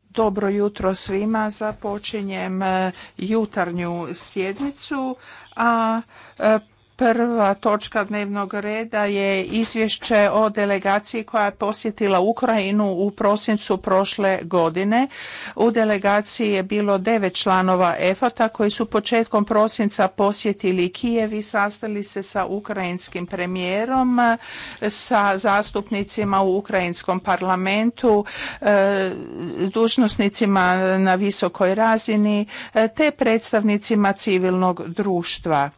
Dobro jutro svima. Započinjem eh, jutarnju sjednicu, a eh, Prva točka dnevnog reda je izvješće o delegaciji koja je posjetila Ukrajinu u prosincu prošle godine. U delegaciji je bilo devet članova EFATA koji su početkom prosinca posjetili Kijev i sastali se sa ukrajinskim premijerom, sa zastupnicima u ukrajinskom parlamentu, e, dužnosnicima na visokoj razini te predstavnicima civilnog društva.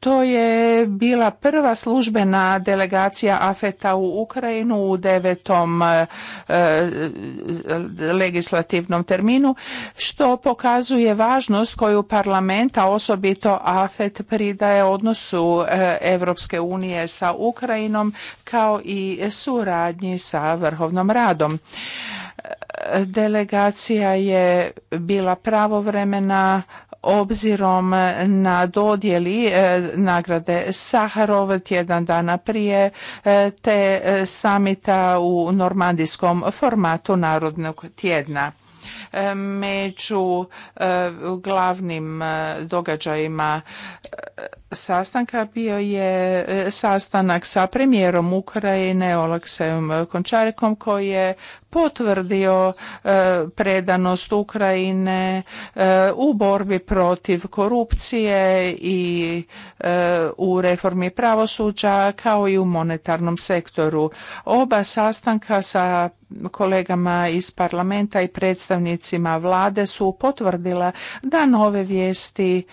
To je bila prva službena delegacija AFETA u Ukrajinu u devetom e, e, legislativnom terminu, što pokazuje važnost koju parlamenta, osobito AFET, pridaje odnosu e, Evropske unije sa Ukrajinom kao i suradnji sa vrhovnom radom. Delegacija je bila pravovremena, obzirom na dodjeli e, nagrade Saharov tjedan dana prije e, te e, samita u normandijskom formatu Narodnog tjedna. E, među e, glavnim e, događajima sastanka bio je sastanak sa premijerom Ukrajine Oleksijem Končarekom koji je potvrdio predanost Ukrajine u borbi protiv korupcije i u reformi pravosuđa kao i u monetarnom sektoru. Oba sastanka sa kolegama iz parlamenta i predstavnici predstavnicima vlade su potvrdila da nove vijesti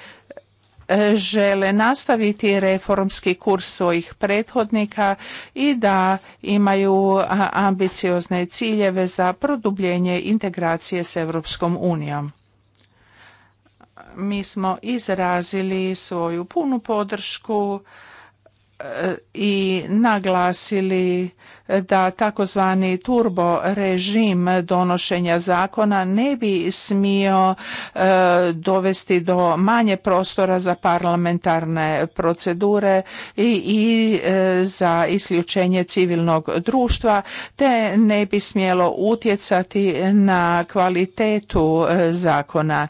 e, žele nastaviti reformski kurs svojih prethodnika i da imaju ambiciozne ciljeve za produbljenje integracije s Europskom unijom. Mi smo izrazili svoju punu podršku e, i naglasili da takozvani turbo režim donošenja zakona ne bi smio e, dovesti do manje prostora za parlamentarne procedure i, e, za isključenje civilnog društva te ne bi smjelo utjecati na kvalitetu e, zakona.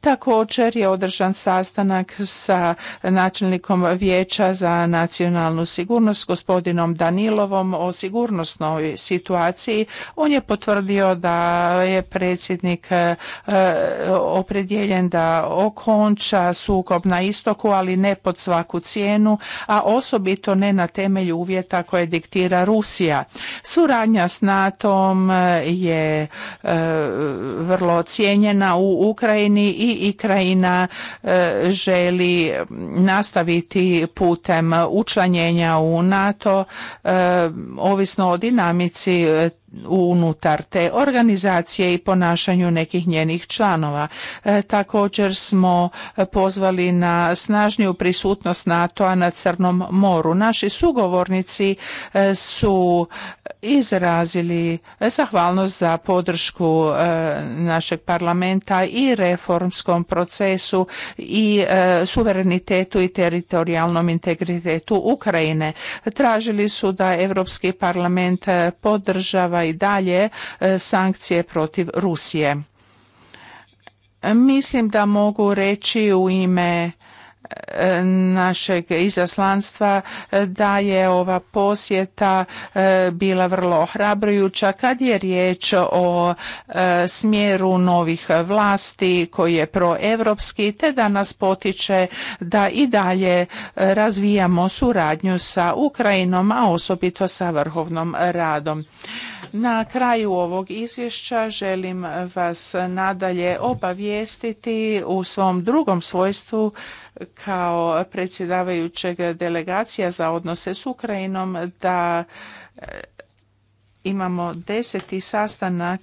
Također je održan sastanak sa načelnikom vijeća za nacionalnu sigurnost gospodinom Danilovom o sigurnosti sigurnosnoj situaciji. On je potvrdio da je predsjednik e, opredjeljen da okonča sukob na istoku, ali ne pod svaku cijenu, a osobito ne na temelju uvjeta koje diktira Rusija. Suradnja s nato e, je e, vrlo cijenjena u Ukrajini i Ukrajina želi nastaviti putem učlanjenja u NATO Ovi ovisno o dinamici e, unutar te organizacije i ponašanju nekih njenih članova. E, također smo pozvali na snažniju prisutnost NATO-a na Crnom moru. Naši sugovornici e, su izrazili zahvalnost za podršku e, našeg parlamenta i reformskom procesu i suverenitetu i teritorijalnom integritetu Ukrajine. Tražili su da Europski parlament podržava i dalje e, sankcije protiv Rusije. Mislim da mogu reći u ime e, našeg izaslanstva e, da je ova posjeta bila vrlo ohrabrujuća kad je riječ o smjeru novih vlasti koji je proevropski te da nas potiče da i dalje razvijamo suradnju sa Ukrajinom, a osobito sa vrhovnom radom. Na kraju ovog izvješća želim vas nadalje obavijestiti u svom drugom svojstvu kao predsjedavajućeg delegacija za odnose s Ukrajinom da imamo deseti sastanak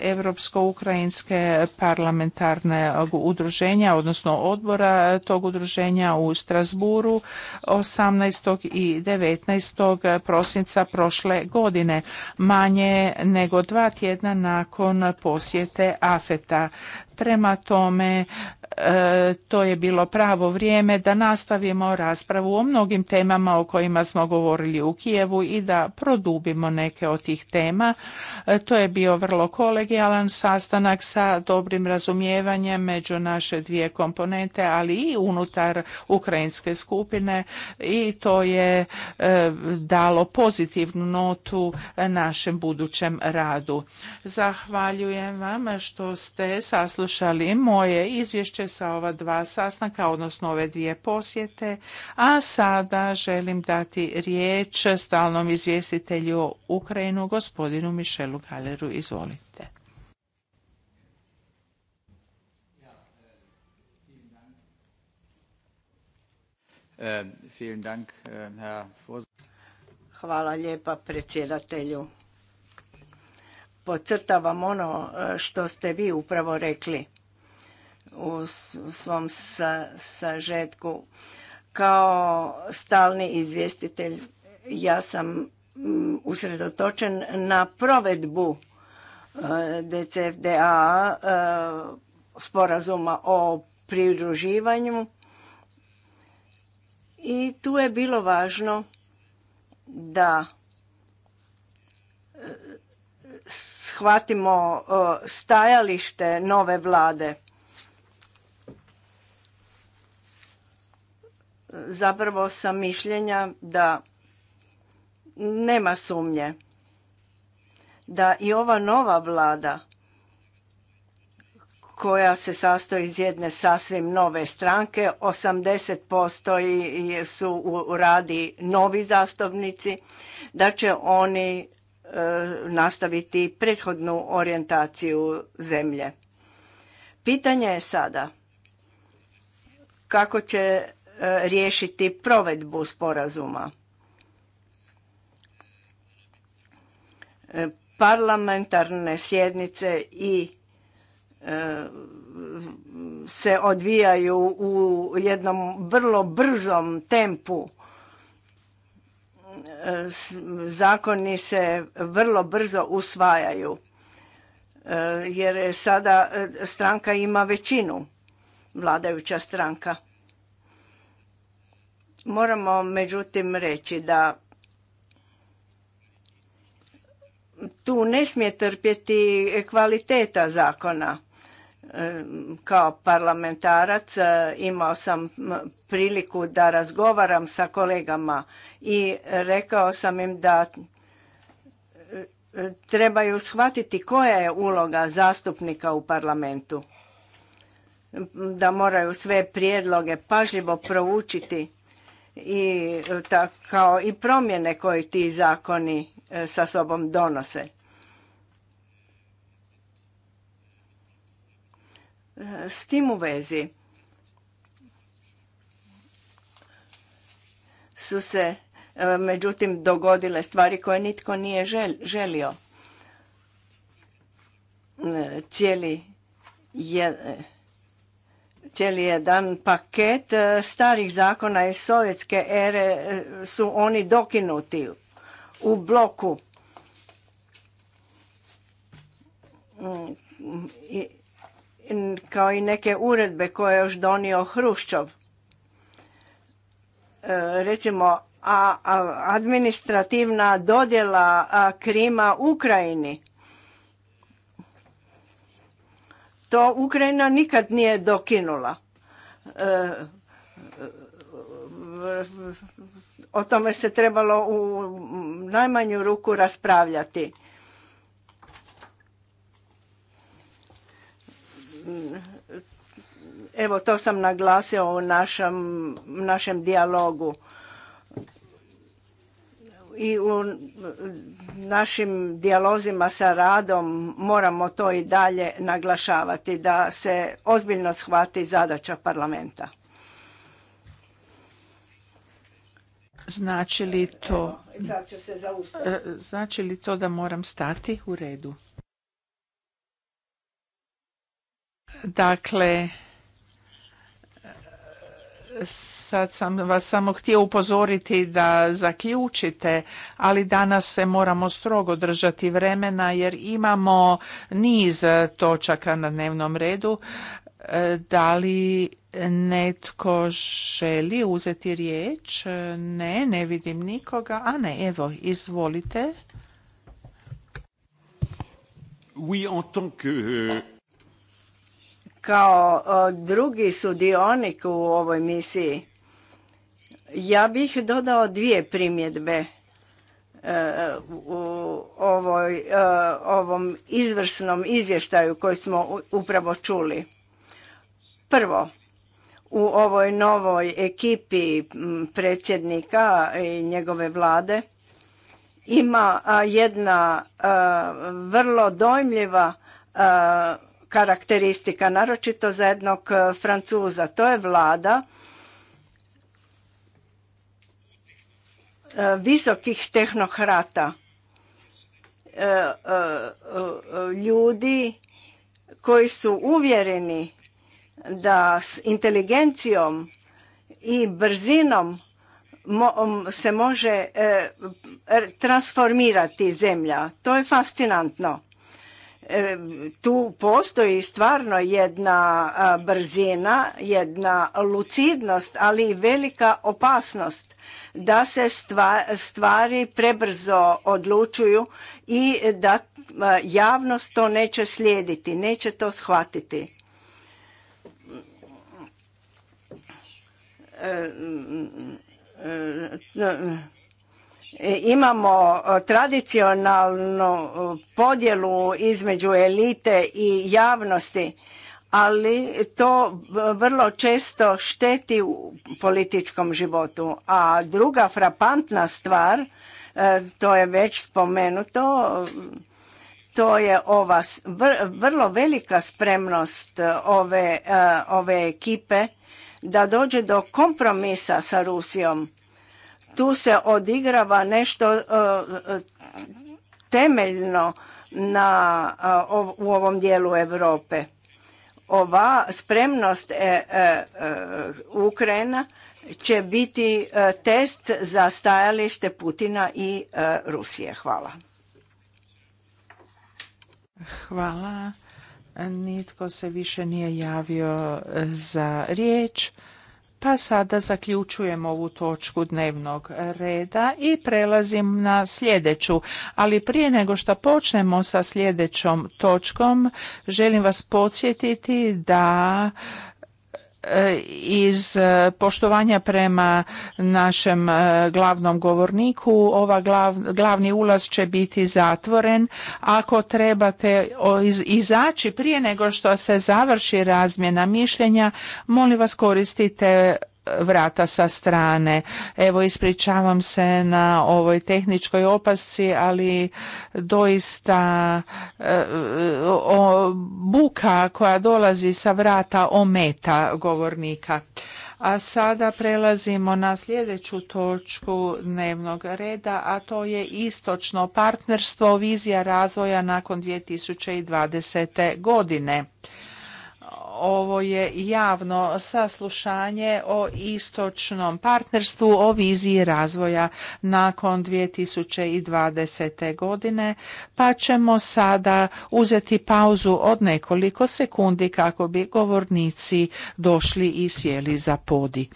Europsko-Ukrajinske parlamentarne udruženja, odnosno odbora e, tog udruženja u Strasburu 18. i 19. prosinca prošle godine, manje nego dva tjedna nakon posjete AFETA. Prema tome, to je bilo pravo vrijeme da nastavimo raspravu o mnogim temama o kojima smo govorili u Kijevu i da produbimo neke od tih tema. E, to je bio vrlo kolegijalan sastanak sa dobrim razumijevanjem među naše dvije komponente, ali i unutar ukrajinske skupine i to je e, dalo pozitivnu notu našem budućem radu. Zahvaljujem vam što ste saslušali moje izvješće sa ova dva sastanka, odnosno ove dvije posjete, a sada želim dati riječ stalnom izvjestitelju Ukrajinu, gospodinu Mišelu Galeru. Izvolite. Hvala lijepa predsjedatelju. Podcrtavam ono e, što ste vi upravo rekli u svom sažetku. Kao stalni izvjestitelj ja sam mm, usredotočen na provedbu e, DCFDA e, sporazuma o pridruživanju i tu je bilo važno da e, shvatimo stajalište nove vlade zapravo sam mišljenja da nema sumnje da i ova nova vlada koja se sastoji iz jedne sasvim nove stranke, 80% su u radi novi zastupnici, da će oni e, nastaviti prethodnu orijentaciju zemlje. Pitanje je sada kako će E, riješiti provedbu sporazuma. E, parlamentarne sjednice i e, se odvijaju u jednom vrlo brzom tempu. Zakoni se vrlo brzo usvajaju jer sada stranka ima većinu, vladajuća stranka. Moramo međutim reći da tu ne smije trpjeti kvaliteta zakona. E, kao parlamentarac e, imao sam priliku da razgovaram sa kolegama i rekao sam im da e, trebaju shvatiti koja je uloga zastupnika u parlamentu. Da moraju sve prijedloge pažljivo proučiti i e, ta, kao i promjene koje ti zakoni e, sa sobom donose. E, s tim u vezi su se međutim dogodile stvari koje nitko nije želio. Cijeli je cijeli jedan paket e, starih zakona iz sovjetske ere e, su oni dokinuti u bloku. Mm, kao i neke uredbe koje je još donio Hruščov. E, recimo, a administrativna dodjela Krima Ukrajini To Ukrajina nikad nije dokinula. E, o tome se trebalo u najmanju ruku raspravljati. Evo to sam naglasio u našem, našem dijalogu i u našim dijalozima sa radom moramo to i dalje naglašavati da se ozbiljno shvati zadaća parlamenta. Znači li to, e, znači li to da moram stati u redu? Dakle, Sad sam vas samo htio upozoriti da zaključite, ali danas se moramo strogo držati vremena jer imamo niz točaka na dnevnom redu. E, da li netko želi uzeti riječ? Ne, ne vidim nikoga. A ne, evo, izvolite. Oui, en tant que euh, kao drugi sudionik u ovoj misiji, ja bih dodao dvije primjedbe e, u ovoj, e, ovom izvrsnom izvještaju koji smo upravo čuli. Prvo, u ovoj novoj ekipi predsjednika i njegove vlade ima jedna vrlo dojmljiva karakteristika, naročito za jednog e, Francuza. To je vlada e, visokih tehnohrata. E, ljudi koji su uvjereni da s inteligencijom i brzinom se može transformirati zemlja. To je fascinantno. E, tu postoji stvarno jedna brzina, jedna lucidnost, ali i velika opasnost da se stvari prebrzo odlučuju i da javnost to neće slijediti, neće to shvatiti. E, e, E, imamo e, tradicionalnu e, podjelu između elite i javnosti, ali to vrlo često šteti u političkom životu. A druga frapantna stvar, to je već spomenuto, to je ova vrlo velika spremnost ove, ove ekipe da dođe do kompromisa sa Rusijom tu se odigrava nešto e, temeljno na, e, u ovom dijelu Europe. Ova spremnost e, Ukrajina će biti test za stajalište Putina i Rusije. Hvala. Hvala. Nitko se više nije javio za riječ. Pa sada zaključujem ovu točku dnevnog reda i prelazim na sljedeću. Ali prije nego što počnemo sa sljedećom točkom, želim vas podsjetiti da E, iz e, poštovanja prema našem e, glavnom govorniku ova glavni ulaz će biti zatvoren ako trebate izaći prije nego što se završi razmjena mišljenja molim vas koristite vrata sa strane. Evo ispričavam se na ovoj tehničkoj opasci, ali doista e, buka koja dolazi sa vrata ometa govornika. A sada prelazimo na sljedeću točku dnevnog reda, a to je istočno partnerstvo, vizija razvoja nakon 2020. godine. Ovo je javno saslušanje o istočnom partnerstvu, o viziji razvoja nakon 2020. godine, pa ćemo sada uzeti pauzu od nekoliko sekundi kako bi govornici došli i sjeli za podi.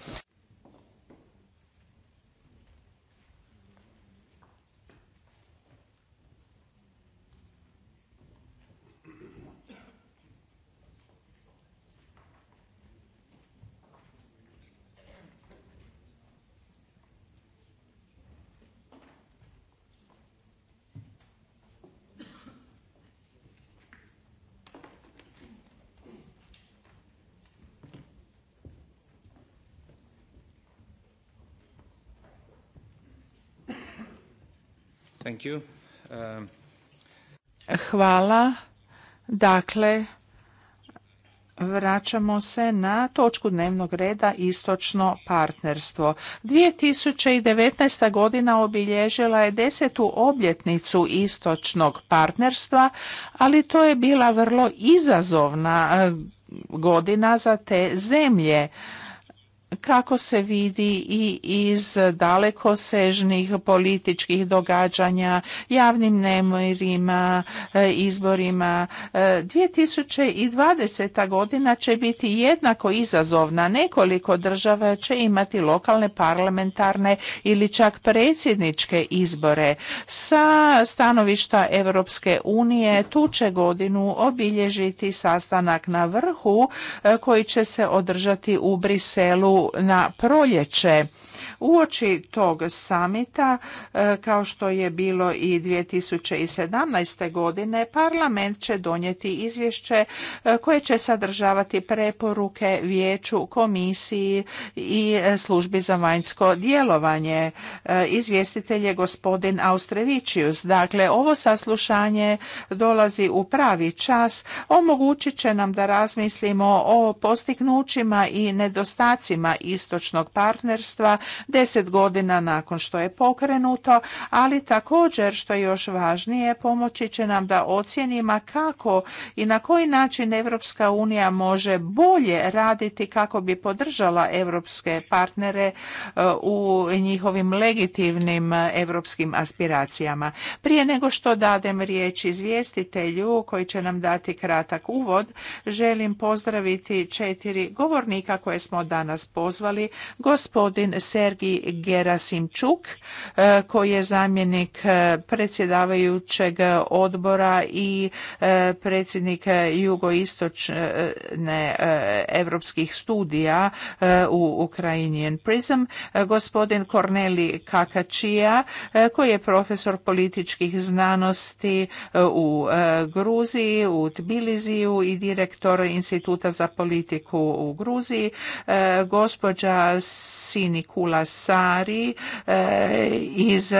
Um, Hvala. Dakle, vraćamo se na točku dnevnog reda istočno partnerstvo. 2019. godina obilježila je desetu obljetnicu istočnog partnerstva, ali to je bila vrlo izazovna eh, godina za te zemlje kako se vidi i iz dalekosežnih političkih događanja, javnim nemojrima, e, izborima. 2020. E, godina će biti jednako izazovna. Nekoliko država će imati lokalne parlamentarne ili čak predsjedničke izbore. Sa stanovišta Europske unije tu će godinu obilježiti sastanak na vrhu e, koji će se održati u Briselu na proljeće. Uoči tog samita, e, kao što je bilo i 2017. godine, parlament će donijeti izvješće e, koje će sadržavati preporuke vijeću, komisiji i e, službi za vanjsko djelovanje. Izvjestitelj je gospodin Austrevičius. Dakle, ovo saslušanje dolazi u pravi čas. Omogućit će nam da razmislimo o postignućima i nedostacima istočnog partnerstva deset godina nakon što je pokrenuto, ali također što je još važnije pomoći će nam da ocjenima kako i na koji način Evropska unija može bolje raditi kako bi podržala europske partnere e, u njihovim legitimnim europskim aspiracijama. Prije nego što dadem riječ izvjestitelju koji će nam dati kratak uvod, želim pozdraviti četiri govornika koje smo danas pozvali gospodin Sergi Gerasimčuk e, koji je zamjenik e, predsjedavajućeg odbora i e, predsjednik jugoistočne europskih studija u Ukrainian Prism, gospodin Korneli Kakačija koji je profesor političkih znanosti u Gruziji, u Tbiliziju i direktor Instituta za politiku u Gruziji, gospodin Gospođa Sinikula Kulasari e, iz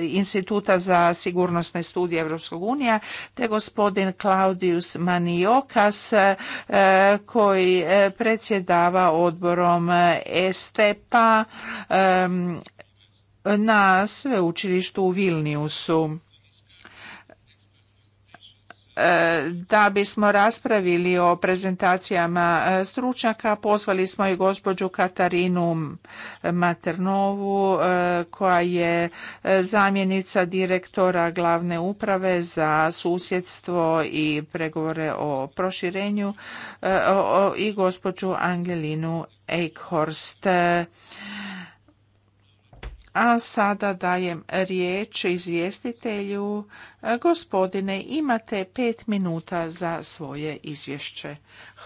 Instituta za sigurnosne studije Europskog unija te gospodin Claudius Maniokas e, koji e, predsjedava odborom Estepa na sveučilištu u Vilniusu. E, da bismo raspravili o prezentacijama e, stručnjaka, pozvali smo i gospođu Katarinu Maternovu, e, koja je zamjenica direktora glavne uprave za susjedstvo i pregovore o proširenju i gospođu Angelinu Eichhorst. A sada dajem riječ izvjestitelju. Gospodine, imate pet minuta za svoje izvješće.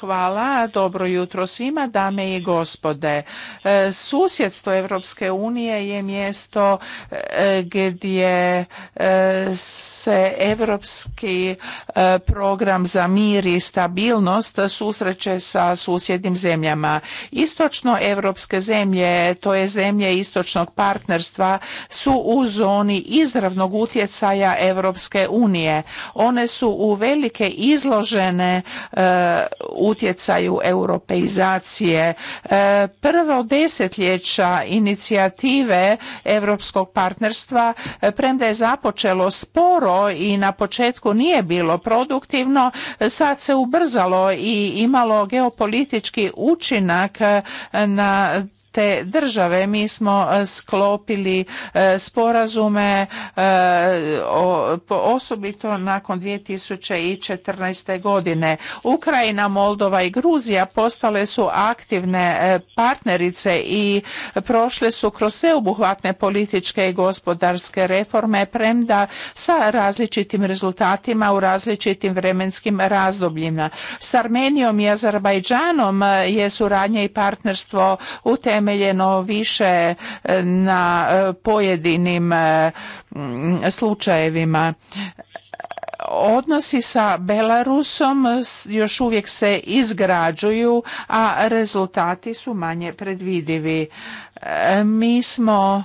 Hvala, dobro jutro svima, dame i gospode. E, susjedstvo Evropske unije je mjesto e, gdje e, se evropski program za mir i stabilnost susreće sa susjednim zemljama. Istočno evropske zemlje, to je zemlje istočnog partnerstva, su u zoni izravnog utjecaja Evropske unije. One su u velike izložene u utjecaju europeizacije. E, prvo desetljeća inicijative europskog partnerstva, e, premda je započelo sporo i na početku nije bilo produktivno, sad se ubrzalo i imalo geopolitički učinak e, na te države. Mi smo e, sklopili e, sporazume e, osobito nakon 2014. godine. Ukrajina, Moldova i Gruzija postale su aktivne partnerice i prošle su kroz sveobuhvatne političke i gospodarske reforme premda sa različitim rezultatima u različitim vremenskim razdobljima. S Armenijom i Azerbajdžanom je suradnje i partnerstvo u tem utemeljeno više e, na e, pojedinim e, slučajevima odnosi sa Belarusom još uvijek se izgrađuju, a rezultati su manje predvidivi. Mi smo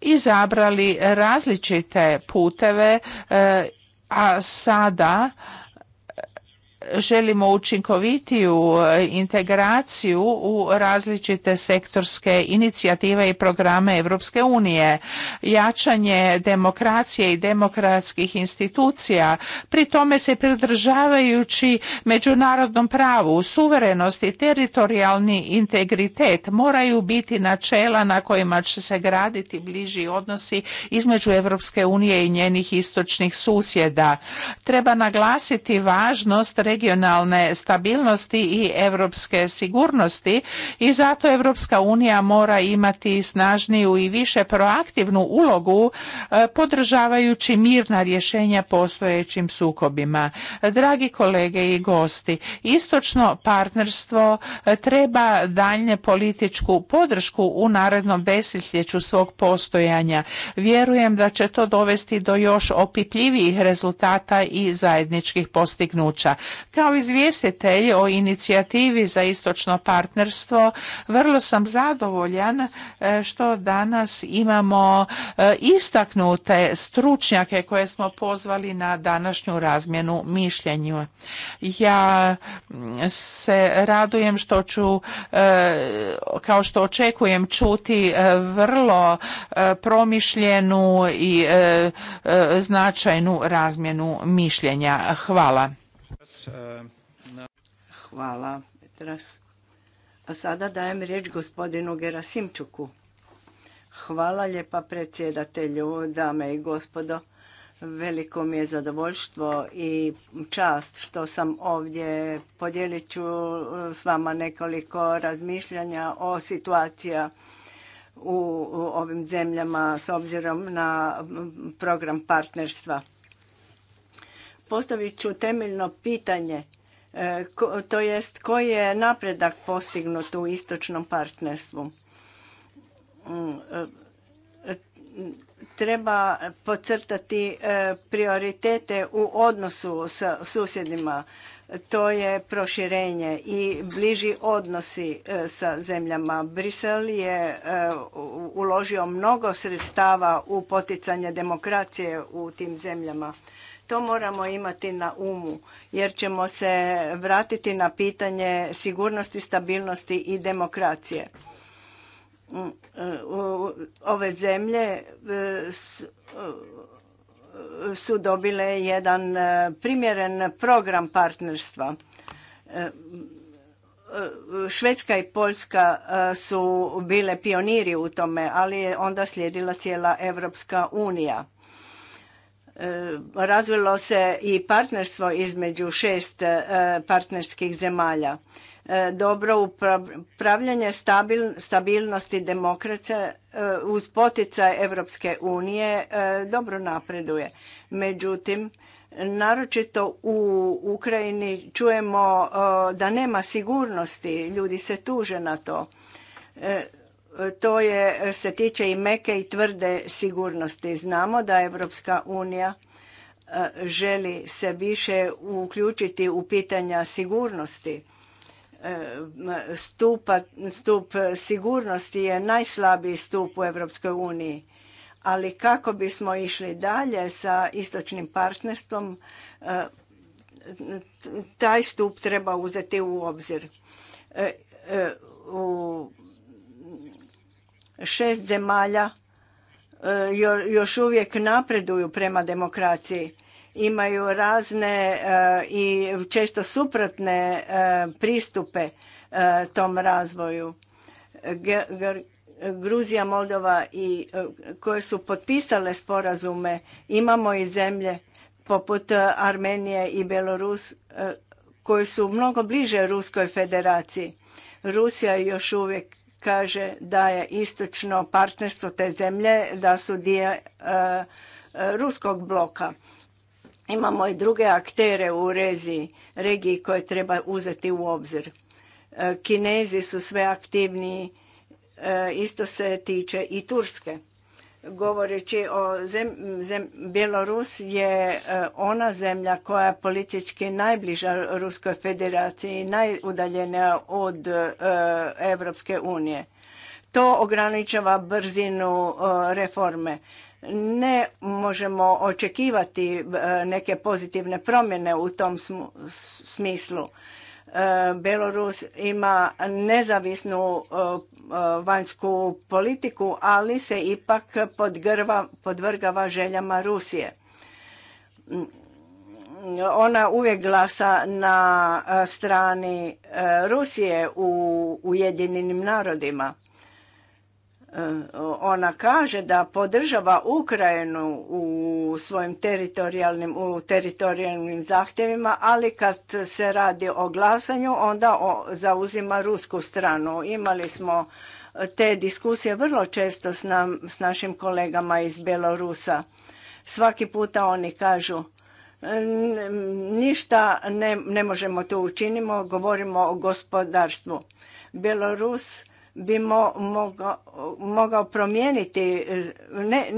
izabrali različite puteve, a sada želimo učinkovitiju eh, integraciju u različite sektorske inicijative i programe Europske unije, jačanje demokracije i demokratskih institucija, pri tome se pridržavajući međunarodnom pravu, suverenost i teritorijalni integritet moraju biti načela na kojima će se graditi bliži odnosi između Europske unije i njenih istočnih susjeda. Treba naglasiti važnost regionalne stabilnosti i europske sigurnosti i zato Europska unija mora imati snažniju i više proaktivnu ulogu e, podržavajući mirna rješenja postojećim sukobima. Dragi kolege i gosti, istočno partnerstvo e, treba daljnje političku podršku u narednom desetljeću svog postojanja. Vjerujem da će to dovesti do još opipljivijih rezultata i zajedničkih postignuća. Kao izvjestitelj o inicijativi za istočno partnerstvo vrlo sam zadovoljan e, što danas imamo e, istaknute stručnjake koje smo pozvali na današnju razmjenu mišljenju. Ja se radujem što ću, e, kao što očekujem, čuti vrlo promišljenu i značajnu razmjenu mišljenja. Hvala. E, Hvala, Petras. A sada dajem riječ gospodinu Gerasimčuku. Hvala lijepa predsjedatelju, dame i gospodo. Veliko mi je zadovoljstvo i čast što sam ovdje. Podijelit ću e, s vama nekoliko razmišljanja o situacija u ovim zemljama s obzirom na program partnerstva. Postavit ću temeljno pitanje, e, to jest koji je napredak postignut u istočnom partnerstvu. Mm, e, treba podcrtati e, prioritete u odnosu sa susjedima. To je proširenje i bliži odnosi sa zemljama. Brisel je uložio mnogo sredstava u poticanje demokracije u tim zemljama to moramo imati na umu jer ćemo se vratiti na pitanje sigurnosti, stabilnosti i demokracije. Ove zemlje e, e, su dobile jedan e, primjeren program partnerstva. Švedska i Poljska su bile pioniri u tome, ali je onda slijedila cijela Evropska unija. E, razvilo se i partnerstvo između šest e, partnerskih zemalja. E, dobro upravljanje stabilnosti demokracije uz poticaj Europske unije dobro napreduje. Međutim, naročito u Ukrajini čujemo da nema sigurnosti, ljudi se tuže na to to je, se tiče i meke i tvrde sigurnosti. Znamo da Evropska unija e, želi se više uključiti u pitanja sigurnosti. E, stup sigurnosti je najslabiji stup u Evropskoj uniji. Ali kako bismo išli dalje sa istočnim partnerstvom, e, taj stup treba uzeti u obzir. U Šest zemalja e, još uvijek napreduju prema demokraciji. Imaju razne e, i često suprotne e, pristupe tom razvoju. Gruzija, Moldova i koje su potpisale sporazume, imamo i zemlje poput Armenije i Belorus koje su mnogo bliže Ruskoj federaciji. Rusija još uvijek kaže da je istočno partnerstvo te zemlje da su dio e, e, ruskog bloka. Imamo i druge aktere u rezi regiji koje treba uzeti u obzir. E, Kinezi su sve aktivniji, isto se tiče i Turske govoreći o zem, Bjelorus je e, ona zemlja koja je politički najbliža Ruskoj federaciji, najudaljenija od Europske unije. To ograničava brzinu e, reforme. Ne možemo očekivati e, neke pozitivne promjene u tom smislu. Belorus ima nezavisnu E, vanjsku politiku, ali se ipak podvrgava željama Rusije. Ona uvijek glasa na e, strani e, Rusije u Ujedinjenim narodima ona kaže da podržava Ukrajinu u svojim teritorijalnim, u teritorijalnim zahtjevima, ali kad se radi o glasanju onda zauzima rusku stranu. Imali smo te diskusije vrlo često s, našim kolegama iz Belorusa. Svaki puta oni kažu ništa ne, ne možemo to učinimo, govorimo o gospodarstvu. Belorus bi mo, mogao, mogao promijeniti, ne,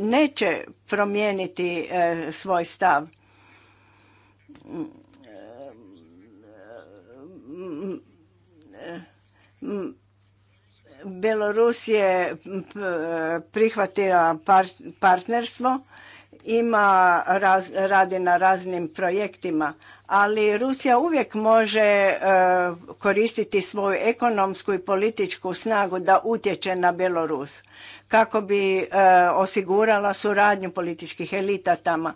neće promijeniti e, svoj stav. Belorus je e, prihvatila partnerstvo, ima radi na raznim projektima, ali Rusija uvijek može e, koristiti svoju ekonomsku i političku snagu da utječe na Belorus kako bi e, osigurala suradnju političkih elita tamo. E,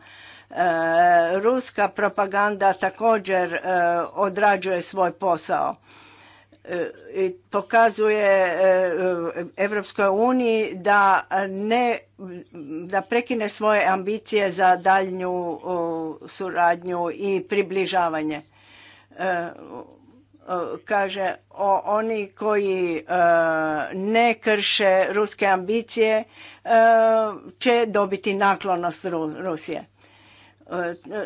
ruska propaganda također odrađuje svoj posao. E, i pokazuje e, Evropskoj uniji da ne da prekine svoje ambicije za daljnju suradnju i približavanje. E, kaže, oni koji ne krše ruske ambicije će dobiti naklonost Rusije.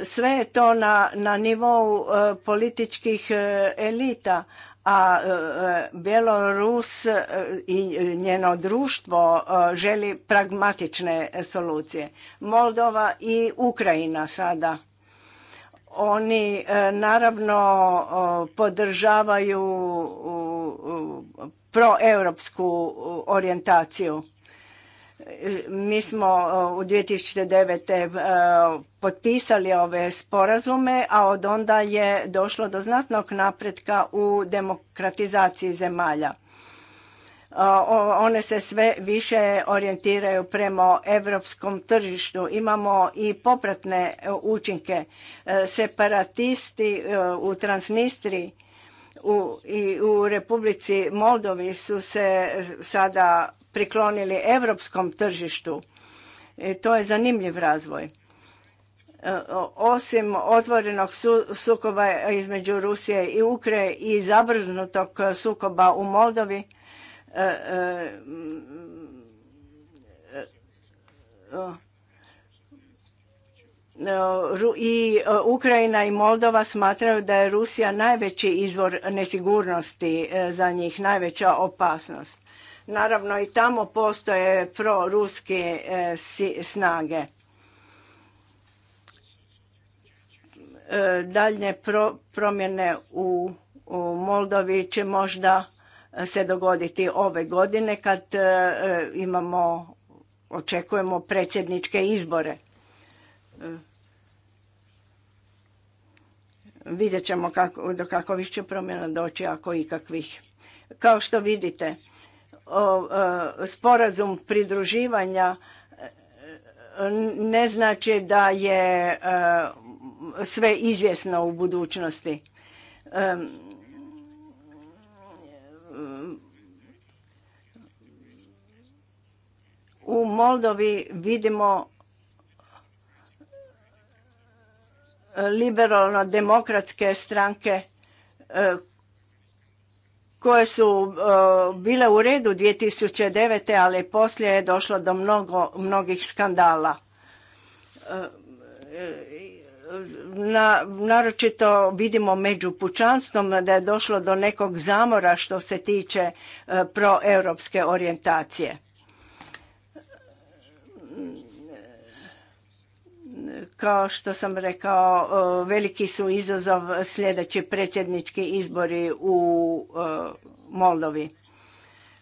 Sve je to na, na nivou političkih elita, a e, e, Bjelorus e, i njeno društvo želi pragmatične solucije. Moldova i Ukrajina sada. Oni naravno podržavaju proeuropsku orijentaciju mi smo e, u 2009. E, potpisali ove sporazume, a od onda je došlo do znatnog napretka u demokratizaciji zemalja. E, one se sve više orijentiraju prema europskom tržištu. Imamo i popratne učinke. Separatisti u Transnistri u, i u Republici Moldovi su se sada priklonili europskom tržištu. E, to je zanimljiv razvoj. E, osim otvorenog sukoba između Rusije i Ukraje i zabrznutog sukoba u Moldovi, e, i Ukrajina i Moldova smatraju da je Rusija najveći izvor nesigurnosti za njih, najveća opasnost. Naravno i tamo postoje proruske e, snage. E, Daljne promjene u, Moldovi će možda e, se dogoditi ove godine kad imamo, očekujemo predsjedničke izbore. Vidjet ćemo kako, do kakvih će promjena doći, ako ikakvih. Kao što vidite, sporazum pridruživanja e, ne znači da je e, sve izvjesno u budućnosti. E, u Moldovi vidimo liberalno-demokratske stranke koje su e, bile u redu 2009. ali poslije je došlo do mnogo, mnogih skandala. E, e, na, naročito vidimo među pučanstvom da je došlo do nekog zamora što se tiče proeuropske orijentacije. Kao što sam rekao, e, veliki su izazov sljedeći predsjednički izbori u e, Moldovi.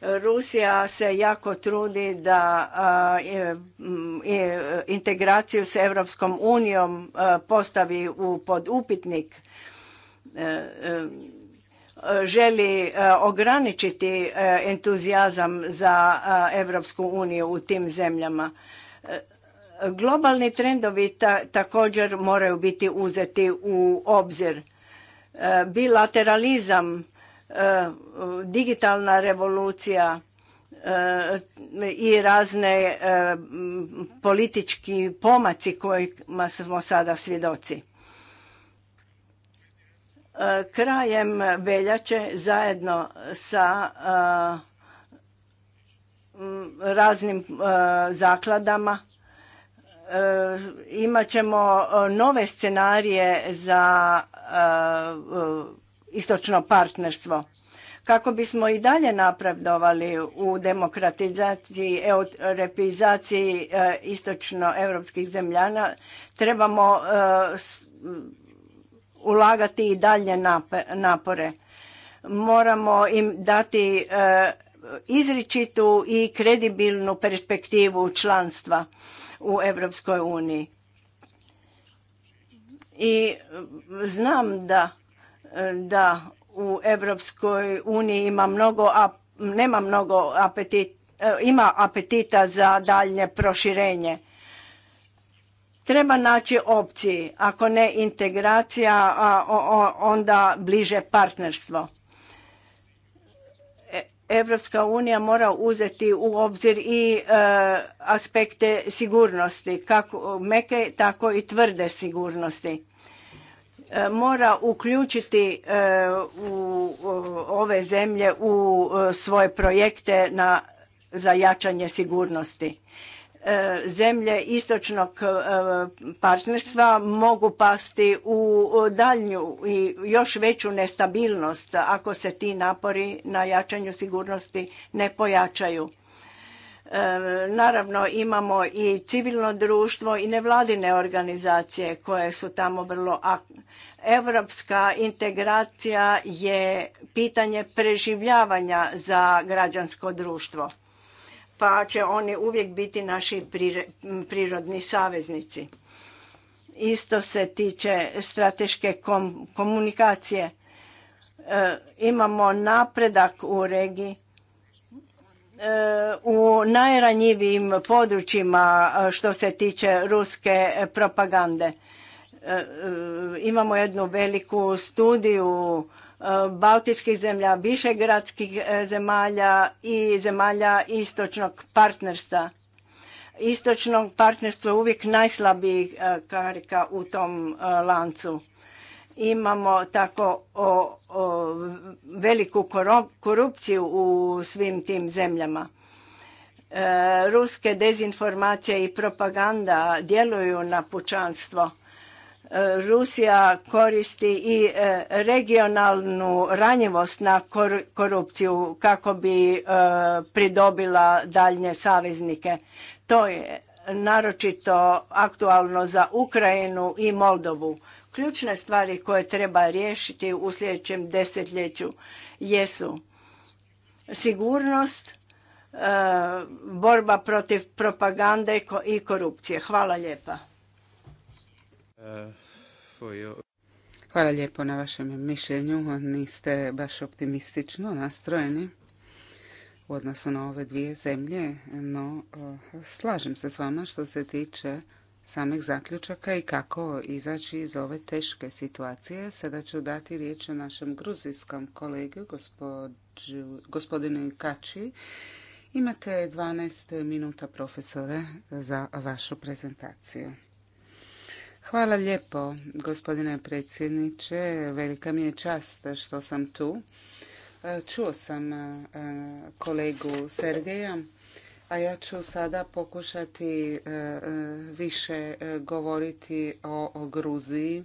Rusija se jako trudi da e, integraciju s Evropskom unijom postavi u pod upitnik. Želi ograničiti entuzijazam za Evropsku uniju u tim zemljama Globalni trendovi također moraju biti uzeti u obzir. E, bilateralizam, e, digitalna revolucija e, i razne politički pomaci kojima smo sada svjedoci. Krajem veljače zajedno sa raznim zakladama E, imat ćemo e, nove scenarije za e, istočno partnerstvo kako bismo i dalje napravdovali u demokratizaciji, istočno istočno-evropskih zemljana, trebamo ulagati i dalje napore. Moramo im dati izričitu i kredibilnu perspektivu članstva u Europskoj uniji. I znam da, da u Europskoj uniji ima mnogo, a nema mnogo apetita, e, ima apetita za daljnje proširenje. Treba naći opciji, ako ne integracija, a onda bliže partnerstvo. Evropska unija mora uzeti u obzir i e, aspekte sigurnosti, kako meke, tako i tvrde sigurnosti e, mora uključiti e, u ove zemlje u svoje projekte na, za jačanje sigurnosti zemlje istočnog e, partnerstva mogu pasti u daljnju i još veću nestabilnost ako se ti napori na jačanju sigurnosti ne pojačaju. E, naravno imamo i civilno društvo i nevladine organizacije koje su tamo vrlo aktivne. Europska integracija je pitanje preživljavanja za građansko društvo pa će oni uvijek biti naši prirodni saveznici. Isto se tiče strateške komunikacije. E, imamo napredak u regiji e, u najranjivijim područjima što se tiče ruske propagande. E, imamo jednu veliku studiju baltičkih zemlja, višegradskih eh, zemalja i zemalja istočnog partnerstva. Istočnog partnerstva je uvijek najslabiji eh, karika u tom eh, lancu. Imamo tako o, veliku korupciju u svim tim zemljama. ruske dezinformacije i propaganda djeluju na pučanstvo Rusija koristi i e, regionalnu ranjivost na korupciju kako bi e, pridobila daljnje saveznike. To je naročito aktualno za Ukrajinu i Moldovu. Ključne stvari koje treba riješiti u sljedećem desetljeću jesu sigurnost, e, borba protiv propagande i korupcije. Hvala lijepa. Hvala lijepo na vašem mišljenju. Niste baš optimistično nastrojeni u odnosu na ove dvije zemlje, no e, slažem se s vama što se tiče samih zaključaka i kako izaći iz ove teške situacije. Sada ću dati riječ o našem gruzijskom kolegu, gospodinu Kači. Imate 12 minuta profesore za vašu prezentaciju. Hvala lijepo, gospodine predsjedniče. Velika mi je čast što sam tu. E, čuo sam e, kolegu Sergeja, a ja ću sada pokušati e, više govoriti o Gruziji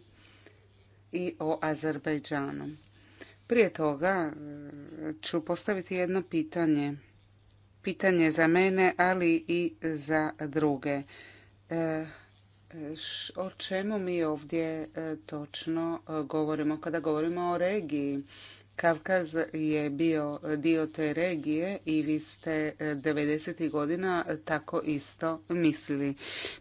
i o Azerbejdžanu. Prije toga ću postaviti jedno pitanje. Pitanje za mene, ali i za druge o čemu mi ovdje e, točno e, govorimo kada govorimo o regiji Kavkaz je bio dio te regije i vi ste 90. E, godina tako isto mislili.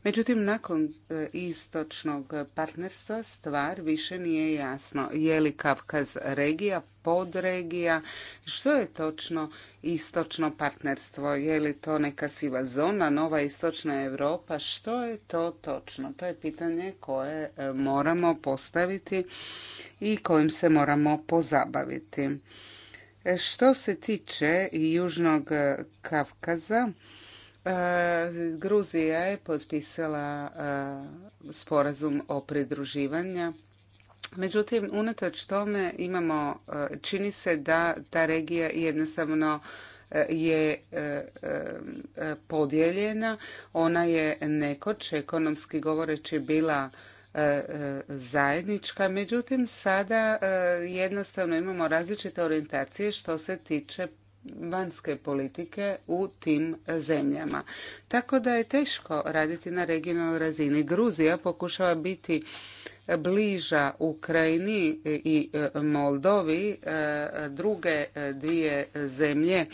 Međutim, nakon e, istočnog partnerstva stvar više nije jasno. Je li Kavkaz regija, podregija? Što je točno istočno partnerstvo? Je li to neka siva zona, nova istočna Europa? Što je to točno? To je pitanje koje e, moramo postaviti i kojim se moramo pozabaviti. E, što se tiče Južnog Kavkaza, e, Gruzija je potpisala e, sporazum o pridruživanju. Međutim, unatoč tome imamo, čini se da ta regija jednostavno je podijeljena. Ona je nekoć ekonomski govoreći bila E, zajednička, međutim sada e, jednostavno imamo različite orijentacije što se tiče vanjske politike u tim zemljama. Tako da je teško raditi na regionalnoj razini. Gruzija pokušava biti bliža Ukrajini i Moldovi, e, druge dvije zemlje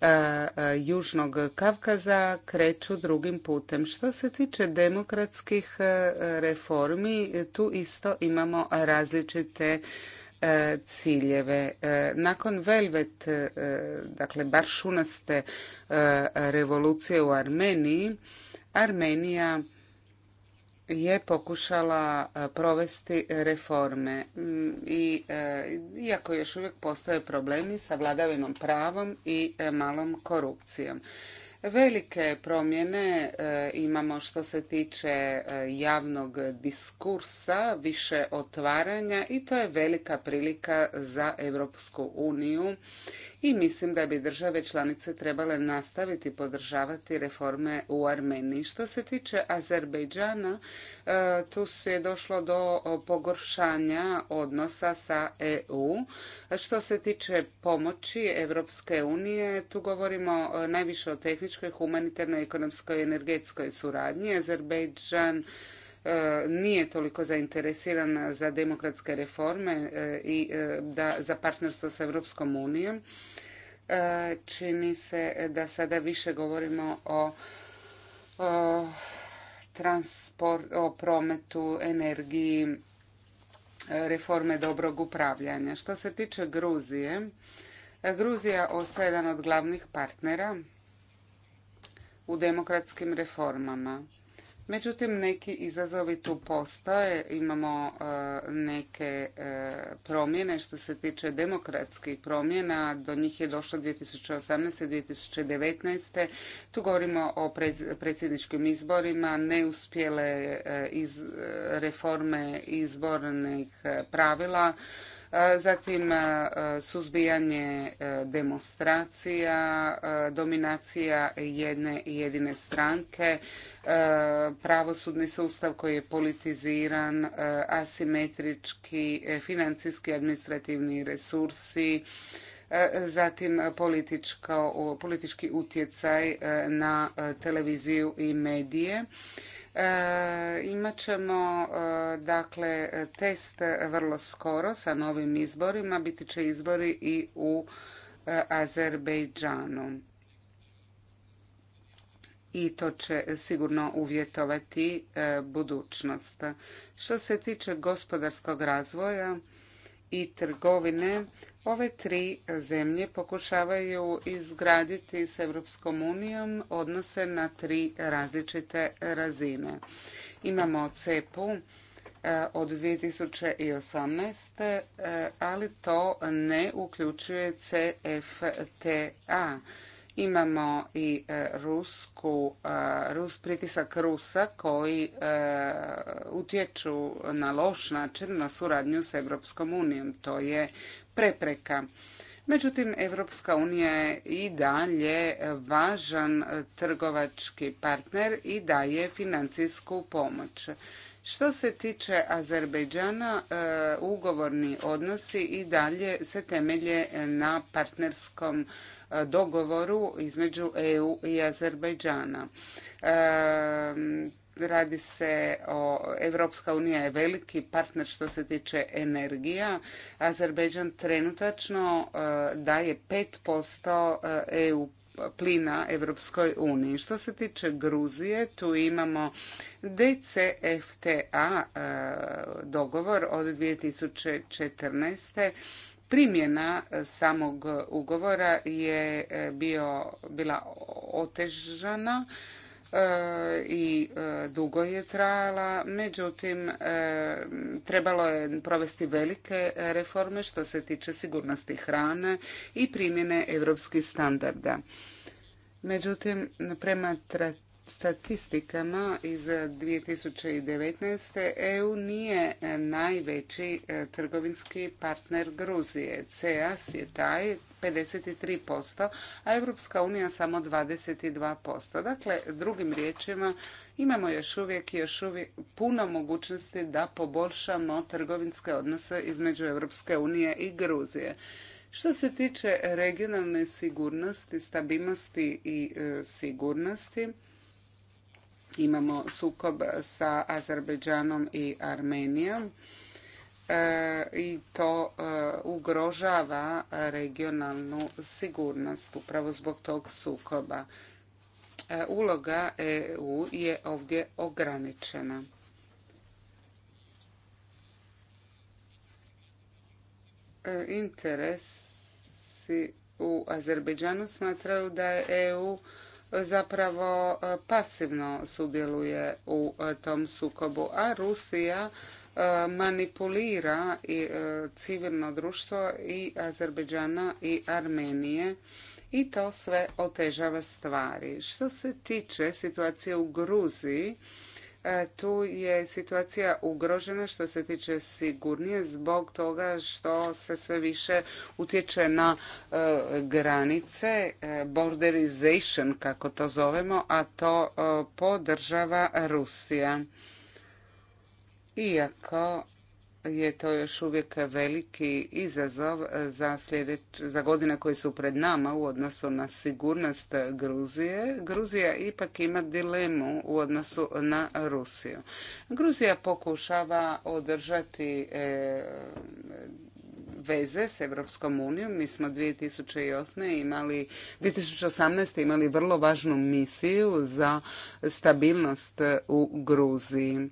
E, e, Južnog Kavkaza kreću drugim putem. Što se tiče demokratskih e, reformi, tu isto imamo različite ciljeve. Nakon Velvet, dakle baršunaste revolucije u Armeniji, Armenija je pokušala e, provesti reforme mm, i e, iako još uvijek postoje problemi sa vladavinom pravom i e, malom korupcijom. Velike promjene imamo što se tiče javnog diskursa, više otvaranja i to je velika prilika za Europsku uniju i mislim da bi države članice trebale nastaviti podržavati reforme u Armeniji. Što se tiče Azerbejdžana, e, tu se je došlo do pogoršanja odnosa sa EU. Što se tiče pomoći Evropske unije, tu govorimo e, najviše o tehničkoj, humanitarnoj, ekonomskoj i energetskoj suradnji. Azerbejdžan E, nije toliko zainteresirana za demokratske reforme e, i e, da za partnerstvo s Europskom unijom. Čini se da sada više govorimo o, o, o prometu, energiji, reforme dobrog upravljanja. Što se tiče Gruzije, Gruzija ostaje jedan od glavnih partnera u demokratskim reformama Međutim, neki izazovi tu postoje. Imamo e, neke e, promjene što se tiče demokratskih promjena. Do njih je došlo 2018. 2019. Tu govorimo o predsjedničkim izborima, neuspjele e, reforme izbornih pravila, E, zatim e, suzbijanje e, demonstracija, dominacija jedne i jedine stranke, pravosudni sustav koji je politiziran, asimetrički, financijski, administrativni resursi, zatim politički utjecaj na televiziju i medije E, imat ćemo e, dakle test vrlo skoro sa novim izborima. Biti će izbori i u e, Azerbejdžanu. I to će sigurno uvjetovati budućnost. Što se tiče gospodarskog razvoja i trgovine, Ove tri zemlje pokušavaju izgraditi s Europskom unijom odnose na tri različite razine. Imamo CEPU e, od 2018. E, ali to ne uključuje CFTA. Imamo i e, rusku, pritisak Rusa koji utječu na loš način na suradnju s Europskom unijom. To je prepreka. Međutim, Evropska unija je i dalje važan trgovački partner i daje financijsku pomoć. Što se tiče Azerbejdžana, e, ugovorni odnosi i dalje se temelje na partnerskom e, dogovoru između EU i Azerbejdžana. E, radi se o, Evropska unija je veliki partner što se tiče energija. Azerbejdžan trenutačno e, daje 5% e, EU plina Evropskoj uniji. Što se tiče Gruzije, tu imamo DCFTA e, dogovor od 2014. Primjena samog ugovora je bio, bila otežana E, i e, dugo je trajala, međutim e, trebalo je provesti velike reforme što se tiče sigurnosti hrane i primjene europskih standarda. Međutim, prema statistikama iz 2019. EU nije najveći trgovinski partner Gruzije. CEAS je taj 53%, a Europska unija samo 22%. Dakle, drugim riječima, imamo još uvijek još uvijek puno mogućnosti da poboljšamo trgovinske odnose između Europske unije i Gruzije. Što se tiče regionalne sigurnosti, stabilnosti i e, sigurnosti, imamo sukob sa Azerbejdžanom i Armenijom. E, i to e, ugrožava regionalnu sigurnost upravo zbog tog sukoba. E, uloga EU je ovdje ograničena. Interesi u Azerbejdžanu smatraju da je EU zapravo pasivno sudjeluje u tom sukobu, a Rusija E, manipulira i e, civilno društvo i Azerbeđana i Armenije i to sve otežava stvari. Što se tiče situacije u Gruziji, e, tu je situacija ugrožena što se tiče sigurnije zbog toga što se sve više utječe na granice, borderization kako to zovemo, a to podržava Rusija iako je to još uvijek veliki izazov za, za godine koje su pred nama u odnosu na sigurnost Gruzije. Gruzija ipak ima dilemu u odnosu na Rusiju. Gruzija pokušava održati e, veze s Europskom unijom. Mi smo 2008. imali, 2018. imali vrlo važnu misiju za stabilnost u Gruziji.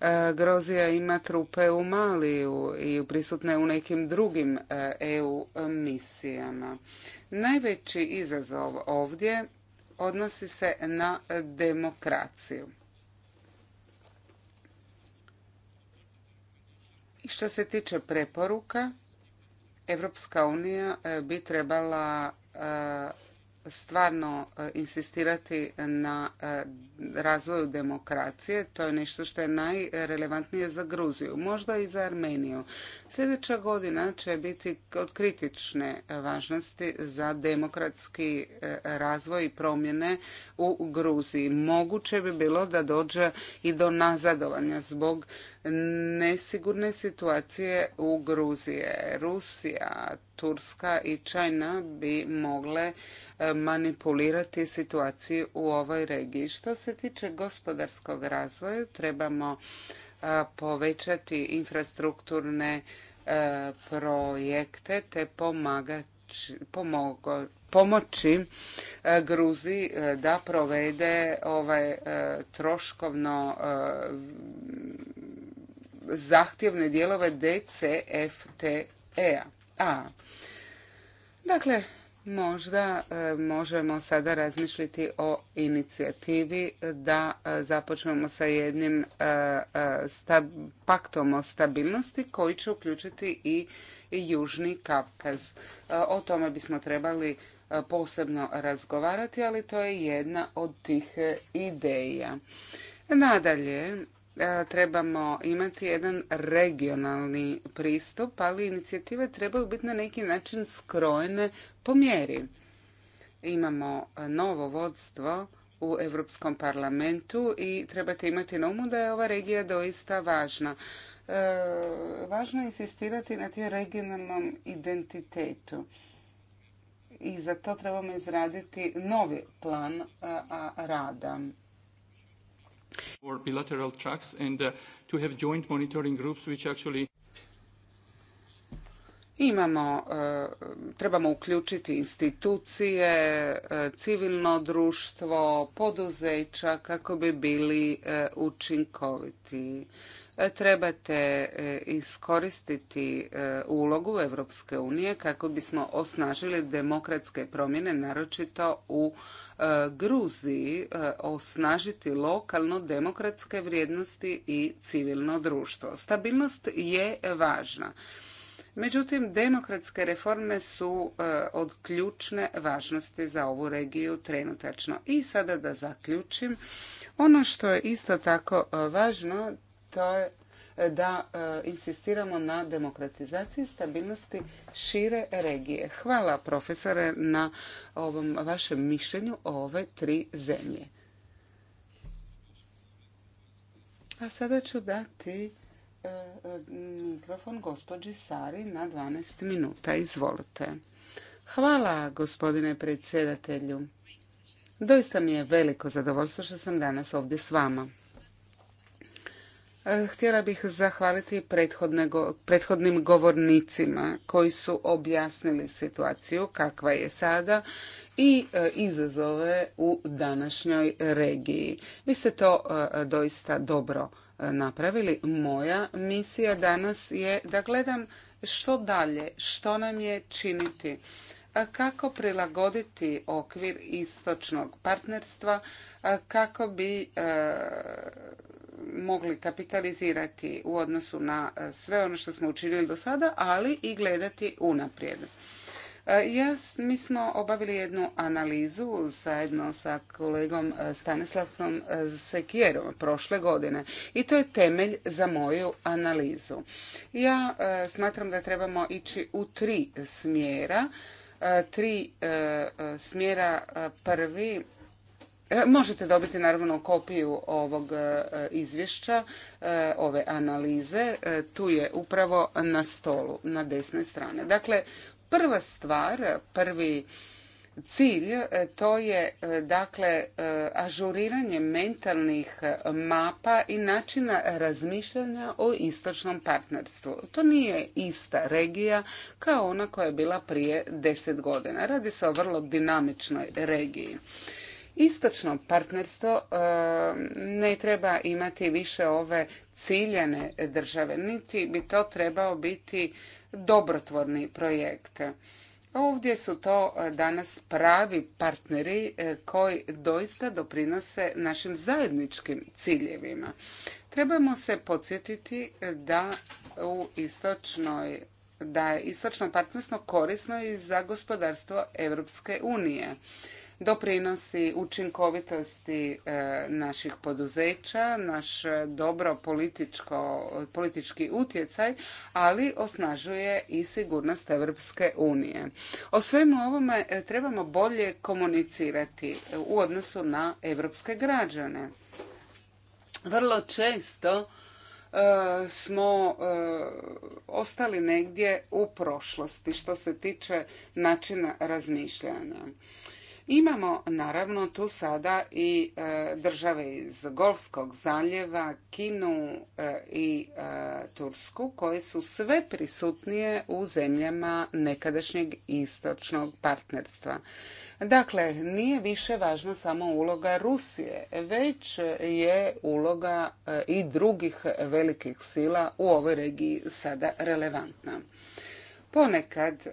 E, Grozija ima trupe u Maliju i prisutne u nekim drugim EU e misijama. Najveći izazov ovdje odnosi se na demokraciju. I što se tiče preporuka, Evropska unija e, bi trebala stvarno e, insistirati na e, razvoju demokracije. To je nešto što je najrelevantnije za Gruziju, možda i za Armeniju. Sljedeća godina će biti od kritične važnosti za demokratski e, razvoj i promjene u Gruziji. Moguće bi bilo da dođe i do nazadovanja zbog nesigurne situacije u Gruzije. Rusija, Turska i Čajna bi mogle e, manipulirati situaciju u ovoj regiji. Što se tiče gospodarskog razvoja, trebamo e, povećati infrastrukturne e, projekte te pomoći Gruziji da provede ovaj troškovno zahtjevne dijelove dcfte A, dakle, možda e, možemo sada razmišljati o inicijativi da e, započnemo sa jednim e, paktom o stabilnosti koji će uključiti i Južni Kapkaz. O tome bismo trebali posebno razgovarati, ali to je jedna od tih ideja. Nadalje, E, trebamo imati jedan regionalni pristup, ali inicijative trebaju biti na neki način skrojene po mjeri. Imamo e, novo vodstvo u Europskom parlamentu i trebate imati na umu da je ova regija doista važna. E, važno je insistirati na tijem regionalnom identitetu i za to trebamo izraditi novi plan rada or bilateral tracks and uh, to have joint monitoring groups which actually Imamo, uh, trebamo uključiti institucije, uh, civilno društvo, poduzeća kako bi bili učinkoviti. E, trebate iskoristiti ulogu Europske unije kako bismo osnažili demokratske promjene, naročito u E, Gruziji e, osnažiti lokalno demokratske vrijednosti i civilno društvo. Stabilnost je važna. Međutim, demokratske reforme su e, od ključne važnosti za ovu regiju trenutačno. I sada da zaključim, ono što je isto tako važno, to je da e, insistiramo na demokratizaciji i stabilnosti šire regije. Hvala profesore na ovom vašem mišljenju o ove tri zemlje. A sada ću dati e, mikrofon gospođi Sari na 12 minuta. Izvolite. Hvala gospodine predsjedatelju. Doista mi je veliko zadovoljstvo što sam danas ovdje s vama. Htjela bih zahvaliti prethodnim govornicima koji su objasnili situaciju kakva je sada i e, izazove u današnjoj regiji. Vi ste to e, doista dobro e, napravili. Moja misija danas je da gledam što dalje, što nam je činiti kako prilagoditi okvir istočnog partnerstva kako bi mogli kapitalizirati u odnosu na e, sve ono što smo učinili do sada, ali i gledati unaprijed. E, ja, mi smo obavili jednu analizu zajedno sa kolegom e, Stanislavom Sekijerom prošle godine i to je temelj za moju analizu. Ja smatram da trebamo ići u tri smjera. Tri smjera prvi E, možete dobiti naravno kopiju ovog e, izvješća, e, ove analize. Tu je upravo na stolu, na desnoj strani. Dakle, prva stvar, prvi cilj to je dakle ažuriranje mentalnih mapa i načina razmišljanja o istočnom partnerstvu. To nije ista regija kao ona koja je bila prije deset godina. Radi se o vrlo dinamičnoj regiji. Istočno partnerstvo eh, ne treba imati više ove ciljene države, niti bi to trebao biti dobrotvorni projekt. Ovdje su to eh, danas pravi partneri eh, koji doista doprinose našim zajedničkim ciljevima. Trebamo se podsjetiti da u istočnoj da je istočno partnerstvo korisno i za gospodarstvo Europske unije doprinosi učinkovitosti e, naših poduzeća, naš dobro političko, politički utjecaj, ali osnažuje i sigurnost Europske unije. O svemu ovome e, trebamo bolje komunicirati e, u odnosu na europske građane. Vrlo često smo ostali negdje u prošlosti što se tiče načina razmišljanja. Imamo naravno tu sada i e, države iz Golfskog zaljeva, Kinu e, i e, Tursku koje su sve prisutnije u zemljama nekadašnjeg istočnog partnerstva. Dakle, nije više važna samo uloga Rusije, već je uloga i drugih velikih sila u ovoj regiji sada relevantna. Ponekad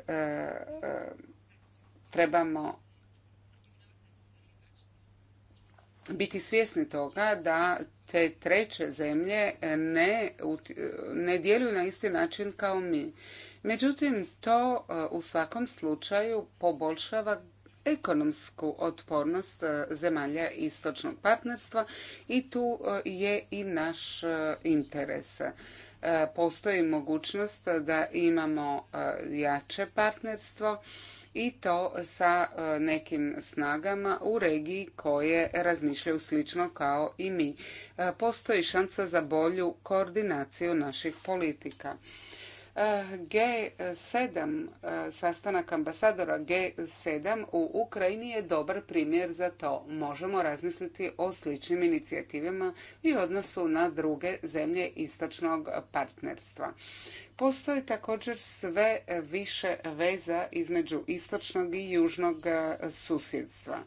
trebamo biti svjesni toga da te treće zemlje ne, ne djeluju na isti način kao mi. Međutim, to e, u svakom slučaju poboljšava ekonomsku otpornost e, zemalja istočnog partnerstva i tu e, je i naš interes. Postoji mogućnost da imamo jače partnerstvo i to sa e, nekim snagama u regiji koje razmišljaju slično kao i mi. E, postoji šansa za bolju koordinaciju naših politika. E, G7, sastanak ambasadora G7 u Ukrajini je dobar primjer za to. Možemo razmisliti o sličnim inicijativama i odnosu na druge zemlje istočnog partnerstva postoji također sve više veza između istočnog i južnog e, susjedstva.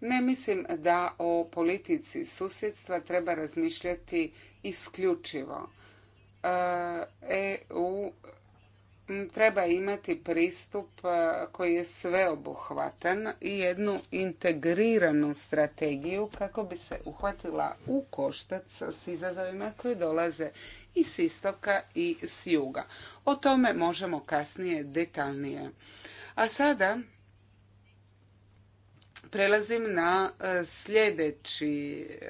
Ne mislim da o politici susjedstva treba razmišljati isključivo. EU e treba imati pristup e, koji je sveobuhvatan i jednu integriranu strategiju kako bi se uhvatila u koštac s izazovima koji dolaze i s istoka i s juga. O tome možemo kasnije detaljnije. A sada prelazim na e, sljedeći e,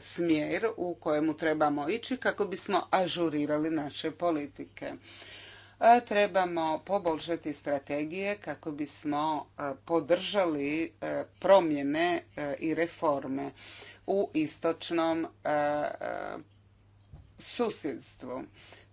smjer u kojemu trebamo ići kako bismo ažurirali naše politike. Trebamo poboljšati strategije kako bismo e, podržali promjene i reforme u istočnom susjedstvu.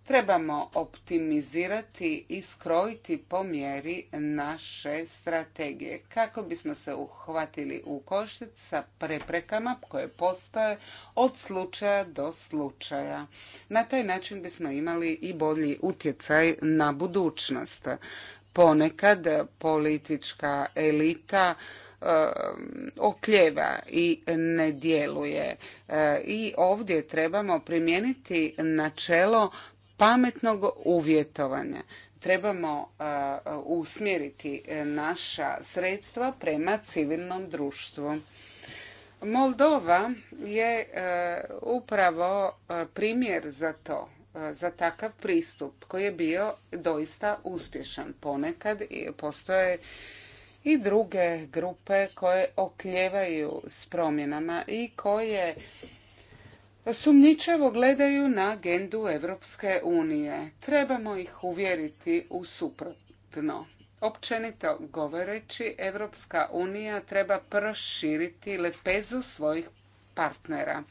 Trebamo optimizirati i skrojiti po mjeri naše strategije kako bismo se uhvatili u koštac sa preprekama koje postoje od slučaja do slučaja. Na taj način bismo imali i bolji utjecaj na budućnost. Ponekad politička elita Eh, okljeva i ne djeluje. Eh, I ovdje trebamo primijeniti načelo pametnog uvjetovanja. Trebamo eh, usmjeriti naša sredstva prema civilnom društvu. Moldova je upravo primjer za to za takav pristup koji je bio doista uspješan. Ponekad postoje i druge grupe koje okljevaju s promjenama i koje sumničavo gledaju na agendu Europske unije. Trebamo ih uvjeriti u suprotno. Općenito govoreći, Europska unija treba proširiti lepezu svojih partnera.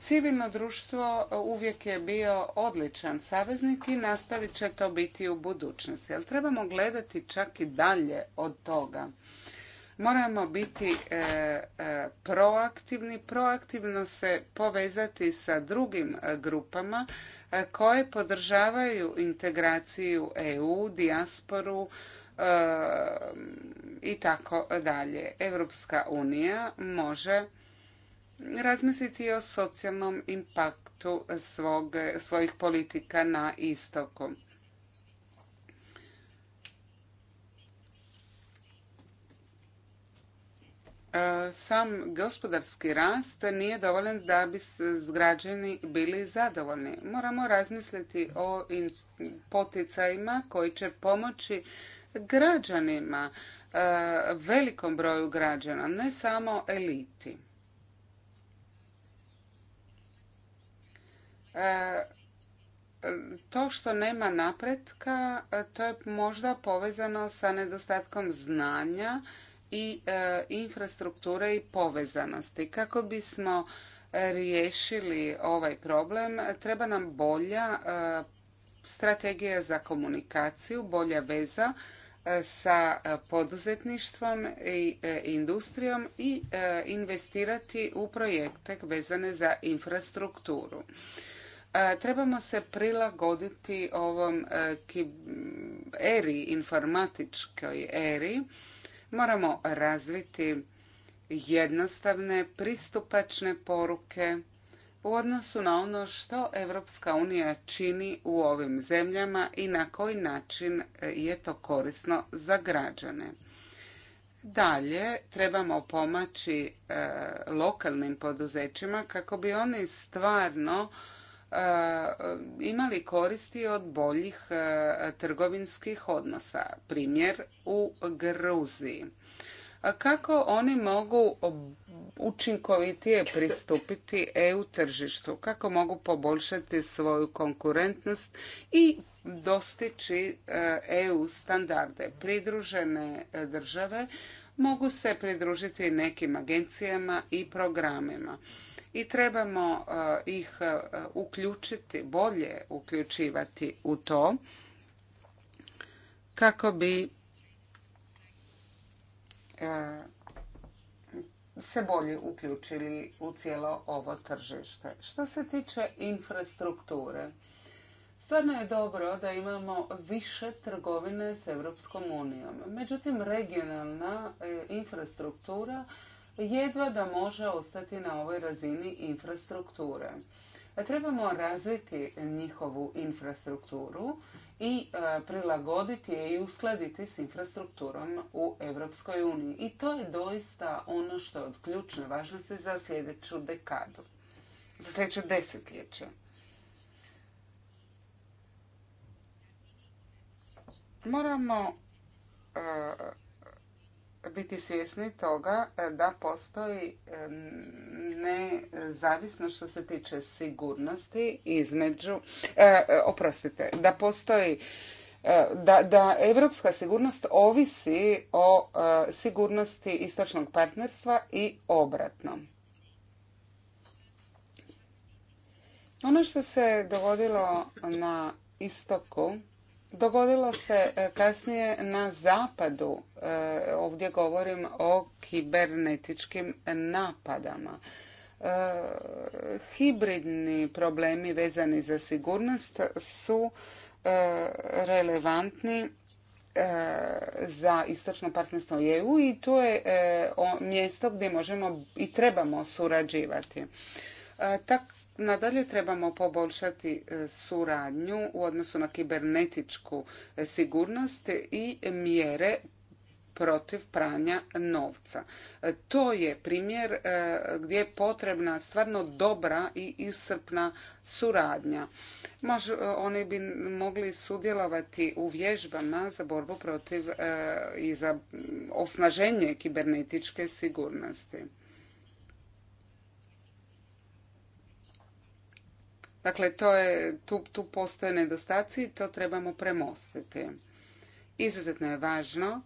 Civilno društvo uvijek je bio odličan saveznik i nastavit će to biti u budućnosti. Ali trebamo gledati čak i dalje od toga. Moramo biti e, e, proaktivni, proaktivno se povezati sa drugim e, grupama koje podržavaju integraciju EU, dijasporu i tako dalje. Europska unija može razmisliti o socijalnom impaktu svog, svojih politika na istoku. E, sam gospodarski rast nije dovoljan da bi zgrađeni bili zadovoljni. Moramo razmisliti o poticajima koji će pomoći građanima, e, velikom broju građana, ne samo eliti. E, to što nema napretka, e, to je možda povezano sa nedostatkom znanja i e, infrastrukture i povezanosti. Kako bismo riješili ovaj problem, treba nam bolja strategija za komunikaciju, bolja veza sa poduzetništvom i industrijom i investirati u projekte vezane za infrastrukturu. E, trebamo se prilagoditi ovom e, eri, informatičkoj eri. Moramo razviti jednostavne, pristupačne poruke u odnosu na ono što Evropska unija čini u ovim zemljama i na koji način e, je to korisno za građane. Dalje trebamo pomaći lokalnim poduzećima kako bi oni stvarno E, imali koristi od boljih e, trgovinskih odnosa, primjer u Gruziji. Kako oni mogu učinkovitije pristupiti EU tržištu, kako mogu poboljšati svoju konkurentnost i dostići EU e standarde. Pridružene države mogu se pridružiti nekim agencijama i programima i trebamo e, ih e, uključiti, bolje uključivati u to kako bi e, se bolje uključili u cijelo ovo tržište. Što se tiče infrastrukture, stvarno je dobro da imamo više trgovine s Europskom unijom. Međutim, regionalna infrastruktura jedva da može ostati na ovoj razini infrastrukture. Trebamo razviti njihovu infrastrukturu i e, prilagoditi je i uskladiti s infrastrukturom u Europskoj uniji. I to je doista ono što je od ključne važnosti za sljedeću dekadu, za sljedeće desetljeće. Moramo e, biti svjesni toga e, da postoji e, nezavisno što se tiče sigurnosti između, e, oprostite, da postoji da, da evropska sigurnost ovisi o sigurnosti istočnog partnerstva i obratno. Ono što se dogodilo na istoku Dogodilo se e, kasnije na zapadu, e, ovdje govorim o kibernetičkim napadama. E, hibridni problemi vezani za sigurnost su relevantni za istočno partnerstvo EU i to je mjesto gdje možemo i trebamo surađivati. Nadalje trebamo poboljšati e, suradnju u odnosu na kibernetičku e, sigurnost i mjere protiv pranja novca. E, to je primjer gdje je potrebna stvarno dobra i iscrpna suradnja. oni bi mogli sudjelovati u vježbama za borbu protiv i za osnaženje kibernetičke sigurnosti. Dakle, to je, tu, tu postoje nedostaci i to trebamo premostiti. Izuzetno je važno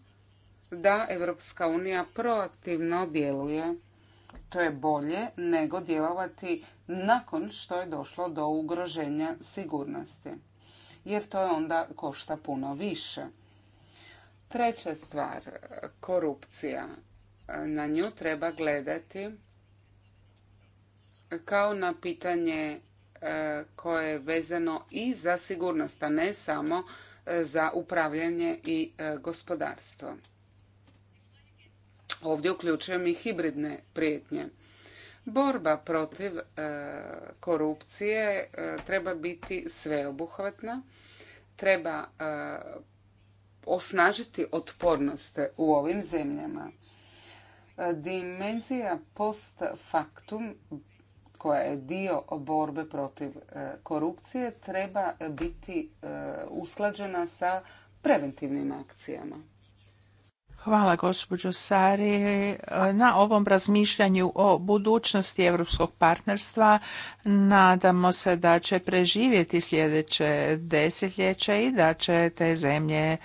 da Evropska unija proaktivno djeluje. To je bolje nego djelovati nakon što je došlo do ugroženja sigurnosti. Jer to je onda košta puno više. Treća stvar, korupcija. Na nju treba gledati kao na pitanje E, koje je vezano i za sigurnost, a ne samo e, za upravljanje i e, gospodarstvo. Ovdje uključujem i hibridne prijetnje. Borba protiv korupcije treba biti sveobuhvatna, treba osnažiti otpornost u ovim zemljama. Dimenzija post factum koja je dio borbe protiv e, korupcije treba biti e, usklađena sa preventivnim akcijama. Hvala gospođo Sari e, na ovom razmišljanju o budućnosti europskog partnerstva. Nadamo se da će preživjeti sljedeće desetljeće i da će te zemlje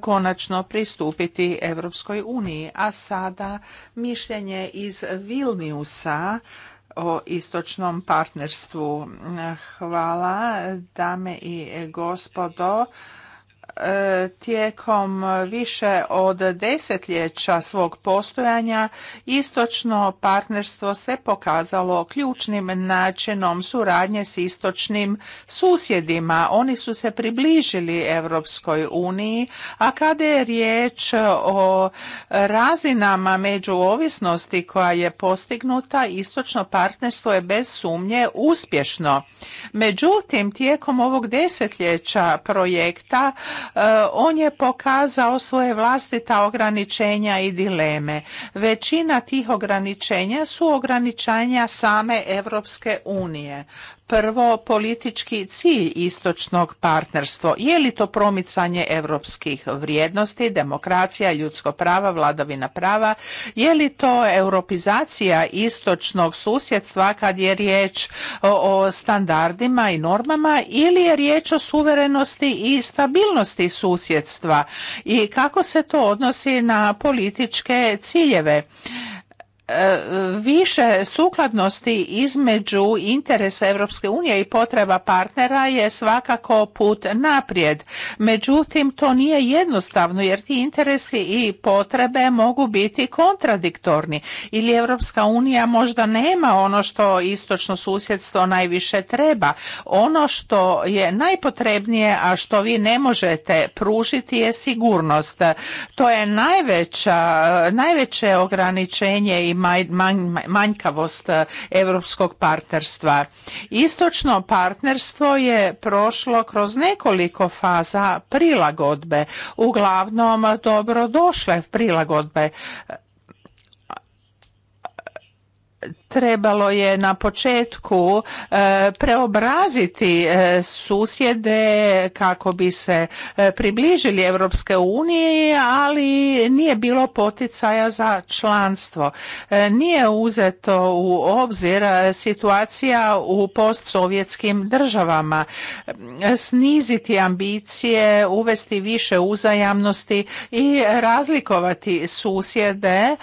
konačno pristupiti Europskoj uniji. A sada mišljenje iz Vilniusa o istočnom partnerstvu. Hvala dame i gospodo. E, tijekom više od desetljeća svog postojanja istočno partnerstvo se pokazalo ključnim načinom suradnje s istočnim susjedima. Oni su se približili Europskoj uniji, a kada je riječ o razinama međuovisnosti koja je postignuta, istočno partnerstvo je bez sumnje uspješno. Međutim, tijekom ovog desetljeća projekta E, on je pokazao svoje vlastita ograničenja i dileme. Većina tih ograničenja su ograničenja same Europske unije prvo politički cilj istočnog partnerstva? Je li to promicanje europskih vrijednosti, demokracija, ljudsko prava, vladavina prava? Je li to europizacija istočnog susjedstva kad je riječ o standardima i normama ili je riječ o suverenosti i stabilnosti susjedstva? I kako se to odnosi na političke ciljeve? više sukladnosti između interesa Europske unije i potreba partnera je svakako put naprijed. Međutim, to nije jednostavno jer ti interesi i potrebe mogu biti kontradiktorni ili Europska unija možda nema ono što istočno susjedstvo najviše treba. Ono što je najpotrebnije, a što vi ne možete pružiti je sigurnost. To je najveća, najveće ograničenje i manjkavost europskog eh, partnerstva. Istočno partnerstvo je prošlo kroz nekoliko faza prilagodbe, uglavnom dobrodošle prilagodbe trebalo je na početku e, preobraziti e, susjede kako bi se e, približili Europske unije, ali nije bilo poticaja za članstvo. Nije uzeto u obzir situacija u postsovjetskim državama. Sniziti ambicije, uvesti više uzajamnosti i razlikovati susjede,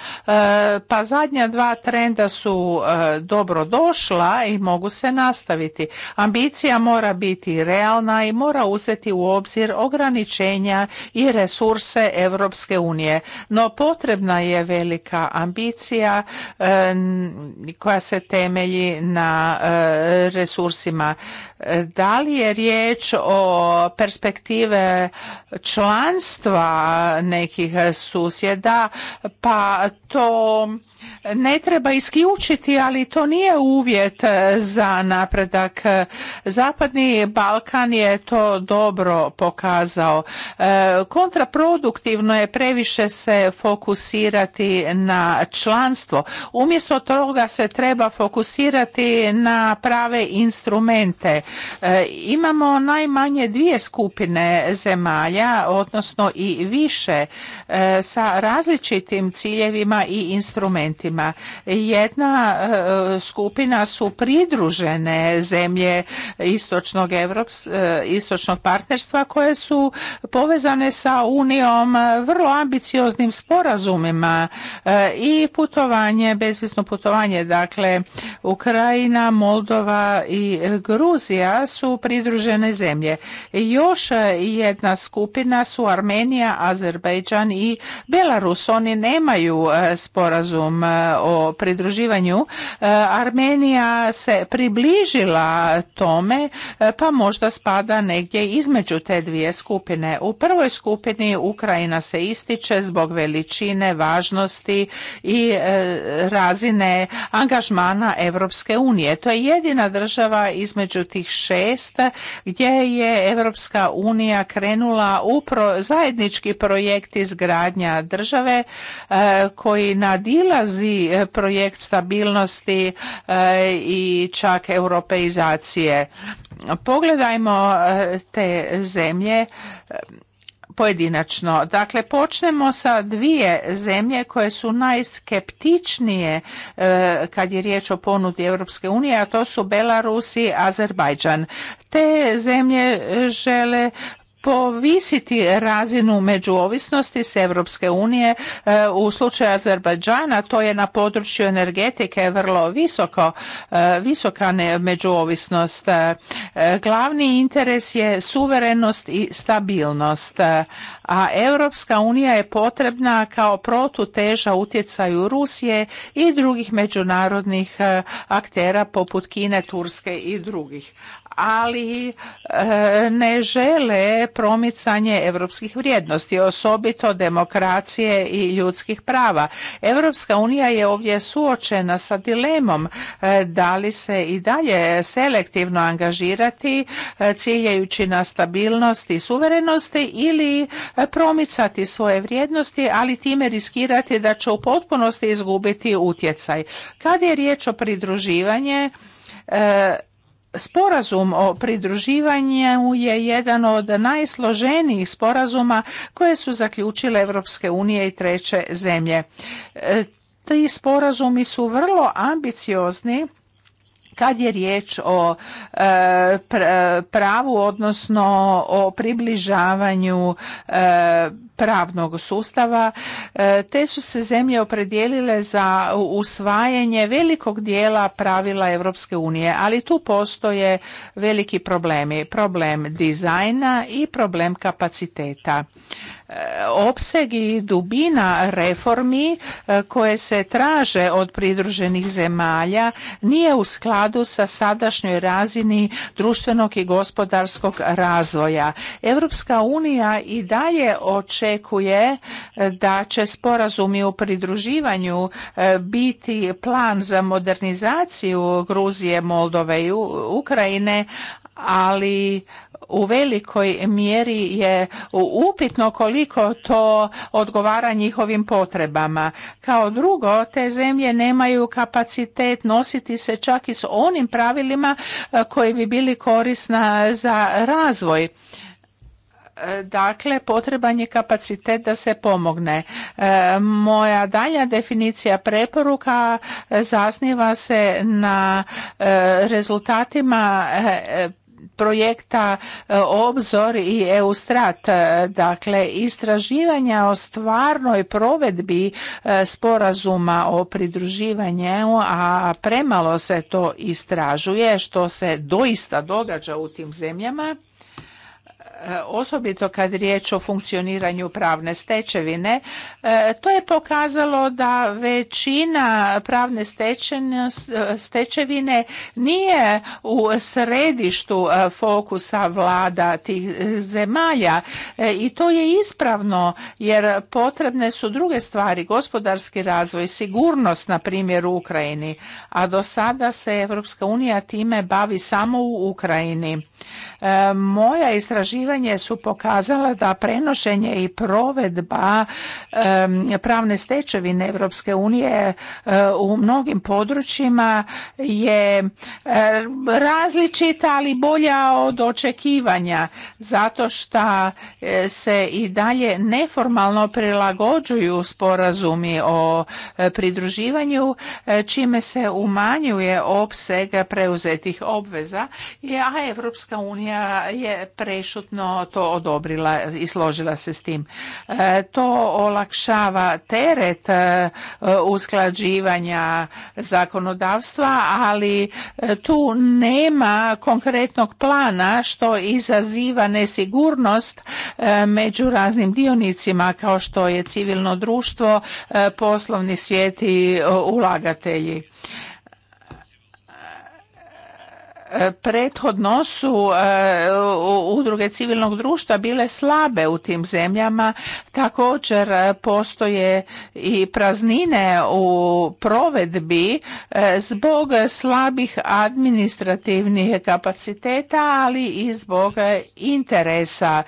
pa zadnja dva trenda su E, dobro došla i mogu se nastaviti. Ambicija mora biti realna i mora uzeti u obzir ograničenja i resurse Europske unije. No potrebna je velika ambicija e, koja se temelji na e, resursima da li je riječ o perspektive članstva nekih susjeda? Pa to ne treba isključiti, ali to nije uvjet za napredak. Zapadni Balkan je to dobro pokazao. E, kontraproduktivno je previše se fokusirati na članstvo. Umjesto toga se treba fokusirati na prave instrumente. E, imamo najmanje dvije skupine zemalja, odnosno i više, e, sa različitim ciljevima i instrumentima. Jedna e, skupina su pridružene zemlje istočnog, Evrops, istočnog partnerstva koje su povezane sa Unijom vrlo ambicioznim sporazumima i putovanje, bezvisno putovanje, dakle Ukrajina, Moldova i Gruzija su pridružene zemlje. Još jedna skupina su Armenija, Azerbejdžan i Belarus. Oni nemaju e, sporazum e, o pridruživanju. E, Armenija se približila tome, pa možda spada negdje između te dvije skupine. U prvoj skupini Ukrajina se ističe zbog veličine, važnosti i razine angažmana Europske unije. To je jedina država između tih šest gdje je Europska unija krenula u zajednički projekt izgradnja države e, koji nadilazi e, projekt stabilnosti e, i čak europeizacije. Pogledajmo te zemlje pojedinačno. Dakle, počnemo sa dvije zemlje koje su najskeptičnije e, kad je riječ o ponudi Europske unije, a to su Belarus i Azerbajdžan. Te zemlje žele povisiti razinu međuovisnosti s Europske unije e, u slučaju Azerbajdžana to je na području energetike vrlo visoko e, visoka međuovisnost e, glavni interes je suverenost i stabilnost a Europska unija je potrebna kao protuteža utjecaju Rusije i drugih međunarodnih aktera poput Kine, Turske i drugih ali e, ne žele promicanje europskih vrijednosti, osobito demokracije i ljudskih prava. Europska unija je ovdje suočena sa dilemom e, da li se i dalje selektivno angažirati e, ciljajući na stabilnost i suverenosti ili promicati svoje vrijednosti, ali time riskirati da će u potpunosti izgubiti utjecaj. Kad je riječ o pridruživanje, Sporazum o pridruživanju je jedan od najsloženijih sporazuma koje su zaključile Europske unije i treće zemlje. E, ti sporazumi su vrlo ambiciozni kad je riječ o e, pravu, odnosno o približavanju e, pravnog sustava. E, te su se zemlje opredijelile za usvajanje velikog dijela pravila Europske unije, ali tu postoje veliki problemi. Problem dizajna i problem kapaciteta opseg i dubina reformi e, koje se traže od pridruženih zemalja nije u skladu sa sadašnjoj razini društvenog i gospodarskog razvoja. Europska unija i dalje očekuje e, da će sporazumi u pridruživanju e, biti plan za modernizaciju Gruzije, Moldove i Ukrajine, ali u velikoj mjeri je upitno koliko to odgovara njihovim potrebama. Kao drugo, te zemlje nemaju kapacitet nositi se čak i s onim pravilima e, koji bi bili korisna za razvoj e, dakle potreban je kapacitet da se pomogne. E, moja dalja definicija preporuka zasniva se na rezultatima projekta e, Obzor i Eustrat, e, dakle istraživanja o stvarnoj provedbi e, sporazuma o pridruživanju, a premalo se to istražuje što se doista događa u tim zemljama osobito kad riječ o funkcioniranju pravne stečevine, e, to je pokazalo da većina pravne stečevine nije u središtu e, fokusa vlada tih zemalja e, i to je ispravno jer potrebne su druge stvari, gospodarski razvoj, sigurnost na primjer u Ukrajini, a do sada se Europska unija time bavi samo u Ukrajini. Moja istraživanja istraživanje su pokazala da prenošenje i provedba pravne stečevine Evropske unije eh, u mnogim područjima je eh, različita, ali bolja od očekivanja, zato što eh, se i dalje neformalno prilagođuju sporazumi o pridruživanju, čime se umanjuje opseg preuzetih obveza, a Evropska unija je prešutno to odobrila i složila se s tim. E, to olakšava teret e, usklađivanja zakonodavstva, ali e, tu nema konkretnog plana što izaziva nesigurnost među raznim dionicima kao što je civilno društvo, poslovni svijet i ulagatelji. Prethodno su e, udruge civilnog društva bile slabe u tim zemljama, također e, postoje i praznine u provedbi e, zbog slabih administrativnih kapaciteta, ali i zbog interesa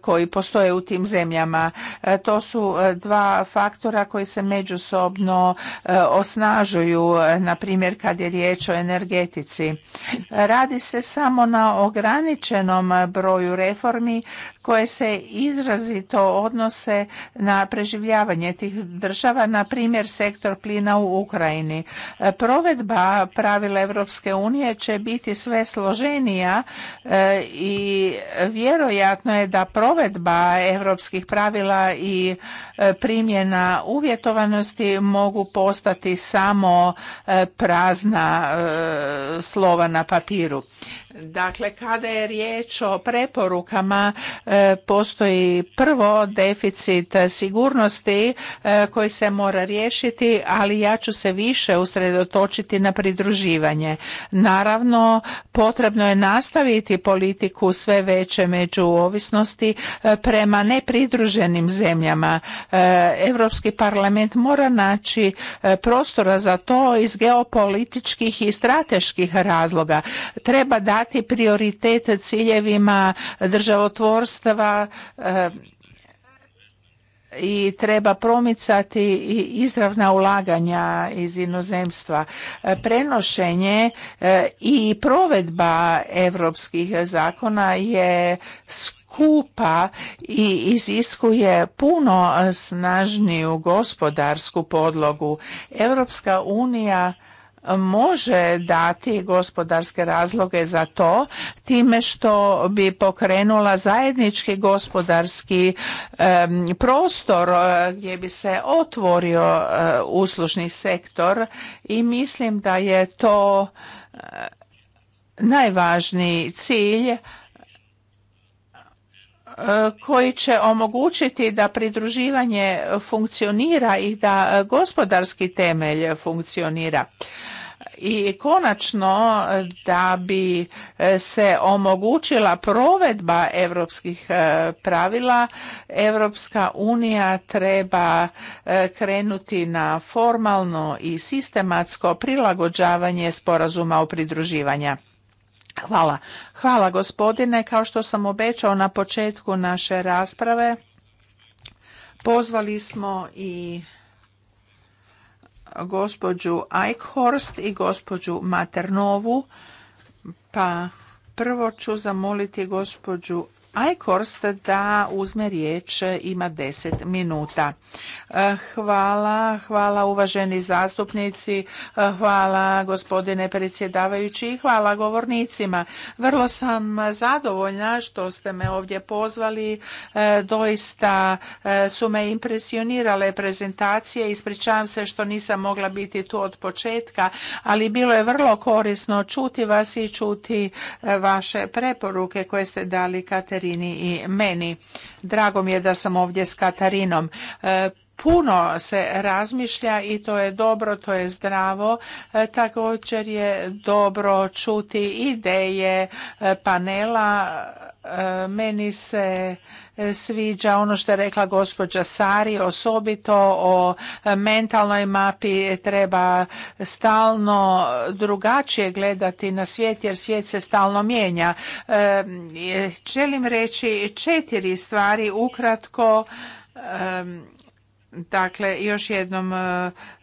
koji postoje u tim zemljama. To su dva faktora koji se međusobno osnažuju, na primjer kad je riječ o energetici. Radi se samo na ograničenom broju reformi koje se izrazito odnose na preživljavanje tih država, na primjer sektor plina u Ukrajini. Provedba pravila Europske unije će biti sve složenija e, i vjerojatno je da provedba europskih pravila i e, primjena uvjetovanosti mogu postati samo e, prazna slova na papiru. Dakle, kada je riječ o preporukama, e, postoji prvo deficit sigurnosti e, koji se mora riješiti, ali ja ću se više usredotočiti na pridruživanje. Naravno, potrebno je nastaviti politiku sve veće ovisnosti e, prema nepridruženim zemljama. Europski parlament mora naći prostora za to iz geopolitičkih i strateških razloga. Treba dati prioritete ciljevima državotvorstva eh, i treba promicati izravna ulaganja iz inozemstva. Prenošenje eh, i provedba europskih zakona je skupa i iziskuje puno snažniju gospodarsku podlogu. Europska unija može dati gospodarske razloge za to time što bi pokrenula zajednički gospodarski prostor eh, gdje bi se otvorio eh, uslužni sektor i mislim da je to eh, najvažniji cilj koji će omogućiti da pridruživanje funkcionira i da gospodarski temelj funkcionira. I konačno eh, da bi eh, se omogućila provedba europskih eh, pravila, Europska unija treba krenuti na formalno i sistematsko prilagođavanje sporazuma o pridruživanju. Hvala. Hvala gospodine, kao što sam obećao na početku naše rasprave, pozvali smo i gospođu Eichhorst i gospođu Maternovu. Pa prvo ću zamoliti gospođu Ajkorst da uzme riječ ima deset minuta. Eh, hvala, hvala uvaženi zastupnici, eh, hvala gospodine predsjedavajući i hvala govornicima. Vrlo sam zadovoljna što ste me ovdje pozvali. Eh, doista su me impresionirale prezentacije. Ispričavam se što nisam mogla biti tu od početka, ali bilo je vrlo korisno čuti vas i čuti vaše preporuke koje ste dali Katerina Katarini i meni. Drago mi je da sam ovdje s Katarinom. E, puno se razmišlja i to je dobro, to je zdravo. E, također je dobro čuti ideje e, panela meni se e, sviđa ono što je rekla gospođa Sari, osobito o mentalnoj mapi treba stalno drugačije gledati na svijet jer svijet se stalno mijenja. E, želim reći četiri stvari ukratko e, Dakle, još jednom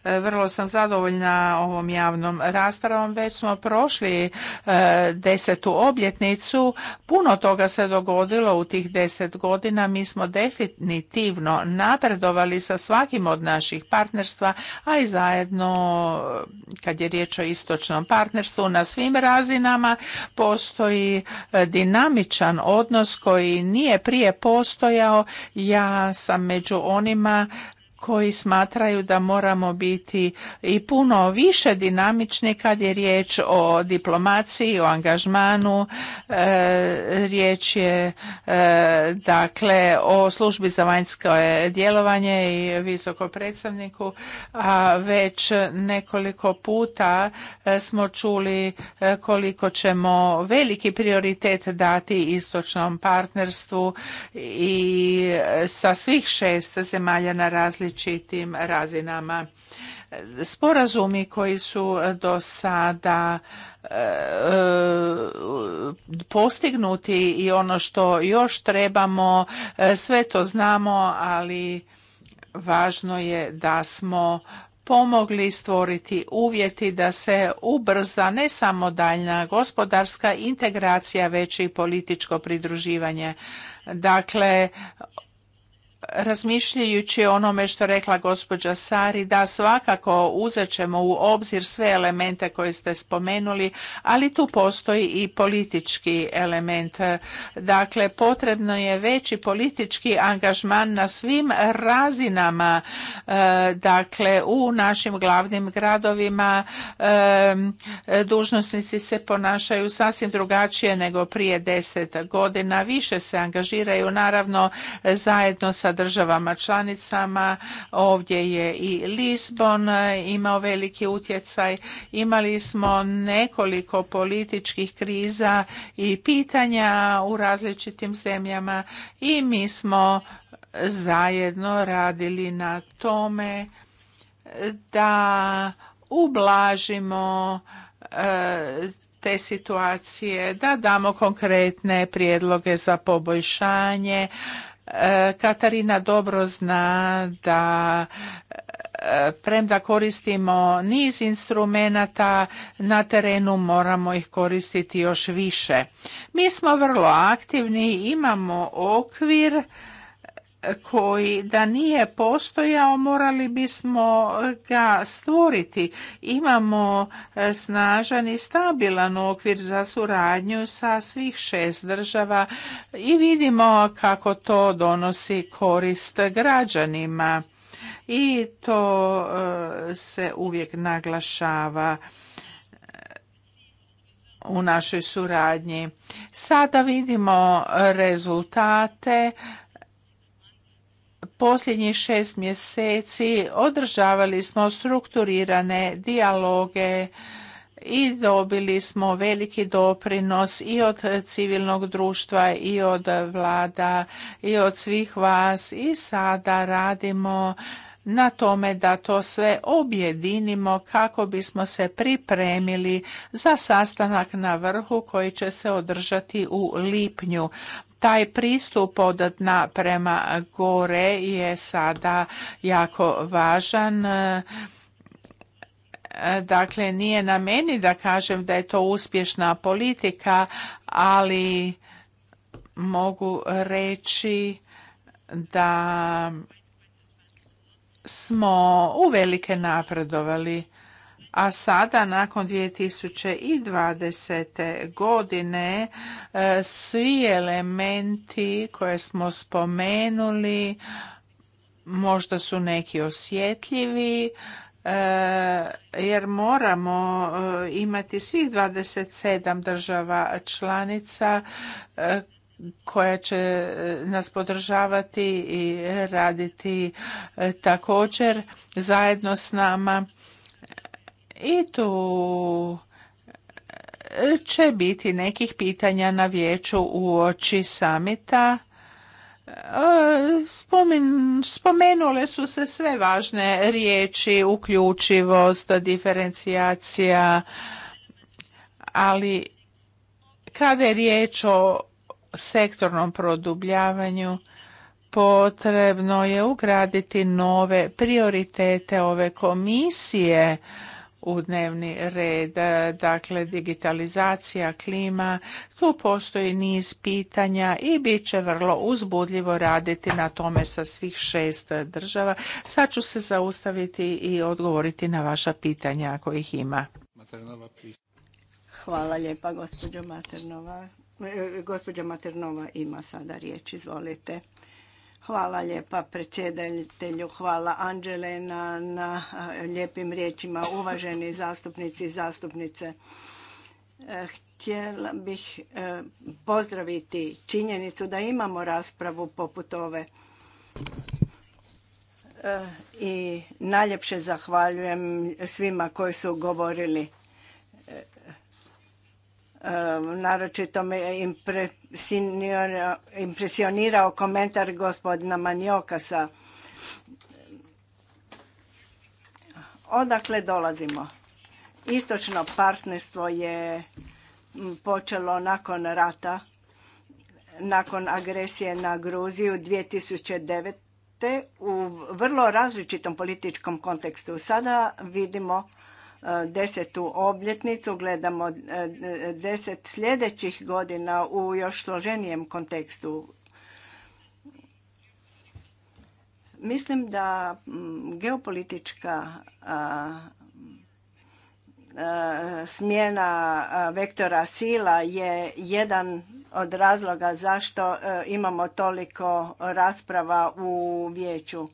E, vrlo sam zadovoljna ovom javnom raspravom. Već smo prošli e, desetu obljetnicu. Puno toga se dogodilo u tih deset godina. Mi smo definitivno napredovali sa svakim od naših partnerstva, a i zajedno e, kad je riječ o istočnom partnerstvu na svim razinama postoji dinamičan odnos koji nije prije postojao. Ja sam među onima koji smatraju da moramo biti i puno više dinamični kad je riječ o diplomaciji, o angažmanu. E, riječ je e, dakle o službi za vanjsko djelovanje i visoko predstavniku, a već nekoliko puta e, smo čuli koliko ćemo veliki prioritet dati istočnom partnerstvu i sa svih šest zemalja na različitih različitim razinama. Sporazumi koji su do sada e, postignuti i ono što još trebamo, e, sve to znamo, ali važno je da smo pomogli stvoriti uvjeti da se ubrza ne samo daljna gospodarska integracija, već i političko pridruživanje. Dakle, razmišljajući o onome što rekla gospođa Sari, da svakako uzet ćemo u obzir sve elemente koje ste spomenuli, ali tu postoji i politički element. Dakle, potrebno je veći politički angažman na svim razinama, e, dakle, u našim glavnim gradovima e, dužnosnici se ponašaju sasvim drugačije nego prije deset godina, više se angažiraju naravno zajedno sa državama članicama. Ovdje je i Lisbon e, imao veliki utjecaj. Imali smo nekoliko političkih kriza i pitanja u različitim zemljama i mi smo zajedno radili na tome da ublažimo e, te situacije, da damo konkretne prijedloge za poboljšanje, Katarina dobro zna da e, premda koristimo niz instrumenata na terenu moramo ih koristiti još više. Mi smo vrlo aktivni, imamo okvir koji da nije postojao morali bismo ga stvoriti. Imamo e, snažan i stabilan okvir za suradnju sa svih šest država i vidimo kako to donosi korist građanima. I to e, se uvijek naglašava e, u našoj suradnji. Sada vidimo rezultate posljednjih šest mjeseci održavali smo strukturirane dijaloge i dobili smo veliki doprinos i od civilnog društva i od vlada i od svih vas i sada radimo na tome da to sve objedinimo kako bismo se pripremili za sastanak na vrhu koji će se održati u lipnju. Taj pristup dna prema gore je sada jako važan. Dakle, nije na meni da kažem da je to uspješna politika, ali mogu reći da smo uvelike napredovali. A sada, nakon 2020. godine, e, svi elementi koje smo spomenuli, možda su neki osjetljivi, e, jer moramo e, imati svih 27 država članica koja će nas podržavati i raditi također zajedno s nama i tu e, će biti nekih pitanja na vijeću u oči samita. E, spomenule su se sve važne riječi, uključivost, diferencijacija, ali kada je riječ o sektornom produbljavanju, potrebno je ugraditi nove prioritete ove komisije u dnevni red. Dakle, digitalizacija, klima, tu postoji niz pitanja i bit će vrlo uzbudljivo raditi na tome sa svih šest država. Sad ću se zaustaviti i odgovoriti na vaša pitanja ako ih ima. Hvala lijepa, gospođo Maternova. E, gospođa Maternova ima sada riječ, izvolite. Hvala lijepa predsjedatelju, hvala Anđele na, eh, lijepim riječima, uvaženi zastupnici i zastupnice. Eh, htjela bih eh, pozdraviti činjenicu da imamo raspravu poput ove i najljepše zahvaljujem svima koji su govorili. Naročito me pre. Eh, impresionirao komentar gospodina Manjokasa. Odakle dolazimo? Istočno partnerstvo je mm, počelo nakon rata, nakon agresije na Gruziju 2009. u vrlo različitom političkom kontekstu. Sada vidimo desetu obljetnicu, gledamo e, deset sljedećih godina u još složenijem kontekstu. Mislim da mm, geopolitička smjena vektora sila je jedan od razloga zašto e, imamo toliko rasprava u vijeću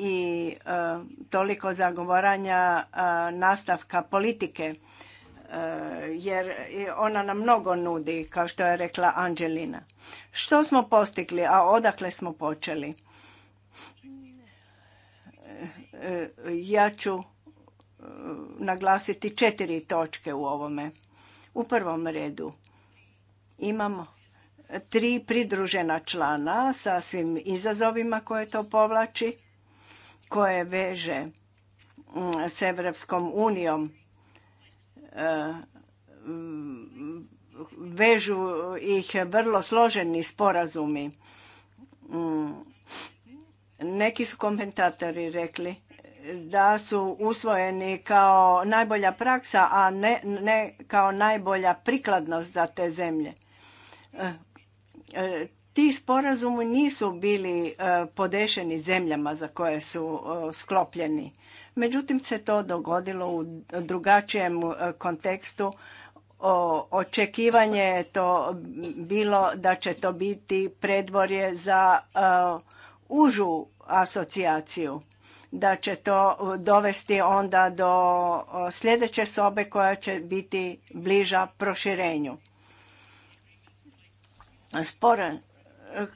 i e, toliko zagovaranja e, nastavka politike e, jer ona nam mnogo nudi, kao što je rekla Anđelina. Što smo postigli, a odakle smo počeli? Ja ću naglasiti četiri točke u ovome. U prvom redu imamo tri pridružena člana sa svim izazovima koje to povlači koje veže mm, s Evropskom unijom e, mm, vežu ih vrlo složeni sporazumi. Mm, neki su komentatori rekli da su usvojeni kao najbolja praksa, a ne, ne kao najbolja prikladnost za te zemlje. E, e, ti sporazumi nisu bili e, podešeni zemljama za koje su e, sklopljeni. Međutim, se to dogodilo u drugačijem e, kontekstu. Očekivanje je to bilo da će to biti predvorje za užu asocijaciju da će to dovesti onda do sljedeće sobe koja će biti bliža proširenju. Sporan,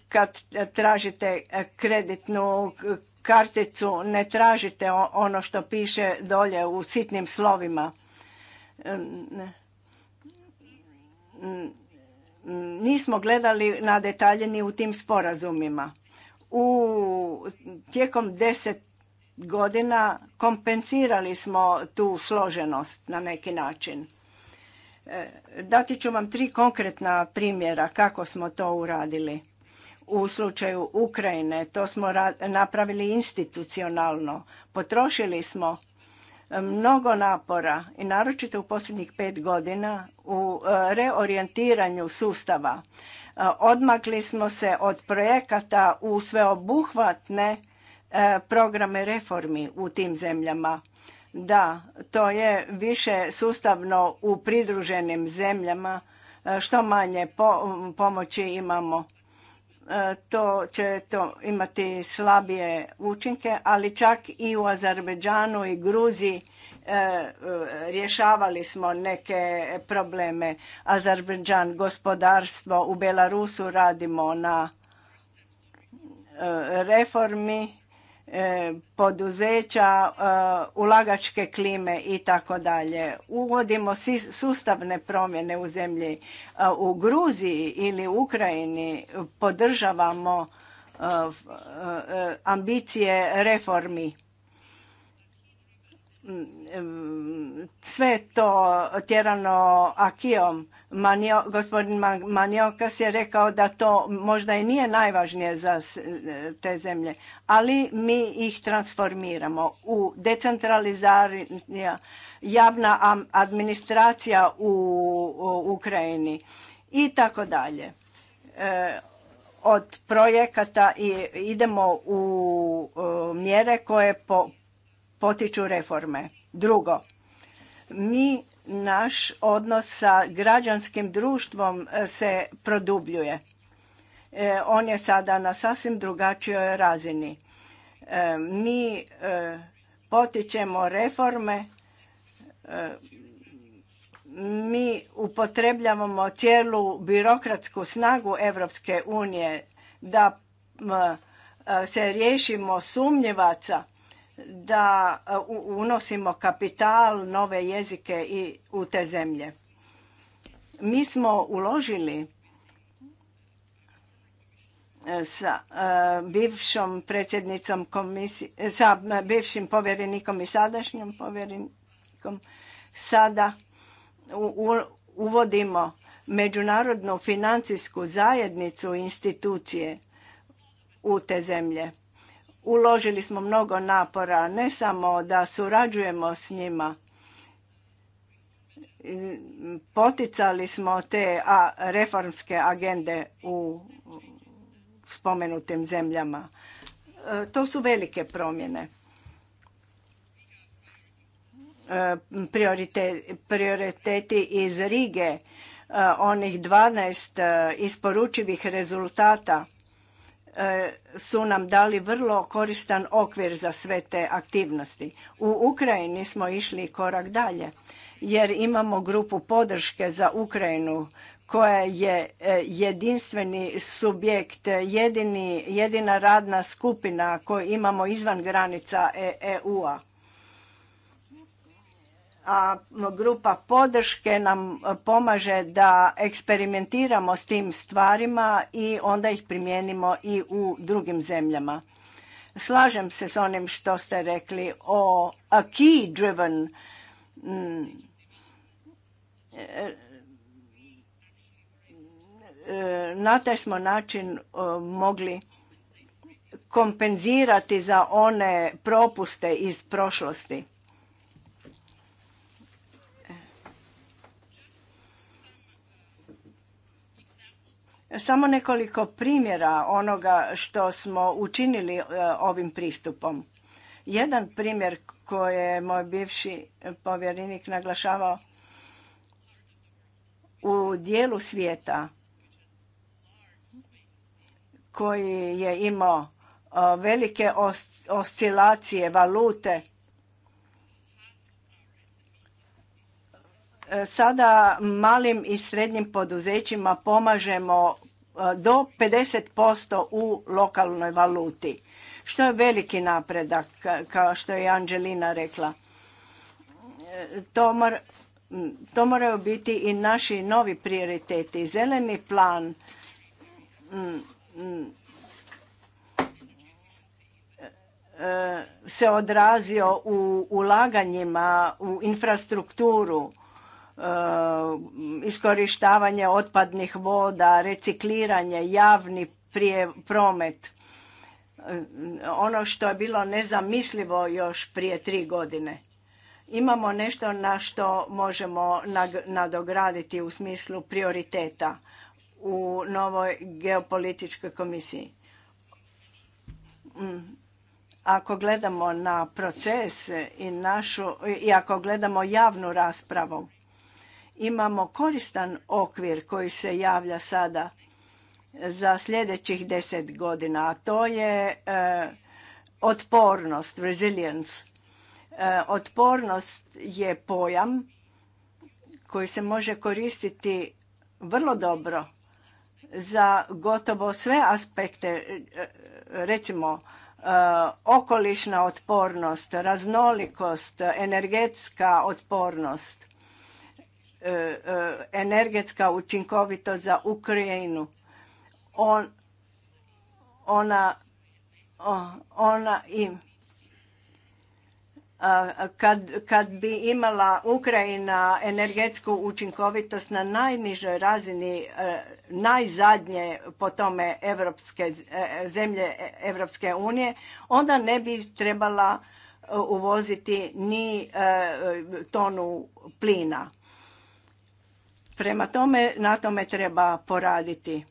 kad tražite kreditnu karticu ne tražite ono što piše dolje u sitnim slovima. Nismo gledali na detalje ni u tim sporazumima. U tijekom deset godina kompenzirali smo tu složenost na neki način. E, dati ću vam tri konkretna primjera kako smo to uradili u slučaju Ukrajine. To smo napravili institucionalno. Potrošili smo e, mnogo napora i naročito u posljednjih pet godina u e, reorijentiranju sustava. E, odmakli smo se od projekata u sveobuhvatne programe reformi u tim zemljama. Da, to je više sustavno u pridruženim zemljama, što manje pomoći imamo E, to će to imati slabije učinke, ali čak i u Azerbeđanu i Gruzi e, e, rješavali smo neke probleme. Azerbeđan gospodarstvo u Belarusu radimo na reformi E, poduzeća, e, ulagačke klime i tako dalje. Uvodimo sustavne promjene u zemlji. E, u Gruziji ili Ukrajini podržavamo ambicije reformi sve to tjerano akijom. Manio, gospodin Maniokas je rekao da to možda i nije najvažnije za te zemlje, ali mi ih transformiramo u decentralizacija, javna administracija u, u Ukrajini i tako dalje. E, od projekata idemo u mjere koje po potiču reforme. Drugo, mi naš odnos sa građanskim društvom e, se produbljuje. E, on je sada na sasvim drugačijoj razini. E, mi potičemo reforme, mi upotrebljavamo cijelu birokratsku snagu Evropske unije da se riješimo sumnjevaca da e, unosimo kapital, nove jezike i u te zemlje. Mi smo uložili e, sa e, bivšom predsjednicom komisije, sa bivšim povjerenikom i sadašnjim povjerenikom sada uvodimo međunarodnu financijsku zajednicu institucije u te zemlje. Uložili smo mnogo napora, ne samo da surađujemo s njima, poticali smo te reformske agende u spomenutim zemljama. E, to su velike promjene. E, prioriteti, iz Rige, e, onih 12 isporučivih rezultata E, su nam dali vrlo koristan okvir za sve te aktivnosti. U Ukrajini smo išli korak dalje jer imamo grupu podrške za Ukrajinu koja je e, jedinstveni subjekt, jedina radna skupina koju imamo izvan granica EU-a. E a grupa podrške nam e, pomaže da eksperimentiramo s tim stvarima i onda ih primijenimo i u drugim zemljama. Slažem se s onim što ste rekli o a key driven e, e, na taj smo način mogli kompenzirati za one propuste iz prošlosti Samo nekoliko primjera onoga što smo učinili e, ovim pristupom. Jedan primjer koji je moj bivši povjerenik naglašavao u dijelu svijeta koji je imao e, velike oscilacije valute sada malim i srednjim poduzećima pomažemo e, do 50% u lokalnoj valuti, što je veliki napredak, kao što je Anđelina rekla. E, to, to moraju biti i naši novi prioriteti. Zeleni plan e, se odrazio u ulaganjima u infrastrukturu E, iskorištavanje otpadnih voda, recikliranje, javni promet. E, ono što je bilo nezamislivo još prije tri godine. Imamo nešto na što možemo nadograditi u smislu prioriteta u novoj geopolitičkoj komisiji. Mm. Ako gledamo na proces i našu, i ako gledamo javnu raspravu, imamo koristan okvir koji se javlja sada za sljedećih deset godina, a to je e, otpornost, resilience. E, otpornost je pojam koji se može koristiti vrlo dobro za gotovo sve aspekte, e, recimo okolišna otpornost, raznolikost, energetska otpornost E, e, energetska učinkovitost za Ukrajinu. On, ona ona i kad, kad bi imala Ukrajina energetsku učinkovitost na najnižoj razini e, najzadnje po tome evropske, zemlje Evropske unije, onda ne bi trebala uvoziti ni tonu plina. Prema tome, na tome treba poraditi.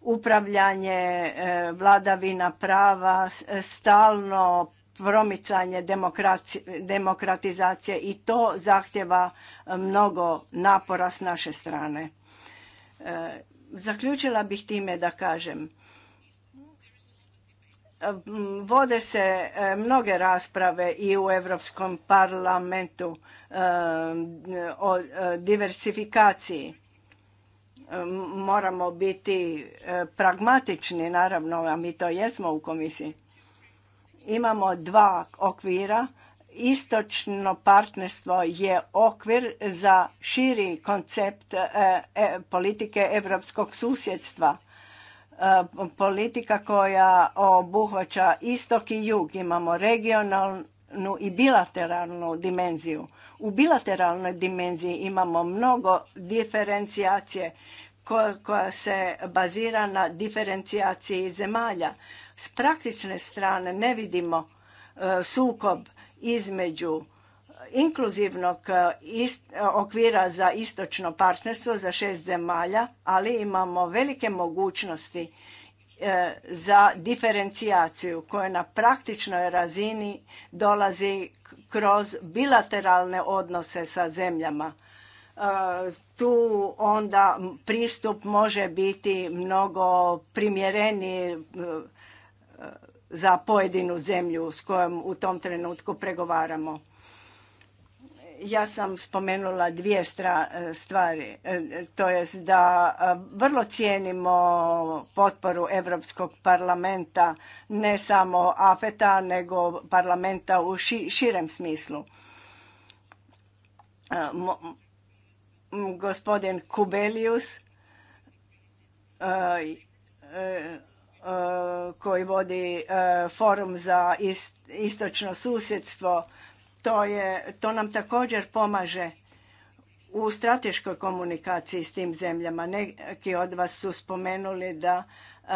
Upravljanje, e, vladavina prava, e, stalno promicanje demokratizacije i to zahtjeva mnogo napora s naše strane. E, zaključila bih time da kažem Vode se e, mnoge rasprave i u Europskom parlamentu e, o e, diversifikaciji. Moramo biti pragmatični, naravno, a mi to jesmo u komisiji. Imamo dva okvira. Istočno partnerstvo je okvir za širi koncept politike europskog susjedstva – E, politika koja obuhvaća istok i jug. Imamo regionalnu i bilateralnu dimenziju. U bilateralnoj dimenziji imamo mnogo diferencijacije koja se bazira na diferencijaciji zemalja. S praktične strane ne vidimo e, sukob između inkluzivnog e, e, okvira za istočno partnerstvo za šest zemalja, ali imamo velike mogućnosti e, za diferencijaciju koja na praktičnoj razini dolazi kroz bilateralne odnose sa zemljama. Tu onda pristup može biti mnogo primjereniji za pojedinu zemlju s kojom u tom trenutku pregovaramo ja sam spomenula dvije e, stvari, e, to je da e, vrlo cijenimo potporu Europskog parlamenta, ne samo AFETA, nego parlamenta u širem smislu. Gospodin Kubelius koji vodi forum za istočno susjedstvo to, je, to nam također pomaže u strateškoj komunikaciji s tim zemljama. Neki od vas su spomenuli da e,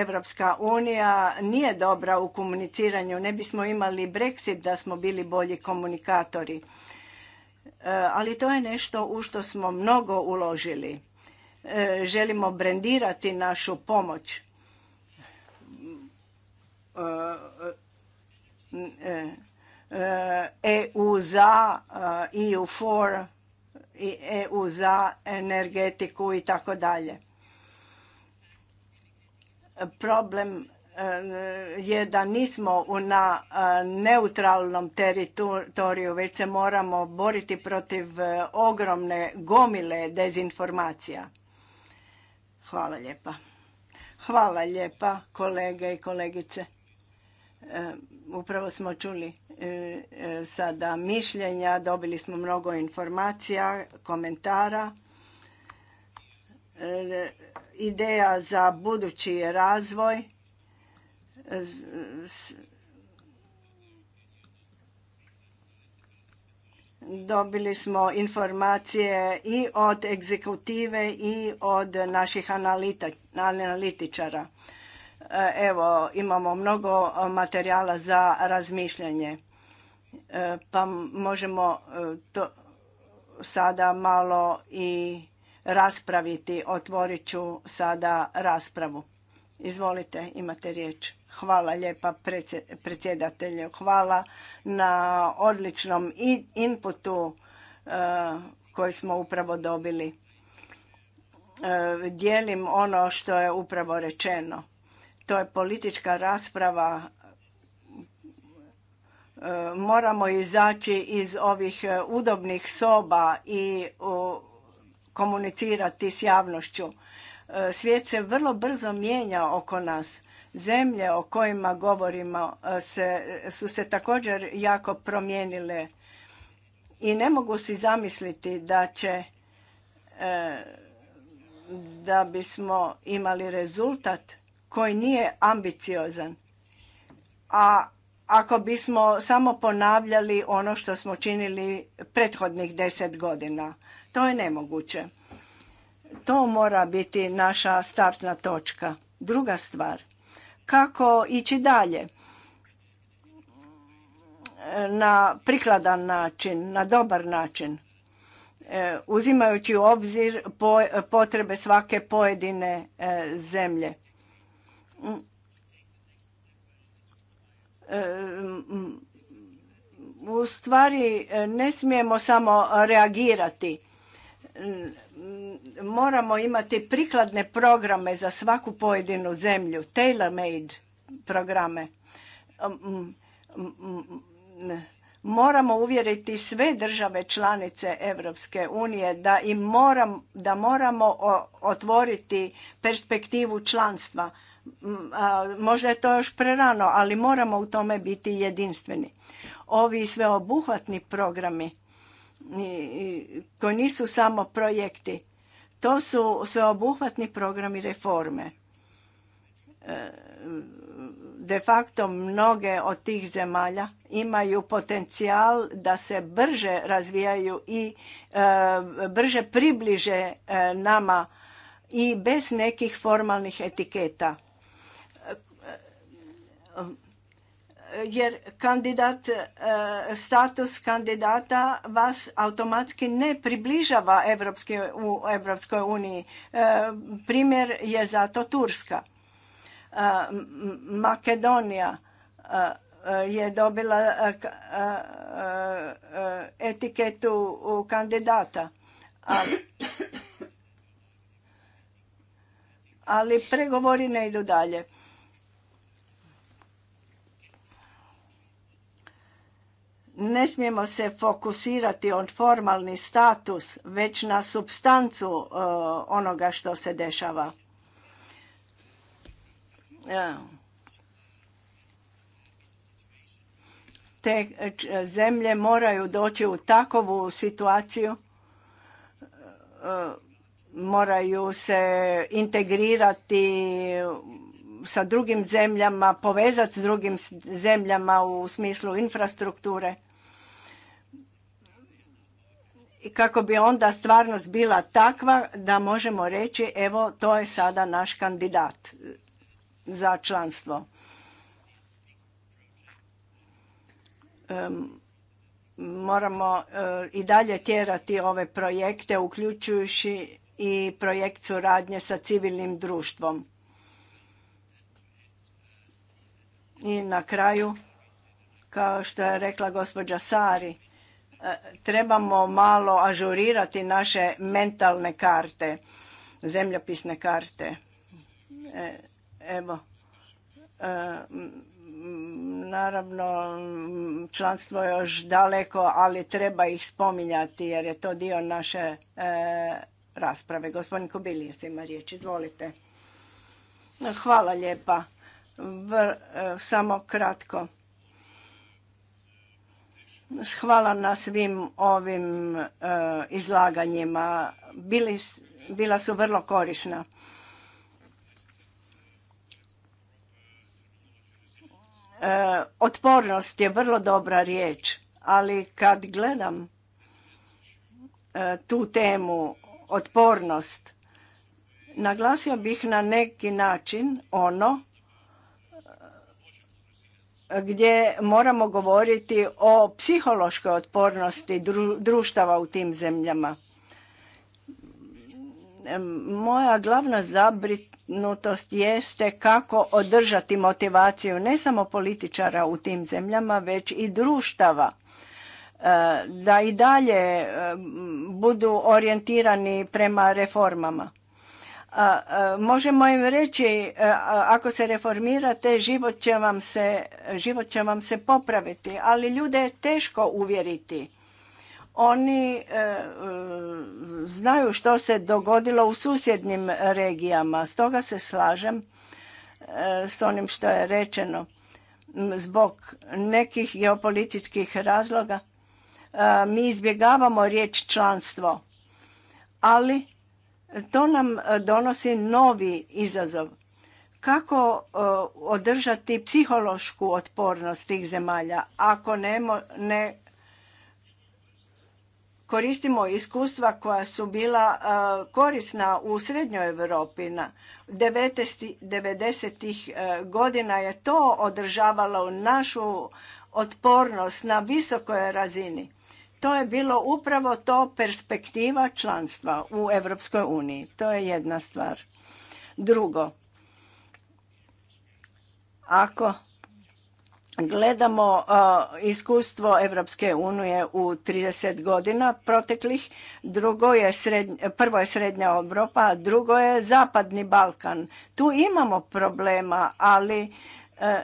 Evropska unija nije dobra u komuniciranju. Ne bismo imali Brexit da smo bili bolji komunikatori. E, ali to je nešto u što smo mnogo uložili. E, želimo brendirati našu pomoć. EU e za, EU for i EU za energetiku i tako dalje. Problem e, je da nismo na e, neutralnom teritoriju, već se moramo boriti protiv ogromne gomile dezinformacija. Hvala lijepa. Hvala lijepa kolege i kolegice. Ehm, upravo smo čuli e, e, sada mišljenja, dobili smo mnogo informacija, komentara. E, ideja za budući razvoj dobili smo informacije i od egzekutive i od naših analitičara. E, evo, imamo mnogo e, materijala za razmišljanje, e, pa možemo to sada malo i raspraviti. Otvorit ću sada raspravu. Izvolite, imate riječ. Hvala lijepa predsjedatelju. Hvala na odličnom inputu koji smo upravo dobili. Dijelim ono što je upravo rečeno to je politička rasprava. E, moramo izaći iz ovih e, udobnih soba i komunicirati s javnošću. E, svijet se vrlo brzo mijenja oko nas. Zemlje o kojima govorimo se, su se također jako promijenile i ne mogu si zamisliti da će da bismo imali rezultat koji nije ambiciozan. A ako bismo samo ponavljali ono što smo činili prethodnih deset godina, to je nemoguće. To mora biti naša startna točka. Druga stvar, kako ići dalje? Na prikladan način, na dobar način, e, uzimajući u obzir potrebe svake pojedine e, zemlje Mm. E, u stvari e, ne smijemo samo reagirati. Mm, moramo imati prikladne programe za svaku pojedinu zemlju, tailor-made programe. E, moramo uvjeriti sve države članice Europske unije da im moram, da moramo otvoriti perspektivu članstva Mm, možda je to još prerano, ali moramo u tome biti jedinstveni. Ovi sveobuhvatni programi koji nisu samo projekti, to su sveobuhvatni programi reforme. E, de facto mnoge od tih zemalja imaju potencijal da se brže razvijaju i e, brže približe e, nama i bez nekih formalnih etiketa jer kandidat, e, status kandidata vas automatski ne približava Evropske, u Evropskoj uniji. E, primjer je zato Turska. E, Makedonija je dobila etiketu kandidata. Ali, ali pregovori ne idu dalje. ne smijemo se fokusirati on formalni status, već na substancu e, onoga što se dešava. E. Te zemlje moraju doći u takovu situaciju, e, moraju se integrirati sa drugim zemljama, povezati s drugim zemljama u smislu infrastrukture i kako bi onda stvarnost bila takva da možemo reći evo to je sada naš kandidat za članstvo. moramo eh, i dalje tjerati ove projekte uključujući i projekt suradnje sa civilnim društvom. I na kraju, kao što je rekla gospođa Sari, e, trebamo malo ažurirati naše mentalne karte, zemljopisne karte. E, evo, e, naravno članstvo je još daleko, ali treba ih spominjati jer je to dio naše rasprave. Gospodin Kobilijes ima riječ, izvolite. Hvala lijepa. Vr, e, samo kratko. Hvala na svim ovim e, izlaganjima. bila su vrlo korisna. E, otpornost je vrlo dobra riječ, ali kad gledam tu temu otpornost, naglasio bih na neki način ono gdje moramo govoriti o psihološkoj otpornosti društava u tim zemljama. Moja glavna zabrinutost jeste kako održati motivaciju ne samo političara u tim zemljama, već i društava e, da i dalje e, budu orijentirani prema reformama. A, možemo im reći ako se reformirate život će, vam se, život će vam se popraviti, ali ljude je teško uvjeriti. Oni e, e, znaju što se dogodilo u susjednim regijama, stoga se slažem e, s onim što je rečeno zbog nekih geopolitičkih razloga. Mi izbjegavamo riječ članstvo, ali to nam e, donosi novi izazov. Kako e, održati psihološku otpornost tih zemalja ako ne ne koristimo iskustva koja su bila e, korisna u srednjoj Europi. 90-ih godina je to održavalo našu otpornost na visokoj razini. To je bilo upravo to perspektiva članstva u Europskoj uniji. To je jedna stvar. Drugo, ako gledamo iskustvo Europske unije u 30 godina proteklih, drugo je prvo je srednja Europa, a drugo je zapadni Balkan. Tu imamo problema, ali e,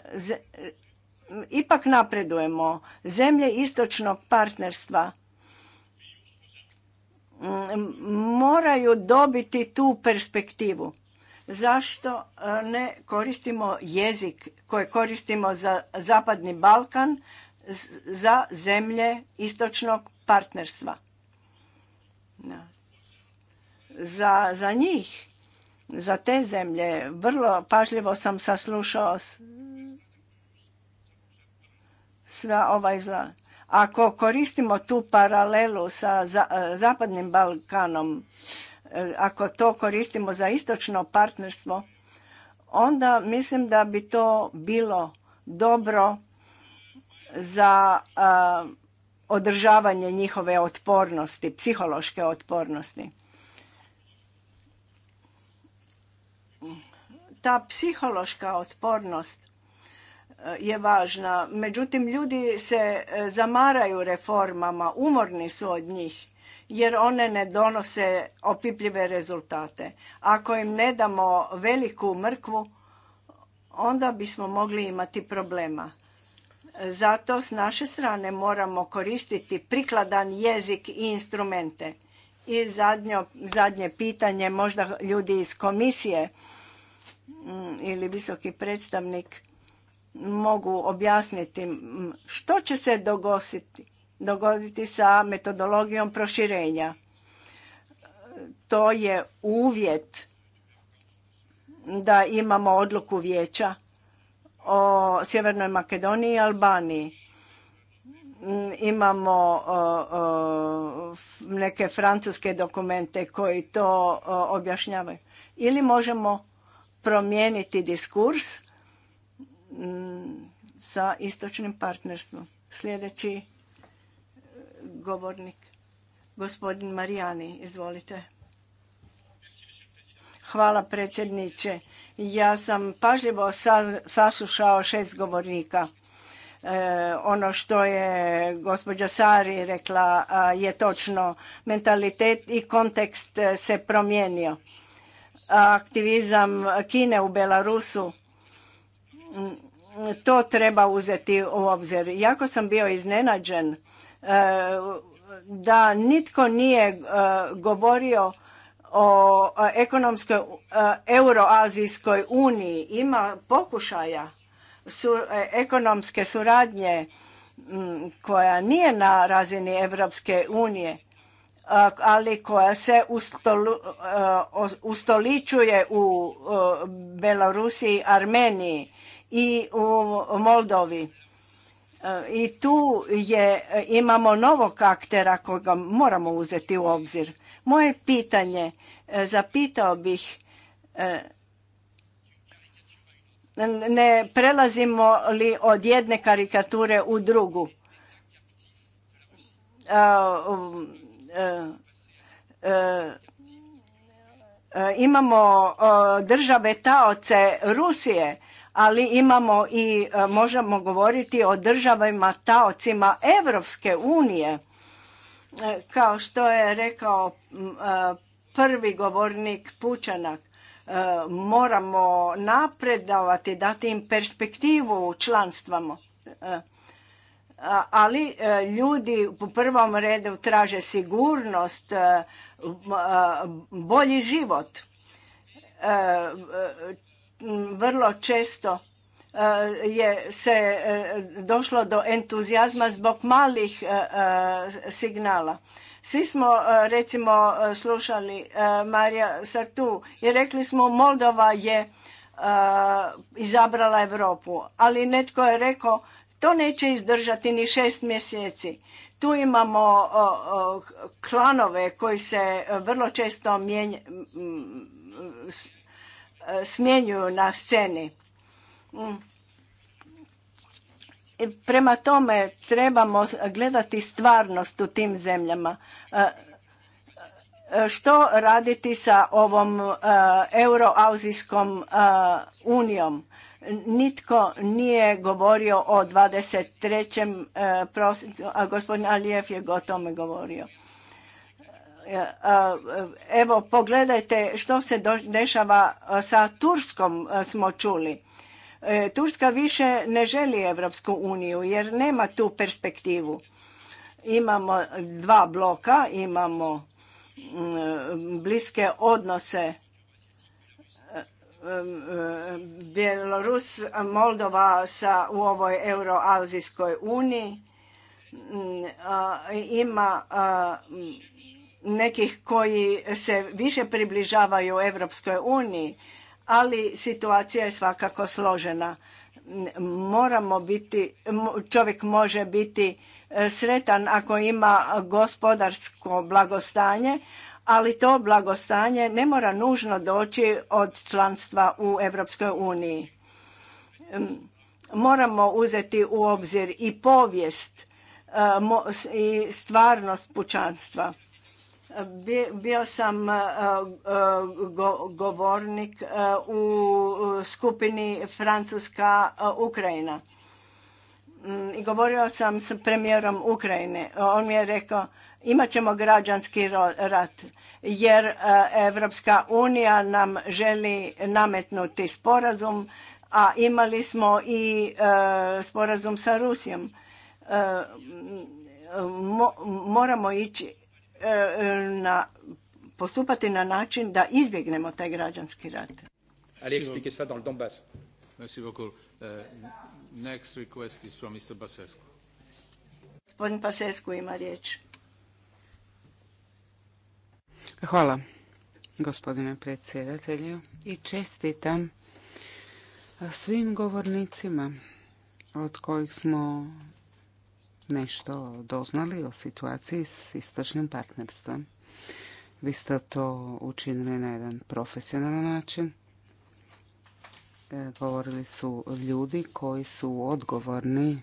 ipak napredujemo. Zemlje istočnog partnerstva mm, moraju dobiti tu perspektivu. Zašto e, ne koristimo jezik koji koristimo za Zapadni Balkan, za zemlje istočnog partnerstva? Za, za njih, za te zemlje, vrlo pažljivo sam saslušao sva ova Ako koristimo tu paralelu sa e, Zapadnim Balkanom, e, ako to koristimo za istočno partnerstvo, onda mislim da bi to bilo dobro za e, održavanje njihove otpornosti, psihološke otpornosti. Ta psihološka otpornost je važna. Međutim, ljudi se e, zamaraju reformama, umorni su od njih jer one ne donose opipljive rezultate. Ako im ne damo veliku mrkvu, onda bismo mogli imati problema. Zato s naše strane moramo koristiti prikladan jezik i instrumente. I zadnje pitanje, možda ljudi iz komisije mm, ili visoki predstavnik mogu objasniti što će se dogositi, dogoditi sa metodologijom proširenja. To je uvjet da imamo odluku vijeća o Sjevernoj Makedoniji i Albaniji. Mm, imamo neke francuske dokumente koji to objašnjavaju. Ili možemo promijeniti diskurs Mm, sa istočnim partnerstvom. Sljedeći e, govornik, gospodin Marijani, izvolite. Hvala predsjedniče. Ja sam pažljivo saslušao šest govornika. E, ono što je gospođa Sari rekla je točno. Mentalitet i kontekst e, se promijenio. Aktivizam Kine u Belarusu to treba uzeti u obzir. Jako sam bio iznenađen e, da nitko nije e, govorio o ekonomskoj e, euroazijskoj uniji. Ima pokušaja ekonomske suradnje koja nije na razini Evropske unije, ali koja se ustoličuje u Belorusiji i Armeniji i u Moldovi. E, I tu je, imamo novog aktera koga moramo uzeti u obzir. Moje pitanje, e, zapitao bih, e, ne prelazimo li od jedne karikature u drugu. Imamo države taoce Rusije ali imamo i e, možemo govoriti o državama taocima Evropske unije. E, kao što je rekao e, prvi govornik Pučanak, moramo napredavati, dati im perspektivu članstvama. Ali ljudi u prvom redu traže sigurnost, bolji život vrlo često e, je se e, došlo do entuzijazma zbog malih e, signala. Svi smo recimo slušali Marija Sartu i rekli smo Moldova je izabrala Europu, ali netko je rekao to neće izdržati ni šest mjeseci. Tu imamo klanove koji se vrlo često mijenja, E, smjenjuju na sceni. Mm. Prema tome trebamo gledati stvarnost u tim zemljama. E, e, što raditi sa ovom euroauzijskom unijom? Nitko nije govorio o 23. prosincu, a gospodin Alijef je o tome govorio. E, evo, pogledajte što se dešava e, sa Turskom, e, smo čuli. Turska više ne želi Evropsku uniju jer nema tu perspektivu. Imamo dva bloka, imamo bliske odnose Bjelorus, Moldova sa, u ovoj Euroazijskoj uniji ima nekih koji se više približavaju Europskoj uniji, ali situacija je svakako složena. Moramo biti, čovjek može biti e, sretan ako ima gospodarsko blagostanje, ali to blagostanje ne mora nužno doći od članstva u Europskoj uniji. Moramo uzeti u obzir i povijest e, i stvarnost pučanstva bio sam e, e, govornik e, u skupini Francuska-Ukrajina. Mm, I govorio sam s premijerom Ukrajine. On mi je rekao imat ćemo građanski rat jer Evropska unija nam želi nametnuti sporazum, a imali smo i sporazum sa Rusijom. Moramo ići E, e, na, postupati na način da izbjegnemo taj građanski rat. Ali expliquer ça dans le Donbass. Merci beaucoup. Uh, next request is from Mr. Basescu. Gospodin Basescu ima riječ. Hvala, gospodine predsjedatelju, i čestitam svim govornicima od kojih smo nešto doznali o situaciji s istočnim partnerstvom. Vi ste to učinili na jedan profesionalan način. E, govorili su ljudi koji su odgovorni e,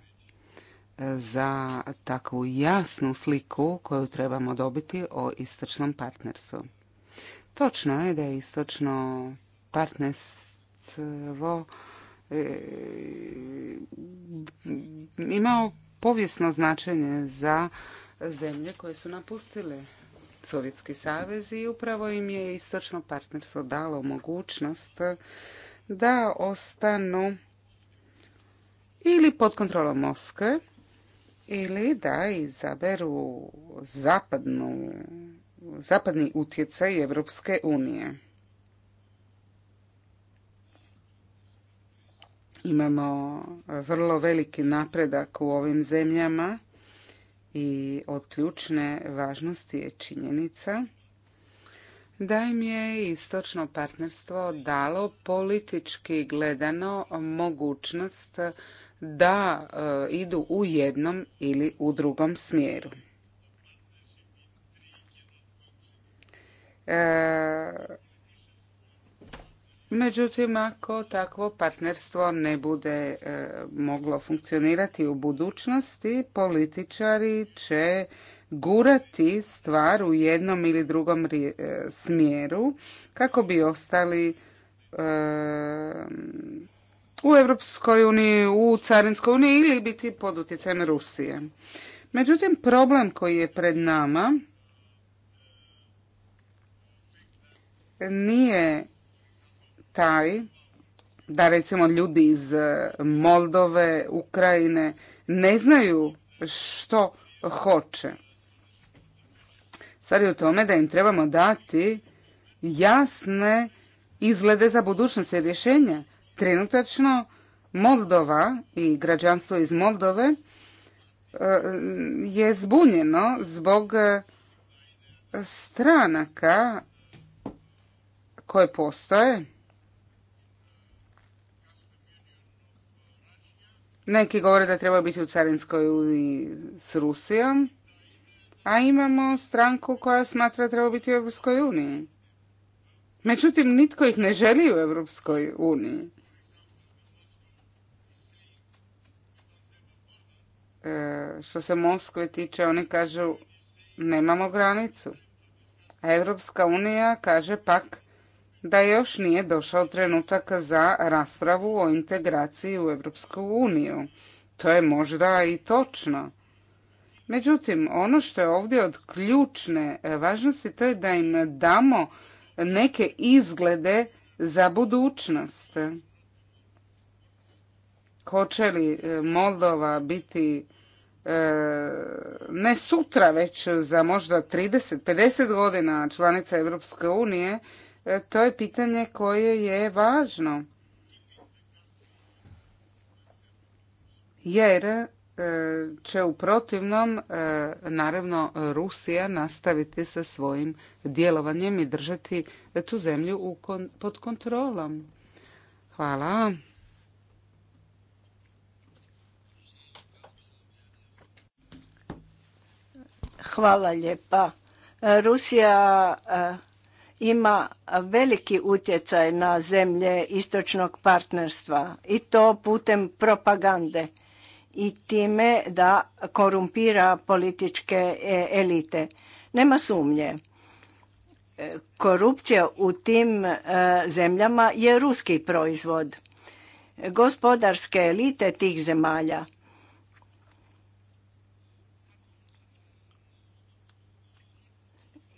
za takvu jasnu sliku koju trebamo dobiti o istočnom partnerstvu. Točno je da je istočno partnerstvo e, imao povijesno značenje za zemlje koje su napustile Sovjetski savez i upravo im je istočno partnerstvo dalo mogućnost da ostanu ili pod kontrolom Moskve ili da izaberu zapadni utjecaj Evropske unije. Imamo e, vrlo veliki napredak u ovim zemljama i od ključne važnosti je činjenica da im je istočno partnerstvo dalo politički gledano mogućnost da e, idu u jednom ili u drugom smjeru. E, Međutim, ako takvo partnerstvo ne bude e, moglo funkcionirati u budućnosti, političari će gurati stvar u jednom ili drugom e, smjeru kako bi ostali e, u Europskoj uniji, u Carinskoj uniji ili biti pod utjecajem Rusije. Međutim, problem koji je pred nama nije taj da recimo ljudi iz e, Moldove, Ukrajine ne znaju što hoće. Stvar je u tome da im trebamo dati jasne izglede za budućnost i rješenja. Trenutačno Moldova i građanstvo iz Moldove e, je zbunjeno zbog e, stranaka koje postoje Neki govore da treba biti u Carinskoj uniji s Rusijom, a imamo stranku koja smatra da treba biti u Europskoj uniji. Međutim, nitko ih ne želi u Europskoj uniji. E, što se Moskve tiče, oni kažu nemamo granicu. A Europska unija kaže pak da još nije došao trenutak za raspravu o integraciji u EU. uniju. To je možda i točno. Međutim, ono što je ovdje od ključne e, važnosti to je da im damo neke izglede za budućnost. Hoće li e, Moldova biti e, ne sutra, već za možda 30-50 godina članica EU, unije, E, to je pitanje koje je važno. Jer e, će u protivnom e, naravno Rusija nastaviti sa svojim djelovanjem i držati tu zemlju pod kontrolom. Hvala. Hvala lijepa. Rusija ima veliki utjecaj na zemlje istočnog partnerstva i to putem propagande i time da korumpira političke e, elite. Nema sumnje. E, korupcija u tim e, zemljama je ruski proizvod. Gospodarske elite tih zemalja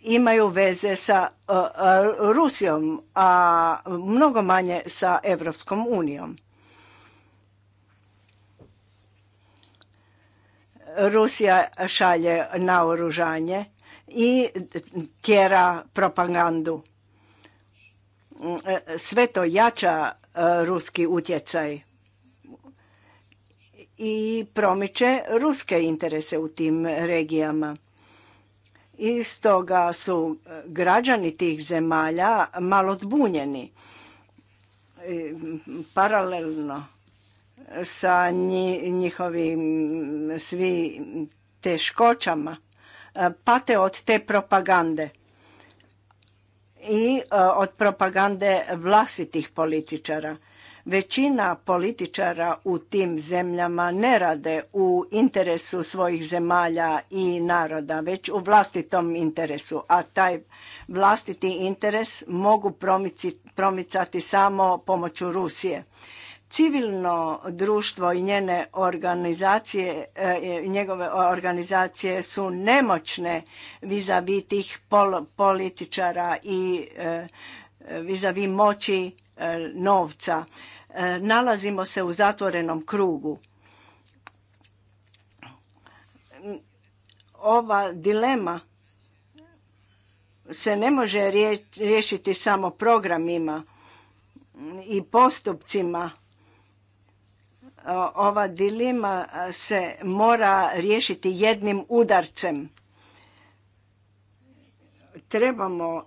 imaju veze sa e, e, Rusijom, a mnogo manje sa Europskom unijom. Rusija šalje naoružanje i tjera propagandu. Sve to jača e, ruski utjecaj i promiče ruske interese u tim regijama i stoga su e, građani tih zemalja malo zbunjeni e, paralelno sa njihovim svi teškoćama e, pate od te propagande i od propagande vlastitih političara Većina političara u tim zemljama ne rade u interesu svojih zemalja i naroda, već u vlastitom interesu, a taj vlastiti interes mogu promicati samo pomoću Rusije. Civilno društvo i njene organizacije, e, njegove organizacije su nemoćne vizavi tih političara i e, vizavi moći E, novca. E, nalazimo se u zatvorenom krugu. Ova dilema se ne može riješiti samo programima i postupcima. E, ova dilema se mora riješiti jednim udarcem. Trebamo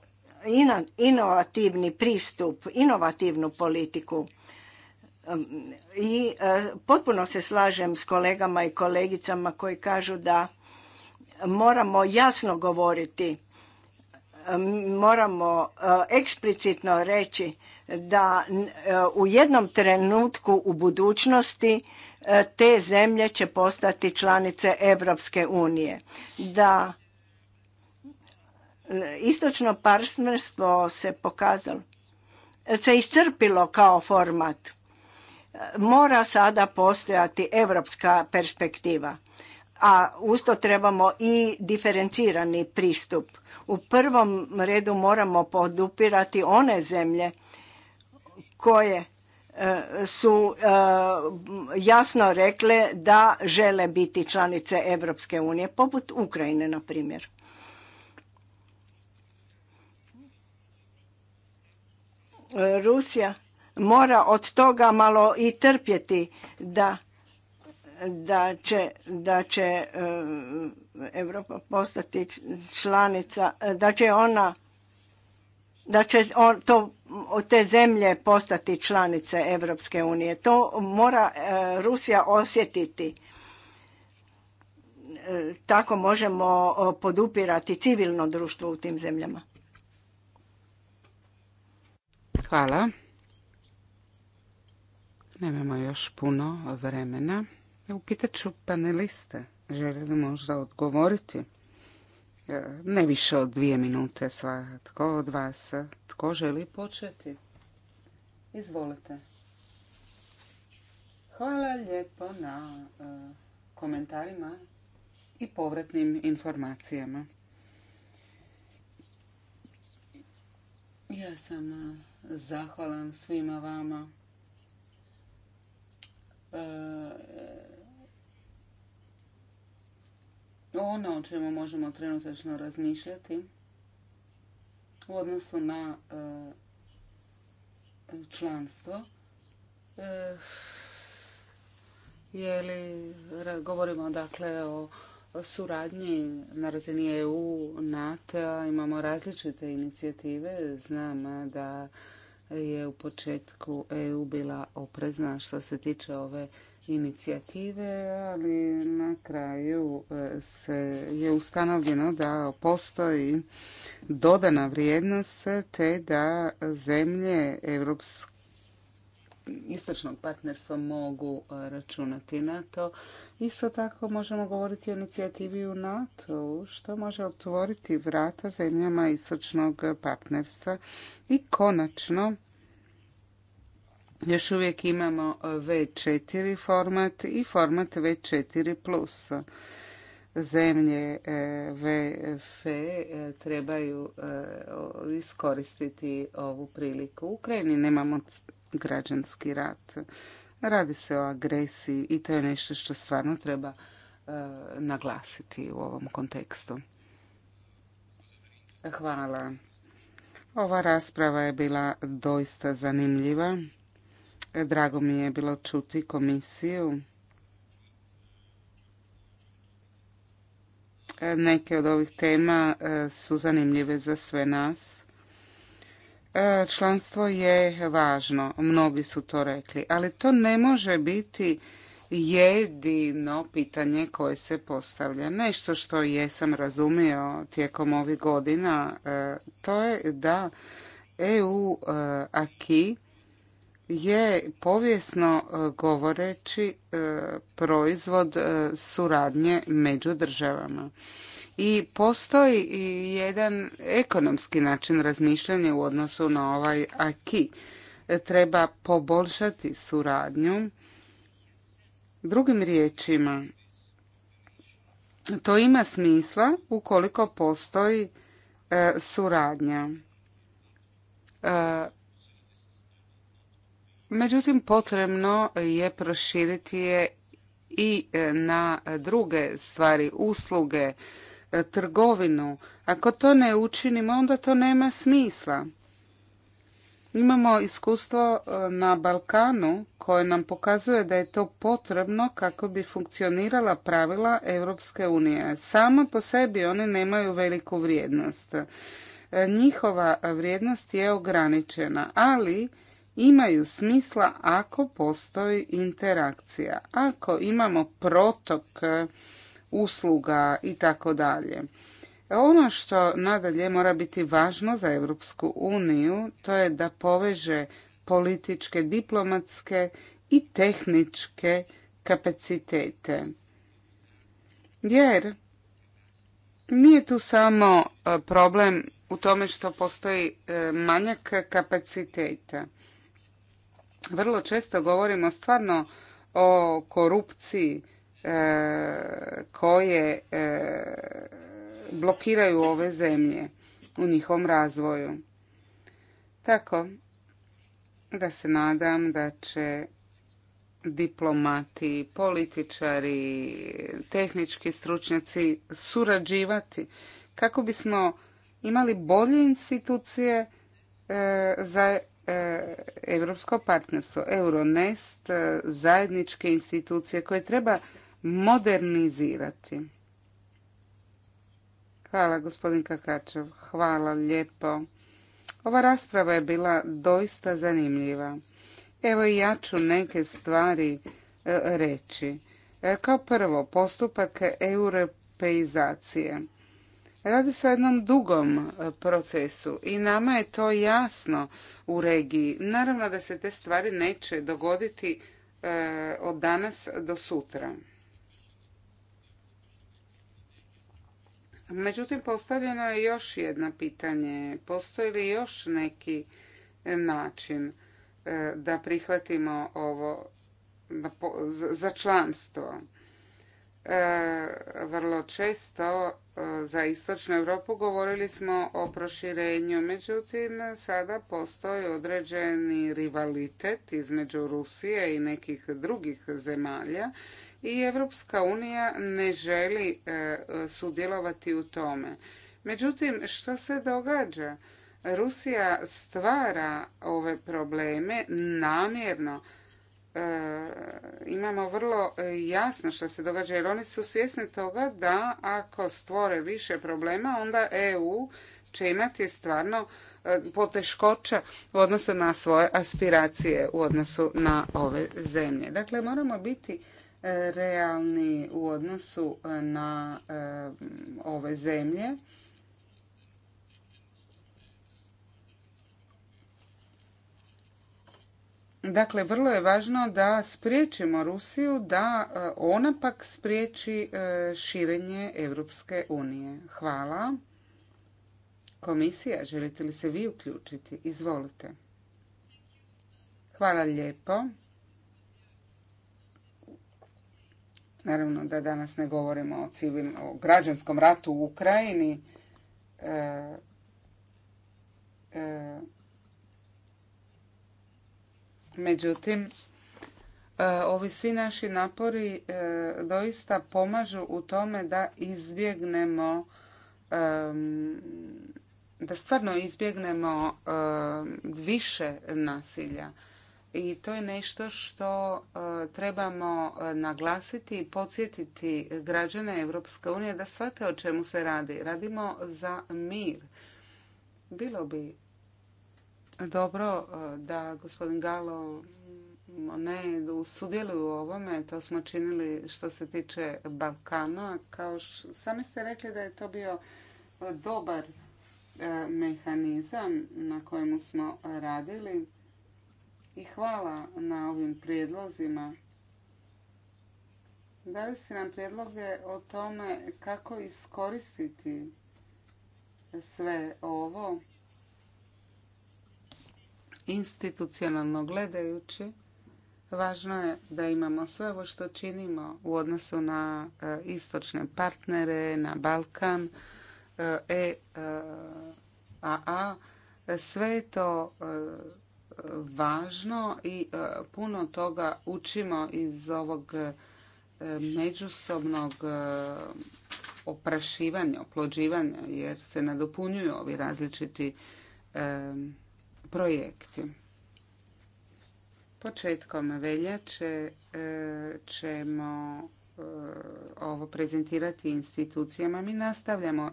inovativni pristup, inovativnu politiku. Um, I e, potpuno se slažem s kolegama i kolegicama koji kažu da moramo jasno govoriti, moramo e, eksplicitno reći da e, u jednom trenutku u budućnosti te zemlje će postati članice Europske unije. Da istočno partnerstvo se pokazalo, se iscrpilo kao format. Mora sada postojati evropska perspektiva, a usto trebamo i diferencirani pristup. U prvom redu moramo podupirati one zemlje koje e, su e, jasno rekle da žele biti članice Europske unije, poput Ukrajine, na primjer. Rusija mora od toga malo i trpjeti da da će, da će eh, Europa postati članica, da će ona da će on, to, te zemlje postati članice Europske unije. To mora eh, Rusija osjetiti. Eh, tako možemo podupirati civilno društvo u tim zemljama. Hvala. Nemamo još puno vremena. Upitat ću paneliste. Želi li možda odgovoriti? E, ne više od dvije minute tko od vas. Tko želi početi? Izvolite. Hvala lijepo na e, komentarima i povratnim informacijama. Ja sam e, zahvalan svima vama. E, ono o čemu možemo trenutačno razmišljati u odnosu na e, članstvo e, je li govorimo dakle o suradnji na razini EU, NATO, imamo različite inicijative. Znam da je u početku EU bila oprezna što se tiče ove inicijative, ali na kraju e, se je ustanovljeno da postoji dodana vrijednost te da zemlje Europske istočnog partnerstva mogu e, računati na to. Isto tako možemo govoriti o inicijativi u NATO što može otvoriti vrata zemljama istočnog partnerstva i konačno još uvijek imamo V4 format i format V4+. Zemlje e, VF trebaju e, iskoristiti ovu priliku. U Ukrajini nemamo građanski rat. Radi se o agresiji i to je nešto što stvarno treba e, naglasiti u ovom kontekstu. Hvala. Ova rasprava je bila doista zanimljiva. Drago mi je bilo čuti komisiju. Neke od ovih tema e, su zanimljive za sve nas. E, članstvo je važno, mnogi su to rekli, ali to ne može biti jedino pitanje koje se postavlja. Nešto što jesam razumio tijekom ovih godina, e, to je da EU e, aki je povijesno govoreći proizvod suradnje među državama i postoji i jedan ekonomski način razmišljanja u odnosu na ovaj aki. E, treba poboljšati suradnju. Drugim riječima, to ima smisla ukoliko postoji e, suradnja. E, međutim, potrebno je proširiti je i e, na druge stvari, usluge, E, trgovinu. Ako to ne učinimo, onda to nema smisla. Imamo iskustvo e, na Balkanu koje nam pokazuje da je to potrebno kako bi funkcionirala pravila Europske unije. Sama po sebi one nemaju veliku vrijednost. E, njihova vrijednost je ograničena, ali imaju smisla ako postoji interakcija. Ako imamo protok usluga i tako dalje. Ono što nadalje mora biti važno za Europsku uniju to je da poveže političke, diplomatske i tehničke kapacitete. Jer nije tu samo e, problem u tome što postoji e, manjak kapaciteta. Vrlo često govorimo stvarno o korupciji E, koje e, blokiraju ove zemlje u njihovom razvoju. Tako da se nadam da će diplomati, političari, tehnički stručnjaci surađivati kako bismo imali bolje institucije e, za europsko partnerstvo. Euronest, zajedničke institucije koje treba modernizirati. Hvala gospodin Kakačev, hvala lijepo. Ova rasprava je bila doista zanimljiva. Evo i ja ću neke stvari e, reći. E, kao prvo, postupak europeizacije. Radi se o jednom dugom e, procesu i nama je to jasno u regiji. Naravno da se te stvari neće dogoditi od danas do sutra. Međutim, postavljeno je još jedno pitanje. Postoji li još neki način e, da prihvatimo ovo za članstvo? E, vrlo često e, za Istočnu Europu govorili smo o proširenju, međutim sada postoji određeni rivalitet između Rusije i nekih drugih zemalja i Evropska unija ne želi e, sudjelovati u tome. Međutim, što se događa? Rusija stvara ove probleme namjerno. E, imamo vrlo jasno što se događa jer oni su svjesni toga da ako stvore više problema onda EU će imati stvarno e, poteškoća u odnosu na svoje aspiracije u odnosu na ove zemlje. Dakle, moramo biti realni u odnosu e, na e, ove zemlje. Dakle, vrlo je važno da spriječimo Rusiju, da e, ona pak spriječi širenje Evropske unije. Hvala. Komisija, želite li se vi uključiti? Izvolite. Hvala lijepo. Naravno da danas ne govorimo o, civilnom, o građanskom ratu u Ukrajini. E, e, međutim, e, ovi svi naši napori doista pomažu u tome da izbjegnemo da stvarno izbjegnemo više nasilja i to je nešto što e, trebamo e, naglasiti i podsjetiti građane Europske unije da shvate o čemu se radi. Radimo za mir. Bilo bi dobro e, da gospodin Galo ne sudjeluju u ovome, to smo činili što se tiče Balkana. Kao š... Sami ste rekli da je to bio dobar mehanizam na kojemu smo radili i hvala na ovim prijedlozima. Dali ste nam prijedloge o tome kako iskoristiti sve ovo institucionalno gledajući. Važno je da imamo sve ovo što činimo u odnosu na e, istočne partnere, na Balkan, e, e, a Sve je to važno i e, puno toga učimo iz ovog e, međusobnog e, oprašivanja, oplođivanja, jer se nadopunjuju ovi različiti projekti. Početkom veljače ćemo ovo prezentirati institucijama. Mi nastavljamo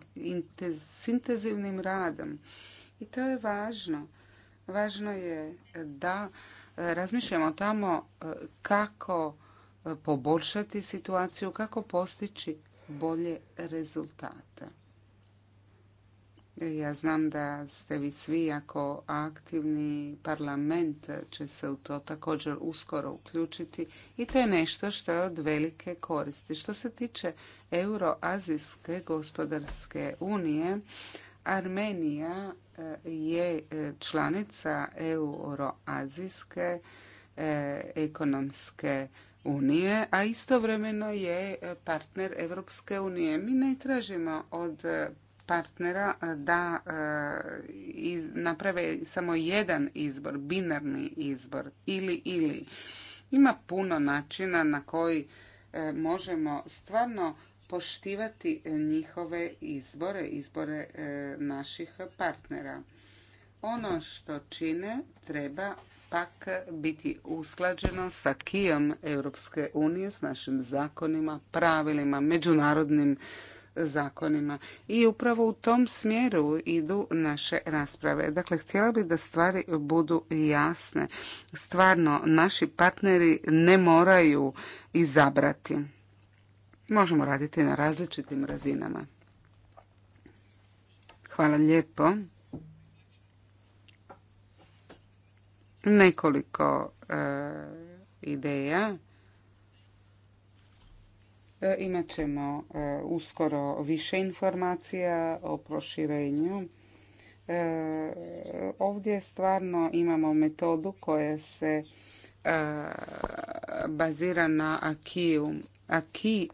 s intenzivnim radom i to je važno Važno je da e, razmišljamo tamo e, kako e, poboljšati situaciju, kako postići bolje rezultate. Ja znam da ste vi svi jako aktivni, parlament će se u to također uskoro uključiti i to je nešto što je od velike koristi. Što se tiče Euroazijske gospodarske unije, Armenija e, je e, članica Euroazijske e, ekonomske unije, a istovremeno je partner Europske unije. Mi ne tražimo od partnera da naprave samo jedan izbor, binarni izbor ili ili. Ima puno načina na koji možemo stvarno poštivati njihove izbore, izbore e, naših partnera. Ono što čine treba pak biti usklađeno sa kijom Europske unije, s našim zakonima, pravilima, međunarodnim zakonima. I upravo u tom smjeru idu naše rasprave. Dakle, htjela bih da stvari budu jasne. Stvarno, naši partneri ne moraju izabrati možemo raditi na različitim razinama. Hvala lijepo. Nekoliko e, ideja. E, imat ćemo e, uskoro više informacija o proširenju. E, ovdje stvarno imamo metodu koja se bazira na akiju. Aki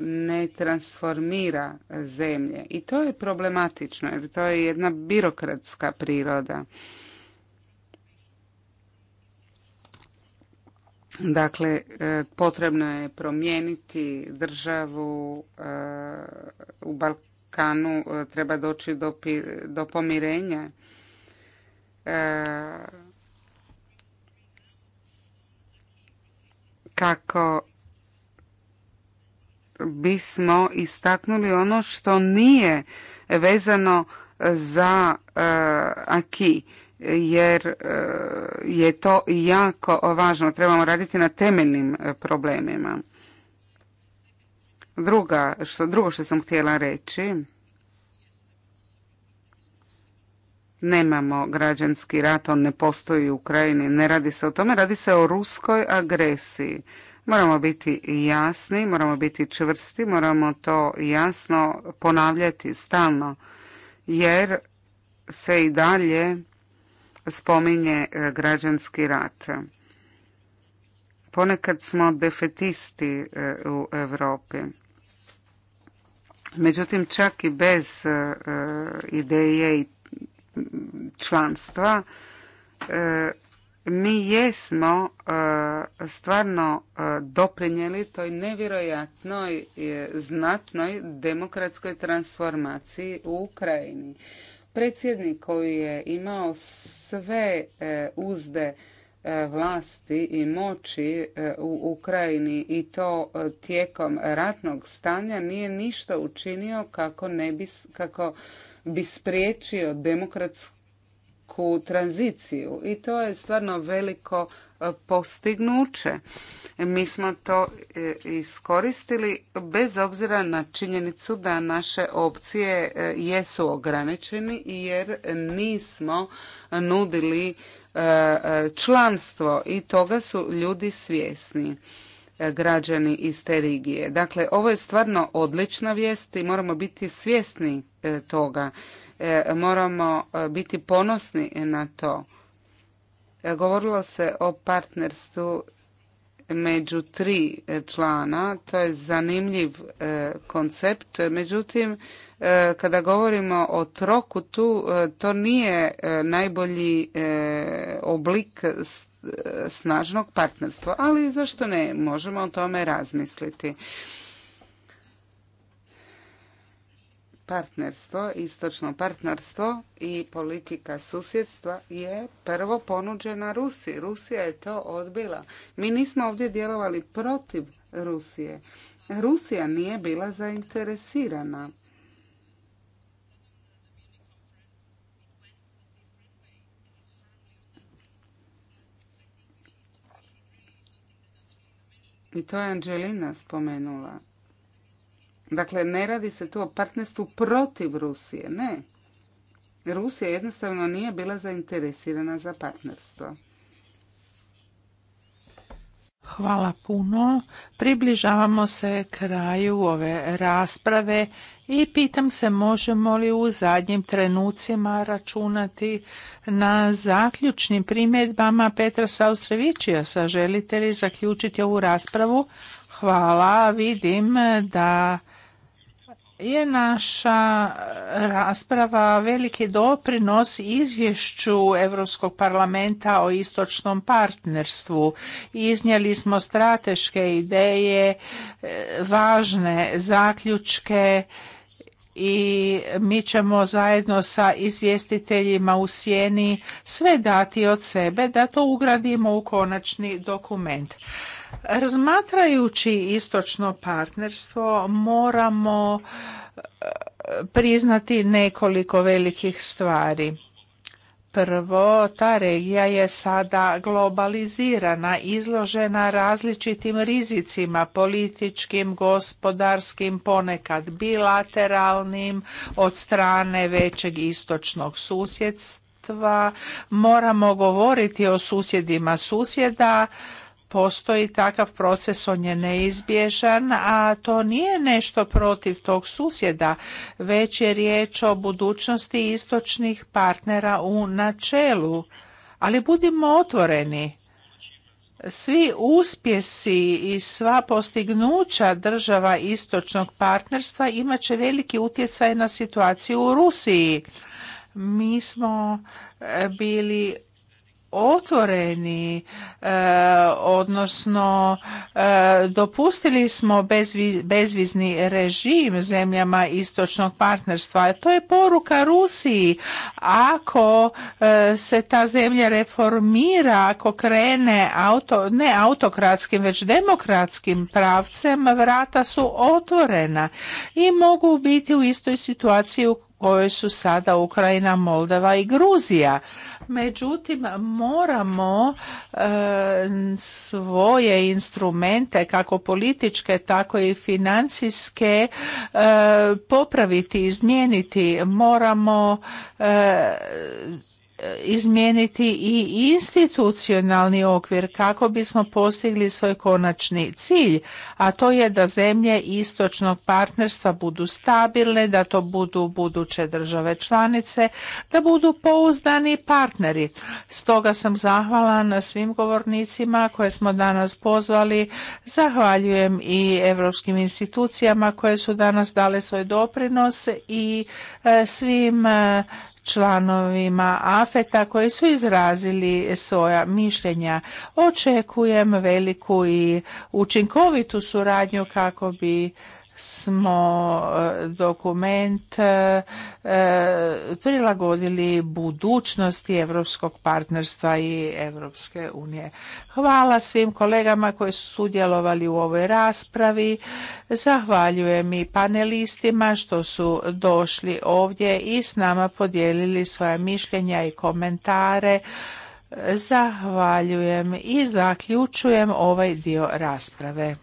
ne transformira zemlje. I to je problematično jer to je jedna birokratska priroda. Dakle, e, potrebno je promijeniti državu e, u Balkanu, e, treba doći do, do pomirenja. Kako bismo istaknuli ono što nije vezano za eh, aki jer eh, je to jako važno. Trebamo raditi na temeljnim eh, problemima. Druga, što, drugo što sam htjela reći, nemamo građanski rat, on ne postoji u Ukrajini, ne radi se o tome, radi se o ruskoj agresiji. Moramo biti jasni, moramo biti čvrsti, moramo to jasno ponavljati stalno jer se i dalje spominje e, građanski rat. Ponekad smo defetisti e, u Europi. Međutim, čak i bez e, ideje i članstva mi jesmo e, stvarno e, doprinijeli toj nevjerojatnoj e, znatnoj demokratskoj transformaciji u Ukrajini. Predsjednik koji je imao sve uzde vlasti i moći u Ukrajini i to tijekom ratnog stanja nije ništa učinio kako ne bi, kako bi spriječio demokratsku veliku tranziciju i to je stvarno veliko e, postignuće. Mi smo to e, iskoristili bez obzira na činjenicu da naše opcije e, jesu ograničeni jer nismo nudili članstvo i toga su ljudi svjesni građani iz te regije. Dakle, ovo je stvarno odlična vijest i moramo biti svjesni toga. E, moramo e, biti ponosni na to. E, govorilo se o partnerstvu među tri člana. To je zanimljiv koncept. Međutim, kada govorimo o trokutu, to nije najbolji oblik snažnog partnerstva, ali zašto ne? Možemo o tome razmisliti. partnerstvo, istočno partnerstvo i politika susjedstva je prvo ponuđena Rusiji. Rusija je to odbila. Mi nismo ovdje djelovali protiv Rusije. Rusija nije bila zainteresirana. I to je Anđelina spomenula. Dakle, ne radi se tu o partnerstvu protiv Rusije, ne. Rusija jednostavno nije bila zainteresirana za partnerstvo. Hvala puno. Približavamo se kraju ove rasprave i pitam se možemo li u zadnjim trenucima računati na zaključnim primjedbama Petra Saustrevićija. Želite li zaključiti ovu raspravu? Hvala, vidim da je naša e, rasprava veliki doprinos izvješću Europskog parlamenta o istočnom partnerstvu. Iznijeli smo strateške ideje, e, važne zaključke i mi ćemo zajedno sa izvjestiteljima u sjeni sve dati od sebe da to ugradimo u konačni dokument. Razmatrajući istočno partnerstvo moramo eh, priznati nekoliko velikih stvari. Prvo, ta regija je sada globalizirana, izložena različitim rizicima političkim, gospodarskim, ponekad bilateralnim od strane većeg istočnog susjedstva. Moramo govoriti o susjedima susjeda postoji takav proces, on je neizbježan, a to nije nešto protiv tog susjeda, već je riječ o budućnosti istočnih partnera u načelu. Ali budimo otvoreni. Svi uspjesi i sva postignuća država istočnog partnerstva imat će veliki utjecaj na situaciju u Rusiji. Mi smo e, bili otvoreni, e, odnosno e, dopustili smo bezvizni režim zemljama istočnog partnerstva. To je poruka Rusiji. Ako e, se ta zemlja reformira, ako krene auto, ne autokratskim, već demokratskim pravcem, vrata su otvorena i mogu biti u istoj situaciji u kojoj su sada Ukrajina, Moldava i Gruzija. Međutim, moramo e, svoje instrumente, kako političke, tako i financijske, e, popraviti, izmijeniti. Moramo e, izmijeniti i institucionalni okvir kako bismo postigli svoj konačni cilj, a to je da zemlje istočnog partnerstva budu stabilne, da to budu buduće države članice, da budu pouzdani partneri. Stoga sam na svim govornicima koje smo danas pozvali. Zahvaljujem i europskim institucijama koje su danas dale svoj doprinos i e, svim e, članovima AFETA koji su izrazili svoja mišljenja. Očekujem veliku i učinkovitu suradnju kako bi smo e, dokument e, e, prilagodili budućnosti europskog partnerstva i Europske unije. Hvala svim kolegama koji su sudjelovali u ovoj raspravi. Zahvaljujem i panelistima što su došli ovdje i s nama podijelili svoja mišljenja i komentare. Zahvaljujem i zaključujem ovaj dio rasprave.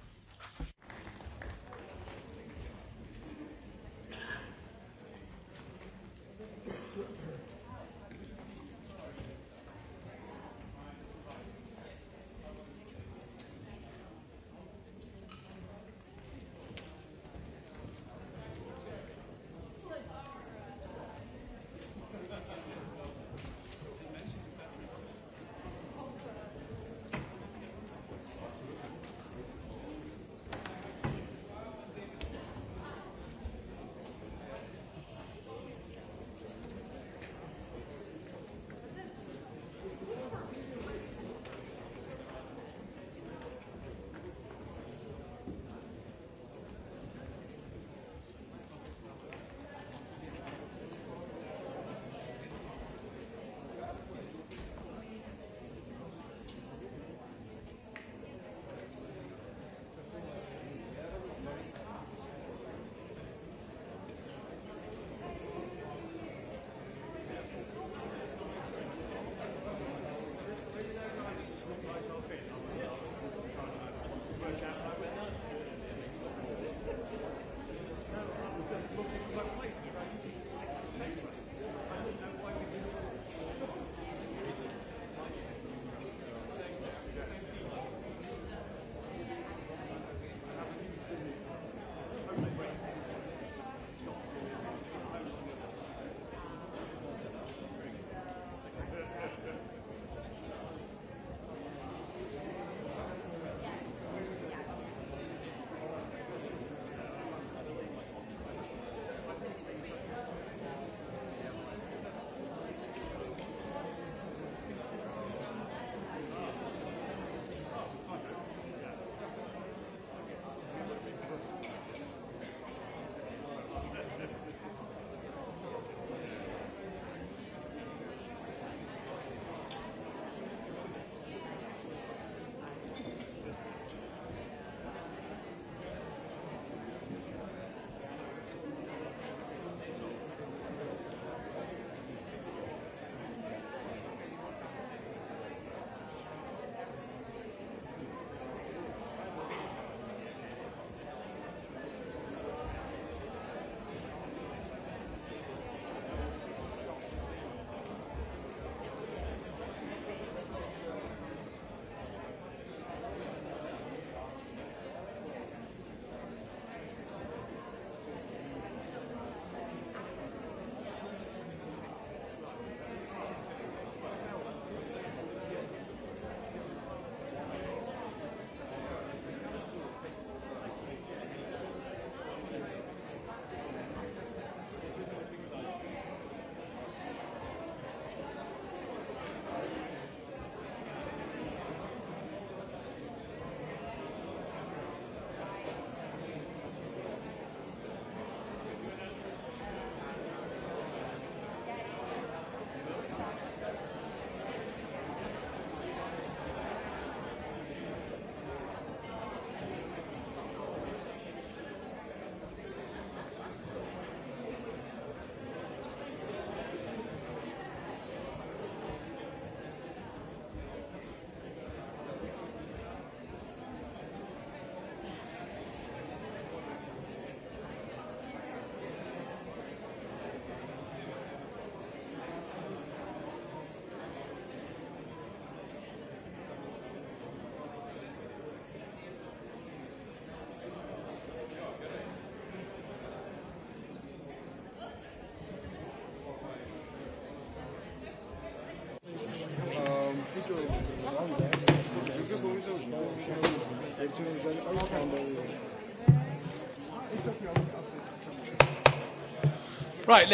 Right,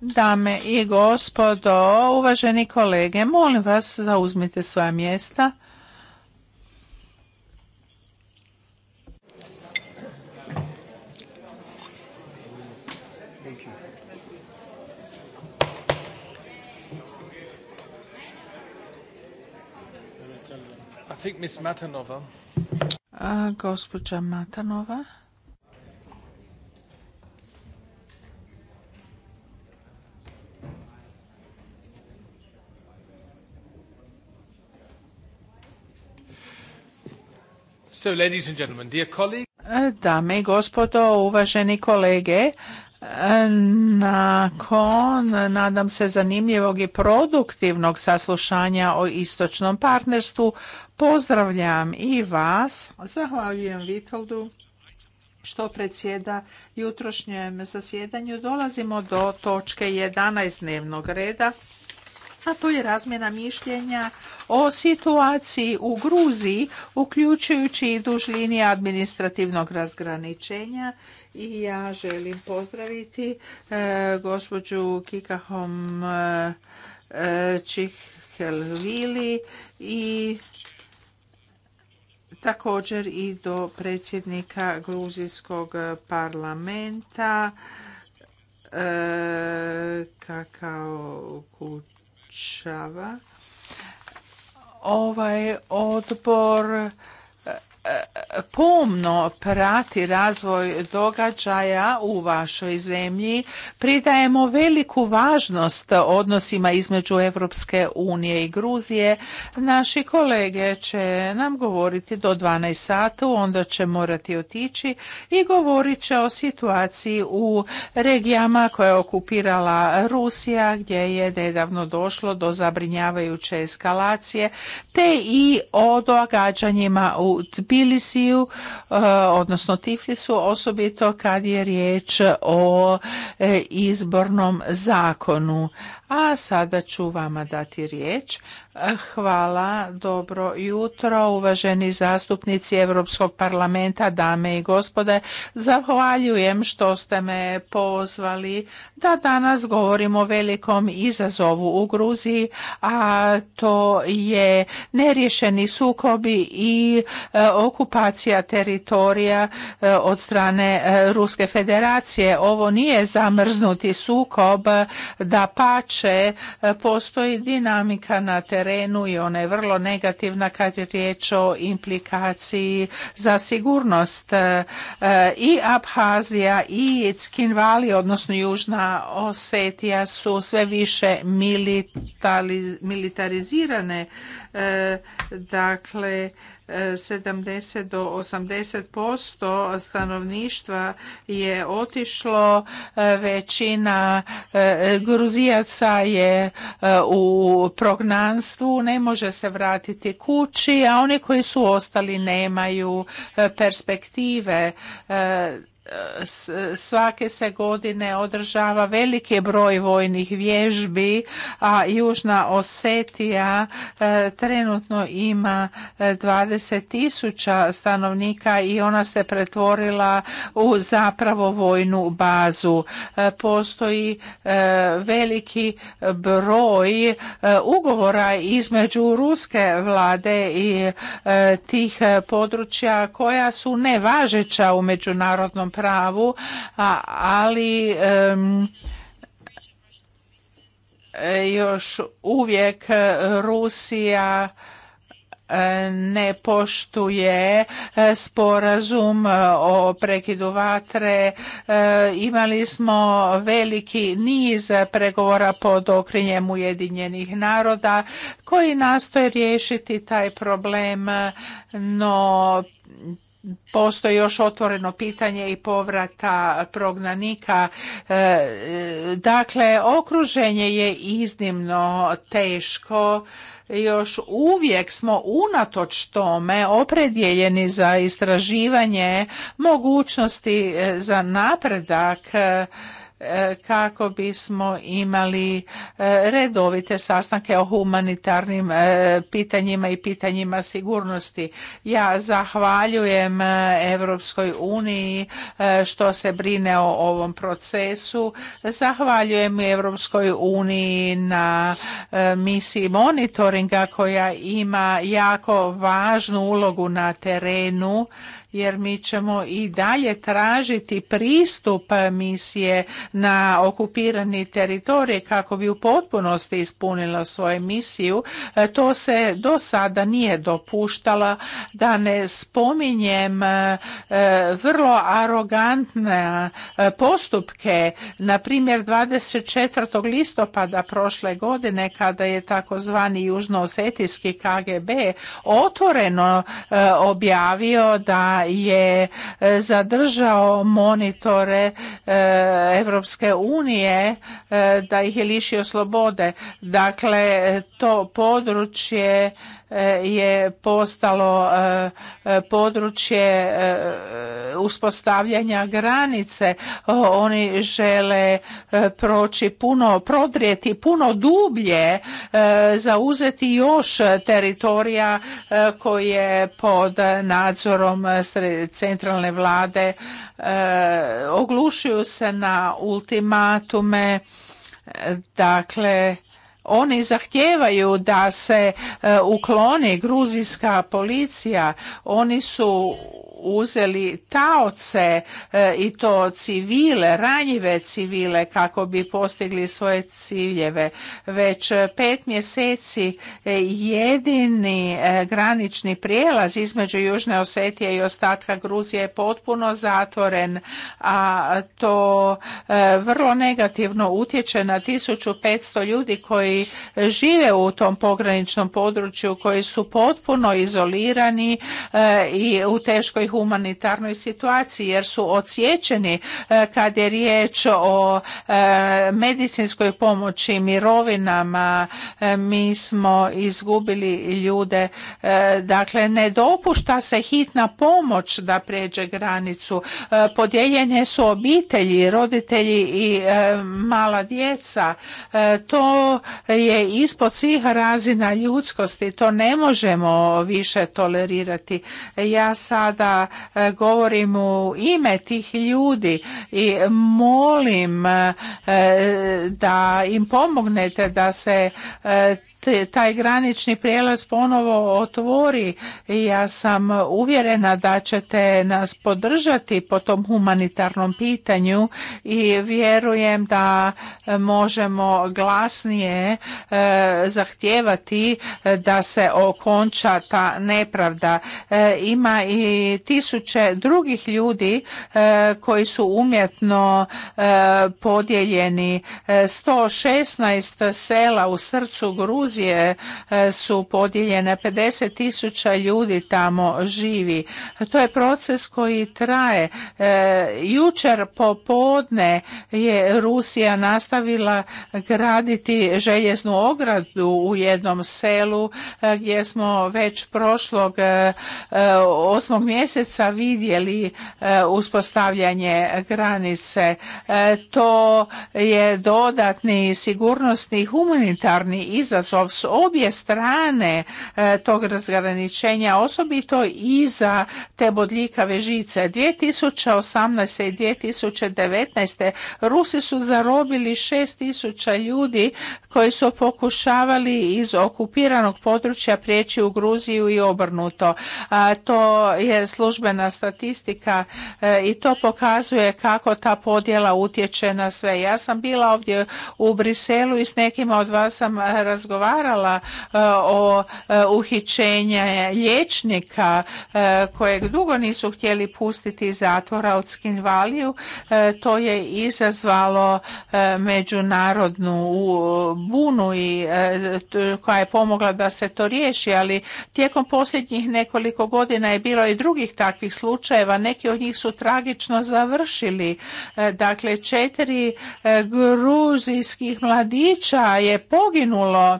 Dame i gospodo, uvaženi kolege, molim vas zauzmite svoja mjesta. Ms. Matanova. A, gospođa Matanova. So, ladies and gentlemen, dear colleagues. E, dame i gospodo, uvaženi kolege, nakon, nadam se, zanimljivog i produktivnog saslušanja o istočnom partnerstvu, pozdravljam i vas. Zahvaljujem Vitoldu što predsjeda jutrošnjem zasjedanju. Dolazimo do točke 11 dnevnog reda, a to je razmjena mišljenja o situaciji u Gruziji, uključujući i linija administrativnog razgraničenja i ja želim pozdraviti e, gospođu Kikahom e, e, Čihelvili i također i do predsjednika Gruzijskog parlamenta Kakao Kučava. Ovaj odbor pomno prati razvoj događaja u vašoj zemlji. Pridajemo veliku važnost odnosima između Europske unije i Gruzije. Naši kolege će nam govoriti do 12 satu onda će morati otići i govorit će o situaciji u regijama koje je okupirala Rusija, gdje je nedavno došlo do zabrinjavajuće eskalacije, te i o događanjima u Tbilisi Tbilisiju, eh, odnosno Tiflisu, osobito kad je riječ o eh, izbornom zakonu. A sada ću vama dati riječ, Hvala, dobro jutro, uvaženi zastupnici Europskog parlamenta, dame i gospode. Zahvaljujem što ste me pozvali da danas govorimo o velikom izazovu u Gruziji, a to je nerješeni sukobi i e, okupacija teritorija e, od strane e, Ruske federacije. Ovo nije zamrznuti sukob, da pače, postoji dinamika na teritoriju, terenu i ona je vrlo negativna kad je riječ o implikaciji za sigurnost e, i Abhazija i Skinvali, odnosno Južna Osetija su sve više militarizirane. E, dakle, 70 do 80% stanovništva je otišlo, većina e, Gruzijaca je e, u prognanstvu, ne može se vratiti kući, a oni koji su ostali nemaju e, perspektive svake se godine održava veliki broj vojnih vježbi, a Južna Osetija e, trenutno ima 20.000 e, stanovnika i ona se pretvorila u zapravo vojnu bazu. E, postoji veliki broj ugovora između ruske vlade i tih područja koja su nevažeća u međunarodnom pravu, ali još uvijek Rusija e, ne poštuje e, sporazum e, o prekidu vatre. Imali smo veliki niz pregovora pod okrinjem Ujedinjenih naroda koji nastoje riješiti taj problem, no postoji još otvoreno pitanje i povrata prognanika. E, dakle, okruženje je iznimno teško još uvijek smo unatoč tome opredjeljeni za istraživanje mogućnosti e, za napredak kako bismo imali e, redovite sastanke o humanitarnim e, pitanjima i pitanjima sigurnosti. Ja zahvaljujem Europskoj uniji e, što se brine o ovom procesu. Zahvaljujem Europskoj uniji na misiji monitoringa koja ima jako važnu ulogu na terenu jer mi ćemo i dalje tražiti pristup misije na okupirani teritorij kako bi u potpunosti ispunila svoju misiju. E, to se do sada nije dopuštalo da ne spominjem e, vrlo arogantne e, postupke, na primjer 24. listopada prošle godine kada je takozvani južno-osetijski KGB otvoreno objavio da je e, zadržao monitore Europske unije, e, da ih je lišio slobode. Dakle, to područje E, je postalo e, e, područje uspostavljanja granice. Oni žele proći puno, prodrijeti puno dublje, zauzeti još teritorija koji je pod nadzorom centralne vlade. Oglušuju se na ultimatume, dakle oni zahtijevaju da se e, ukloni gruzijska policija. Oni su uzeli taoce e, i to civile, ranjive civile kako bi postigli svoje ciljeve. Već pet mjeseci e, jedini e, granični prijelaz između Južne Osetije i ostatka Gruzije je potpuno zatvoren, a to vrlo negativno utječe na 1500 ljudi koji žive u tom pograničnom području, koji su potpuno izolirani i u teškoj humanitarnoj situaciji jer su odsječeni e, kad je riječ o e, medicinskoj pomoći, mirovinama. E, mi smo izgubili ljude. Dakle, ne dopušta se hitna pomoć da pređe granicu. Podijeljene su obitelji, roditelji i mala djeca. To je ispod svih razina ljudskosti. To ne možemo više tolerirati. Ja sada E, govorim u ime tih ljudi i molim e, da im pomognete da se e, taj granični prijelaz ponovo otvori. Ja sam uvjerena da ćete nas podržati po tom humanitarnom pitanju i vjerujem da možemo glasnije zahtijevati da se okonča ta nepravda. Ima i tisuće drugih ljudi e, koji su umjetno e, podijeljeni. 116 e, sela u srcu Gruzije su podijeljene, 50 tisuća ljudi tamo živi. To je proces koji traje. Jučer popodne je Rusija nastavila graditi željeznu ogradu u jednom selu gdje smo već prošlog osmog mjeseca mjeseca vidjeli e, uspostavljanje granice. E, to je dodatni sigurnosni i humanitarni izazov s obje strane e, tog razgraničenja, osobito i za te bodljikave žice. 2018. i 2019. Rusi su zarobili 6000 ljudi koji su pokušavali iz okupiranog područja prijeći u Gruziju i obrnuto. To je slučaj službena statistika e, i to pokazuje kako ta podjela utječe na sve. Ja sam bila ovdje u Briselu i s nekima od vas sam razgovarala e, o e, uhićenju liječnika kojeg dugo nisu htjeli pustiti iz zatvora od Skinvaliju. To je izazvalo međunarodnu bunu i koja je pomogla da se to riješi, ali tijekom posljednjih nekoliko godina je bilo i drugih takvih slučajeva. Neki od njih su tragično završili. E, dakle, četiri e, gruzijskih mladića je poginulo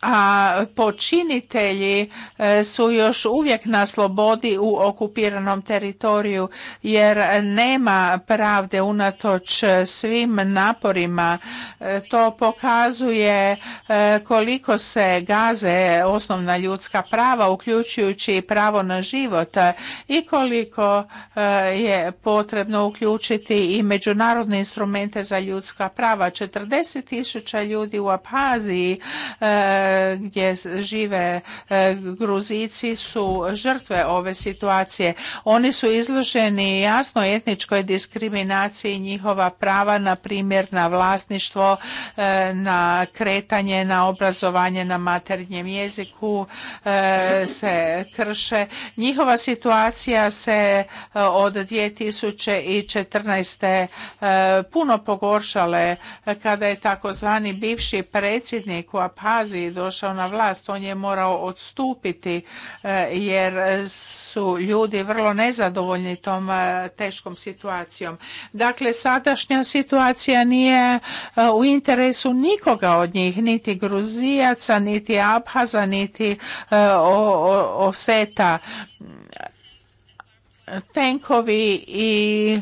a počinitelji e, su još uvijek na slobodi u okupiranom teritoriju jer nema pravde unatoč svim naporima. E, to pokazuje e, koliko se gaze osnovna ljudska prava uključujući pravo na život i koliko je potrebno uključiti i međunarodne instrumente za ljudska prava. 40 tisuća ljudi u Abhaziji gdje žive e, Gruzici su žrtve ove situacije. Oni su izloženi jasno etničkoj diskriminaciji njihova prava, na primjer na vlasništvo, e, na kretanje, na obrazovanje na maternjem jeziku e, se krše. Njihova situacija se od 2014. puno pogoršale kada je takozvani bivši predsjednik u Apaziji došao na vlast, on je morao odstupiti e, jer su ljudi vrlo nezadovoljni tom e, teškom situacijom. Dakle, sadašnja situacija nije e, u interesu nikoga od njih, niti Gruzijaca, niti Abhaza, niti Oseta. Tenkovi i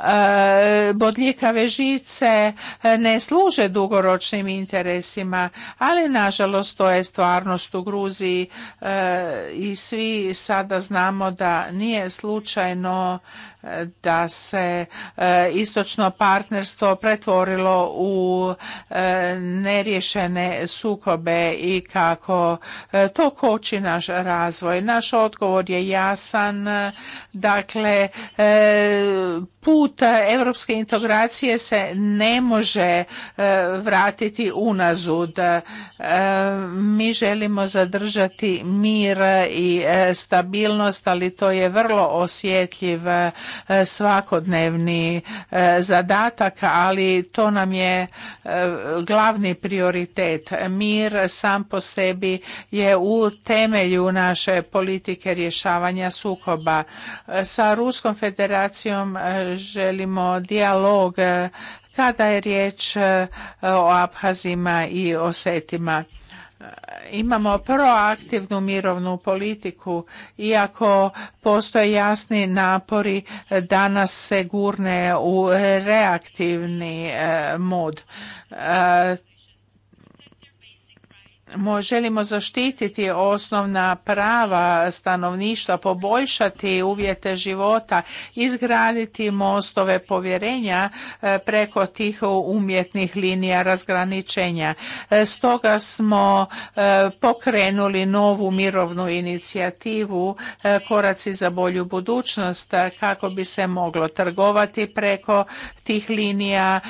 Eh, bodljikave žice eh, ne služe dugoročnim interesima, ali nažalost to je stvarnost u Gruziji eh, i svi sada znamo da nije slučajno da se e, istočno partnerstvo pretvorilo u e, neriješene sukobe i kako e, to koči naš razvoj. Naš odgovor je jasan, dakle put europske integracije se ne može vratiti unazud. Mi želimo zadržati mir i stabilnost, ali to je vrlo osjetljiv E, svakodnevni e, zadatak, ali to nam je e, glavni prioritet. Mir sam po sebi je u temelju naše politike rješavanja sukoba. Sa Ruskom federacijom želimo dijalog kada je riječ o Abhazima i Osetima imamo proaktivnu mirovnu politiku iako postoje jasni napori danas se gurne u reaktivni eh, mod eh, želimo zaštititi osnovna prava stanovništva, poboljšati uvjete života, izgraditi mostove povjerenja e, preko tih umjetnih linija razgraničenja. E, stoga smo e, pokrenuli novu mirovnu inicijativu Koraci za bolju budućnost kako bi se moglo trgovati preko tih linija,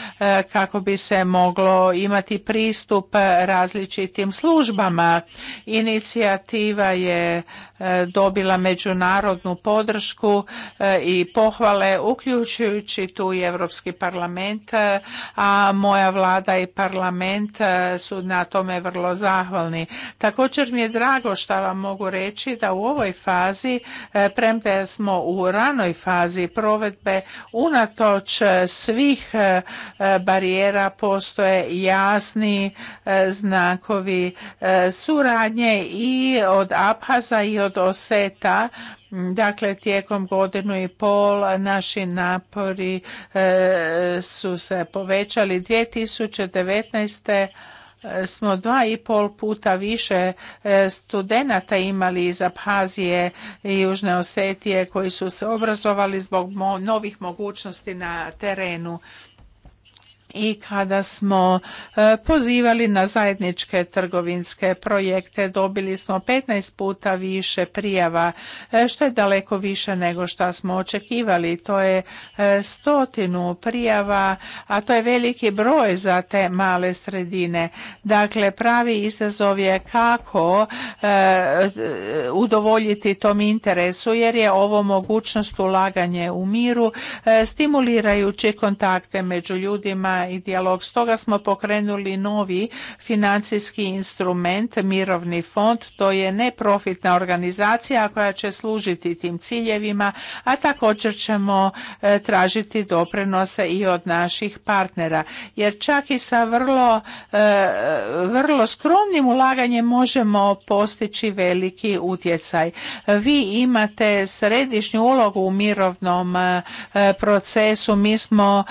kako bi se moglo imati pristup različitim službama službama. Inicijativa je E, dobila međunarodnu podršku e, i pohvale uključujući tu i Europski parlament, e, a moja vlada i parlament su na tome vrlo zahvalni. Također mi je drago što vam mogu reći da u ovoj fazi, premda smo u ranoj fazi provedbe, unatoč svih barijera postoje jasni znakovi suradnje i od Abhaza i od oseta Dakle, tijekom godinu i pol naši napori e, su se povećali. 2019 e, smo dva i pol puta više e, studenata imali iz Abhazije i Južne Osetije koji su se obrazovali zbog novih mogućnosti na terenu i kada smo e, pozivali na zajedničke trgovinske projekte dobili smo 15 puta više prijava e, što je daleko više nego što smo očekivali. To je e, stotinu prijava, a to je veliki broj za te male sredine. Dakle, pravi izazov je kako udovoljiti tom interesu jer je ovo mogućnost ulaganje u miru, stimulirajući kontakte među ljudima i dijalog. Stoga smo pokrenuli novi financijski instrument, mirovni fond. To je neprofitna organizacija koja će služiti tim ciljevima, a također ćemo e, tražiti doprinose i od naših partnera. Jer čak i sa vrlo, e, vrlo skromnim ulaganjem možemo postići veliki utjecaj. Vi imate središnju ulogu u mirovnom e, procesu. Mi smo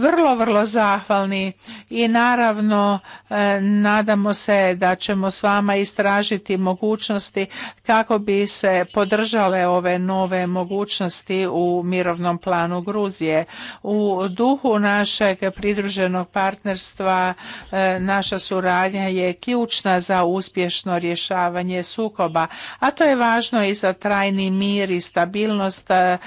vrlo, vrlo zahvalni i naravno e, nadamo se da ćemo s vama istražiti mogućnosti kako bi se podržale ove nove mogućnosti u mirovnom planu Gruzije. U duhu našeg pridruženog partnerstva e, naša suradnja je ključna za uspješno rješavanje sukoba, a to je važno i za trajni mir i stabilnost e,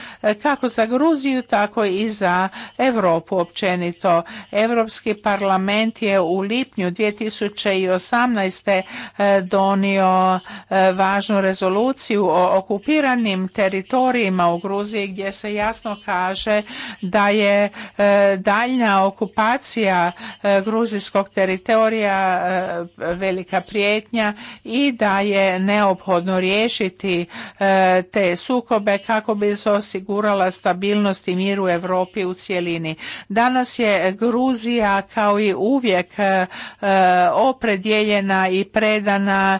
kako za Gruziju, tako i za Europu općenito što Europski parlament je u lipnju 2018. E, donio e, važnu rezoluciju o okupiranim teritorijima u Gruziji gdje se jasno kaže da je e, daljna okupacija gruzijskog teritorija velika prijetnja i da je neophodno riješiti te sukobe kako bi se osigurala stabilnost i mir u Europi u cjelini. Danas je Gruzija kao i uvijek e, opredjeljena i predana e,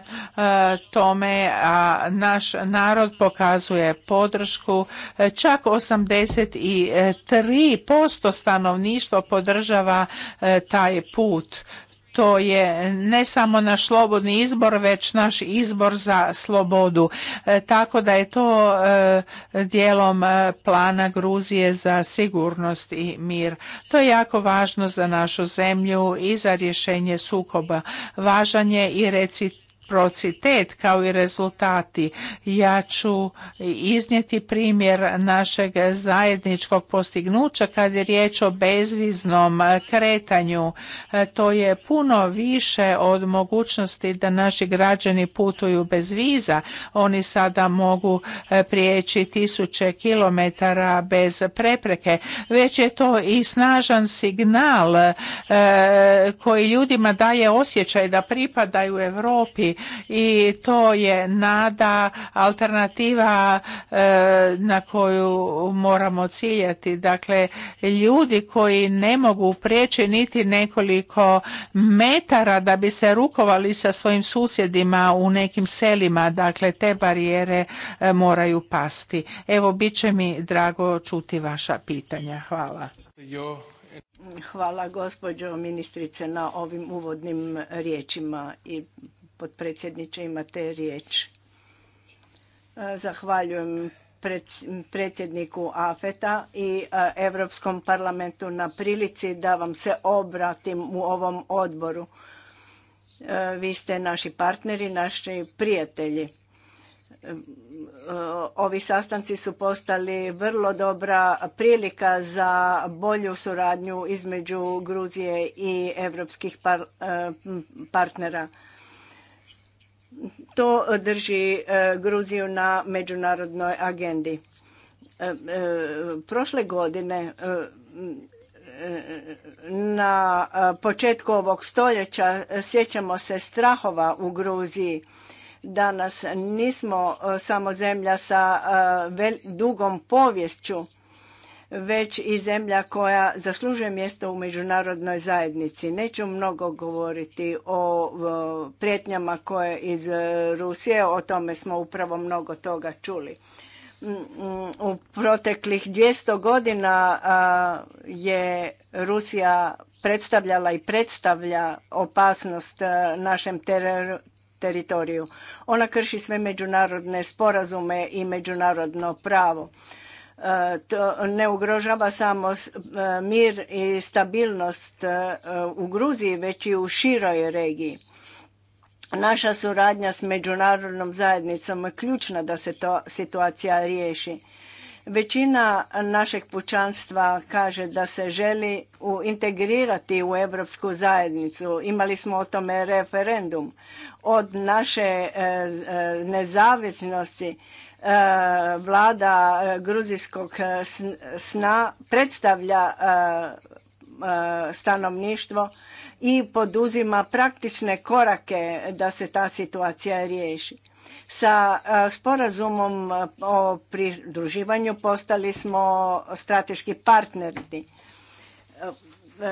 tome, a naš narod pokazuje podršku. E, čak 83% stanovništva podržava taj put. To je ne samo naš slobodni izbor, već naš izbor za slobodu. E, tako da je to e, dijelom e, plana Gruzije za sigurnost i mir. To je jako važno za našu zemlju i za rješenje sukoba. Važan je i recit reciprocitet kao i rezultati. Ja ću iznijeti primjer našeg zajedničkog postignuća kad je riječ o bezviznom kretanju. E, to je puno više od mogućnosti da naši građani putuju bez viza. Oni sada mogu e, prijeći tisuće kilometara bez prepreke. Već je to i snažan signal e, koji ljudima daje osjećaj da pripadaju Europi i to je nada alternativa e, na koju moramo ciljati. Dakle, ljudi koji ne mogu prijeći niti nekoliko metara da bi se rukovali sa svojim susjedima u nekim selima, dakle te barijere e, moraju pasti. Evo, bit će mi drago čuti vaša pitanja. Hvala. Hvala gospođo ministrice na ovim uvodnim riječima i potpredsjedniče, imate riječ. E, zahvaljujem predsjedniku AFETA i Europskom parlamentu na prilici da vam se obratim u ovom odboru. E, vi ste naši partneri, naši prijatelji. E, ovi sastanci su postali vrlo dobra prilika za bolju suradnju između Gruzije i europskih partnera. To drži e, Gruziju na međunarodnoj agendi. E, e, prošle godine na početku ovog stoljeća sjećamo se strahova u Gruziji. Danas nismo samo zemlja sa dugom poviješću već i zemlja koja zaslužuje mjesto u međunarodnoj zajednici. Neću mnogo govoriti o prijetnjama koje iz e, Rusije, o tome smo upravo mnogo toga čuli. Mm, mm, u proteklih 200 godina je Rusija predstavljala i predstavlja opasnost e, našem teritoriju. Ona krši sve međunarodne sporazume i međunarodno pravo. To ne ugrožava samo e, mir i stabilnost e, u Gruziji, već i u široj regiji. Naša suradnja s međunarodnom zajednicom je ključna da se to situacija riješi. Većina našeg pučanstva kaže da se želi integrirati u Europsku zajednicu. Imali smo o tome referendum. Od naše e, nezavisnosti Eh, vlada eh, gruzijskog eh, sna predstavlja stanovništvo i poduzima praktične korake da se ta situacija riješi. Sa sporazumom o pridruživanju postali smo strateški partneri E,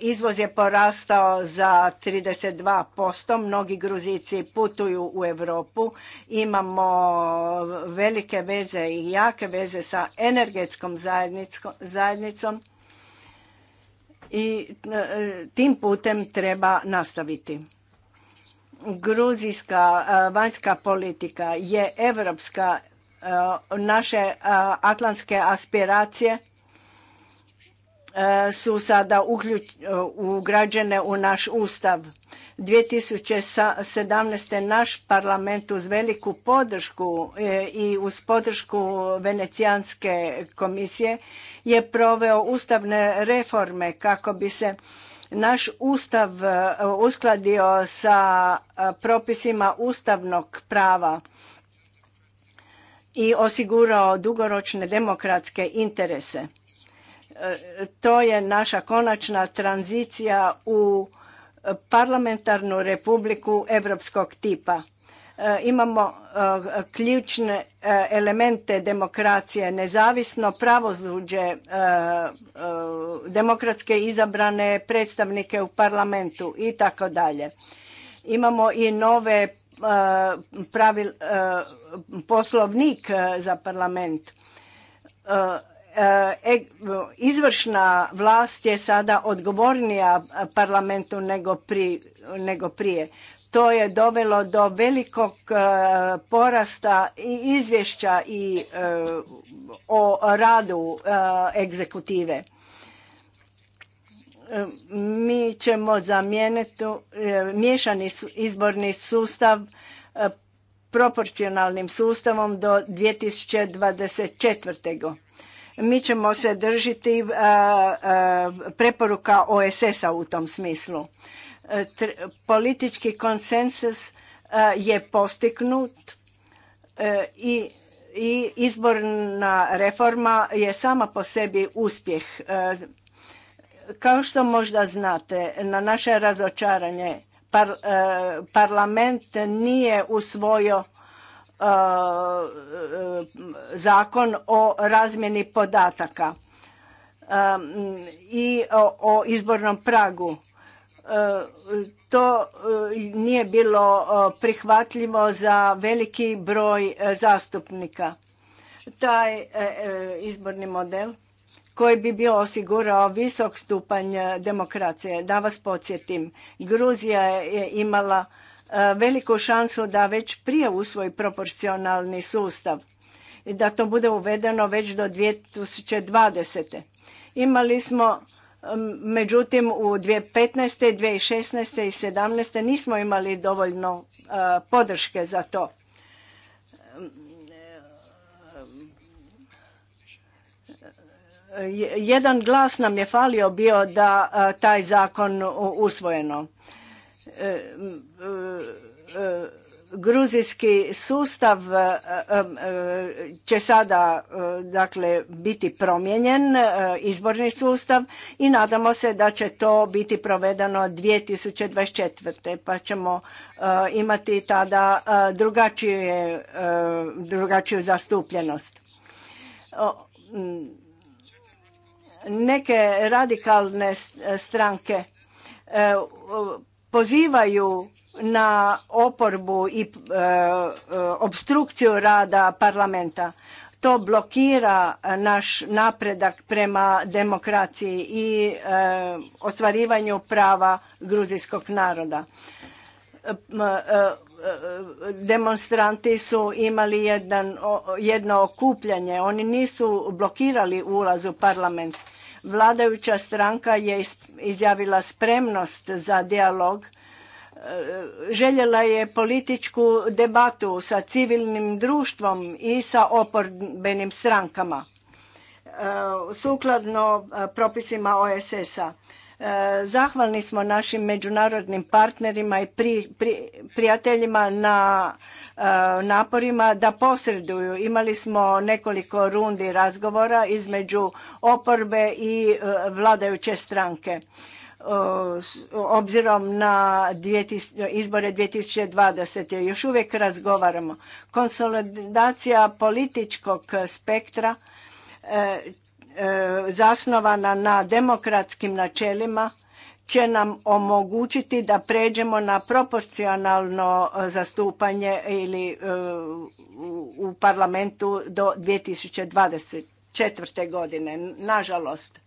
izvoz je porastao za 32%, mnogi Gruzici putuju u Europu, imamo velike veze i jake veze sa energetskom zajednicom i e, tim putem treba nastaviti. Gruzijska e, vanjska politika je evropska, naše atlantske aspiracije E, su sada e, ugrađene u naš ustav. 2017. naš parlament uz veliku podršku e, i uz podršku Venecijanske komisije je proveo ustavne reforme kako bi se naš ustav uskladio sa propisima ustavnog prava i osigurao dugoročne demokratske interese. To je naša konačna tranzicija u parlamentarnu republiku europskog tipa. E, imamo e, ključne e, elemente demokracije, nezavisno pravosuđe, demokratske izabrane predstavnike u parlamentu i tako dalje. Imamo i nove poslovnik za parlament E, e, izvršna vlast je sada odgovornija parlamentu nego, prije. To je dovelo do velikog e, porasta i izvješća i o radu egzekutive. Mi ćemo zamijeniti miješani izborni sustav proporcionalnim sustavom do 2024. Mi ćemo se držiti preporuka OSS-a u tom smislu. E, politički konsensus je postignut e, i i izborna reforma je sama po sebi uspjeh. E, kao što možda znate, na naše razočaranje par, parlament nije usvojio E, zakon o razmjeni podataka i o izbornom pragu. E, to e, nije bilo prihvatljivo za veliki broj zastupnika. Taj izborni model koji bi bio osigurao visok stupanj demokracije. Da vas podsjetim, Gruzija je imala E, veliku šansu da već prije usvoji proporcionalni sustav i da to bude uvedeno već do 2020. Imali smo međutim u 2015. 2016. i 2017. nismo imali dovoljno e, podrške za to. Jedan glas nam je falio bio da e, taj zakon usvojeno gruzijski sustav e, e, će sada e, dakle biti promijenjen izborni sustav i nadamo se da će to biti provedeno 2024. pa ćemo imati tada drugačiju zastupljenost neke radikalne stranke pozivaju na oporbu i e, e, obstrukciju rada parlamenta. To blokira e, naš napredak prema demokraciji i ostvarivanju prava gruzijskog naroda. Demonstranti su imali jedno okupljanje, oni nisu blokirali ulaz u parlament Vladajuća stranka je izjavila spremnost za dijalog. E, željela je političku debatu sa civilnim društvom i sa oporbenim strankama e, sukladno e, propisima OSS-a. E, zahvalni smo našim međunarodnim partnerima i prijateljima na e, naporima da posreduju. Imali smo nekoliko rundi razgovora između oporbe i e, vladajuće stranke. obzirom na izbore 2020. još uvijek razgovaramo. Konsolidacija političkog spektra E, zasnovana na demokratskim načelima će nam omogućiti da pređemo na proporcionalno e, zastupanje ili e, u parlamentu do 2024. godine. Nažalost,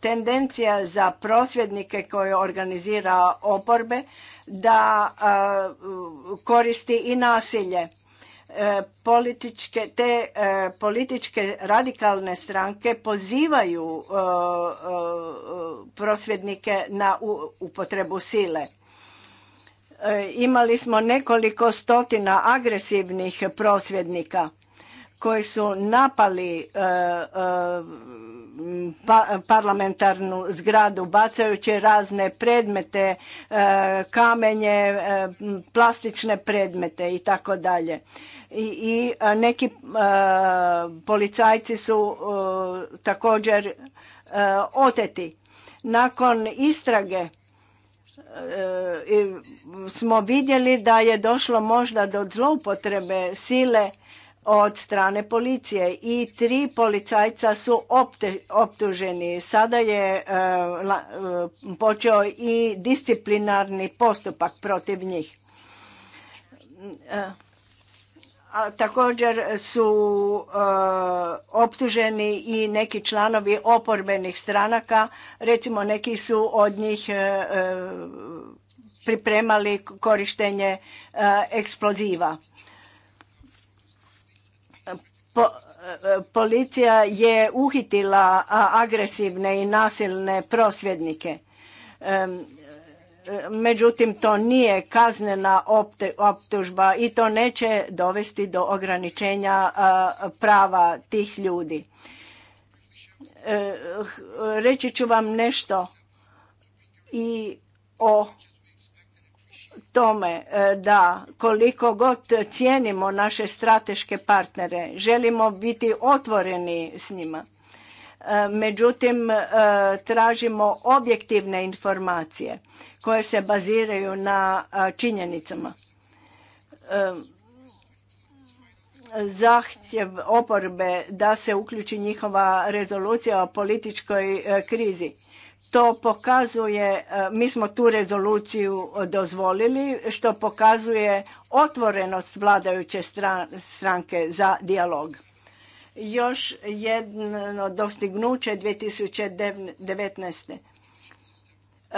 tendencija za prosvjednike koje organizira oporbe da koristi i nasilje E, političke, te e, političke radikalne stranke pozivaju e, prosvjednike na upotrebu sile. Imali smo nekoliko stotina agresivnih prosvjednika koji su napali pa, parlamentarnu zgradu bacajući razne predmete, e, kamenje, e, plastične predmete i tako dalje. I e, neki policajci su također oteti. Nakon istrage smo vidjeli da je došlo možda do zloupotrebe sile od strane policije i tri policajca su optuženi. Sada je e, e, počeo i disciplinarni postupak protiv njih. E, a također su optuženi i neki članovi oporbenih stranaka. Recimo neki su od njih pripremali korištenje eksploziva E, policija je uhitila agresivne i nasilne prosvjednike. E, međutim, to nije kaznena optužba i to neće dovesti do ograničenja prava tih ljudi. E, reći ću vam nešto i o tome e, da koliko god cijenimo naše strateške partnere, želimo biti otvoreni s njima. E, međutim, e, tražimo objektivne informacije koje se baziraju na činjenicama. Zahtjev oporbe da se uključi njihova rezolucija o političkoj krizi to pokazuje, e, mi smo tu rezoluciju dozvolili, što pokazuje otvorenost vladajuće stranke za dijalog. Još jedno dostignuće 2019 e,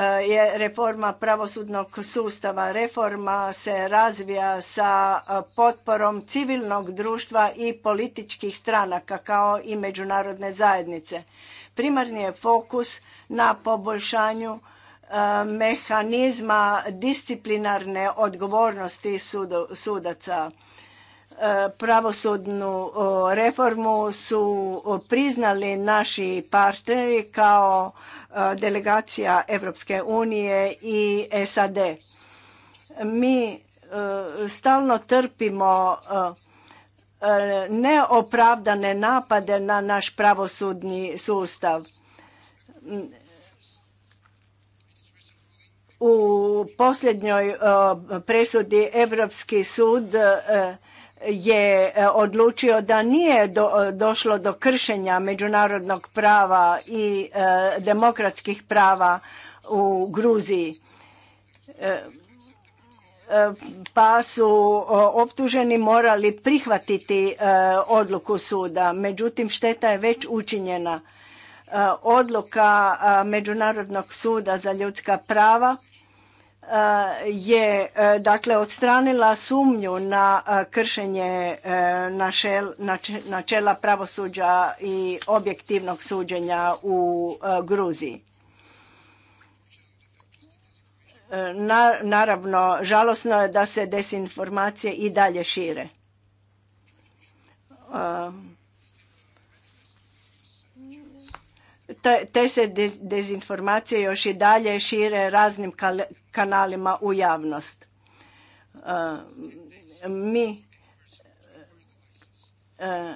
je reforma pravosudnog sustava. Reforma se razvija sa e, potporom civilnog društva i političkih stranaka kao i međunarodne zajednice. Primarni je fokus na poboljšanju e, mehanizma disciplinarne odgovornosti sudaca. E, pravosudnu reformu su priznali naši partneri kao e, delegacija Europske unije i SAD. Mi stalno trpimo neopravdane napade na naš pravosudni sustav u posljednjoj e, presudi Europski sud e, je e, odlučio da nije došlo do kršenja međunarodnog prava i demokratskih prava u Gruziji. pa su optuženi morali prihvatiti odluku suda. Međutim, šteta je već učinjena E, odluka e, Međunarodnog suda za ljudska prava e, je dakle odstranila sumnju na kršenje načela pravosuđa i objektivnog suđenja u Gruziji. naravno, žalosno je da se desinformacije i dalje šire. te se dezinformacije još i dalje šire raznim kanalima u javnost. E, mi e,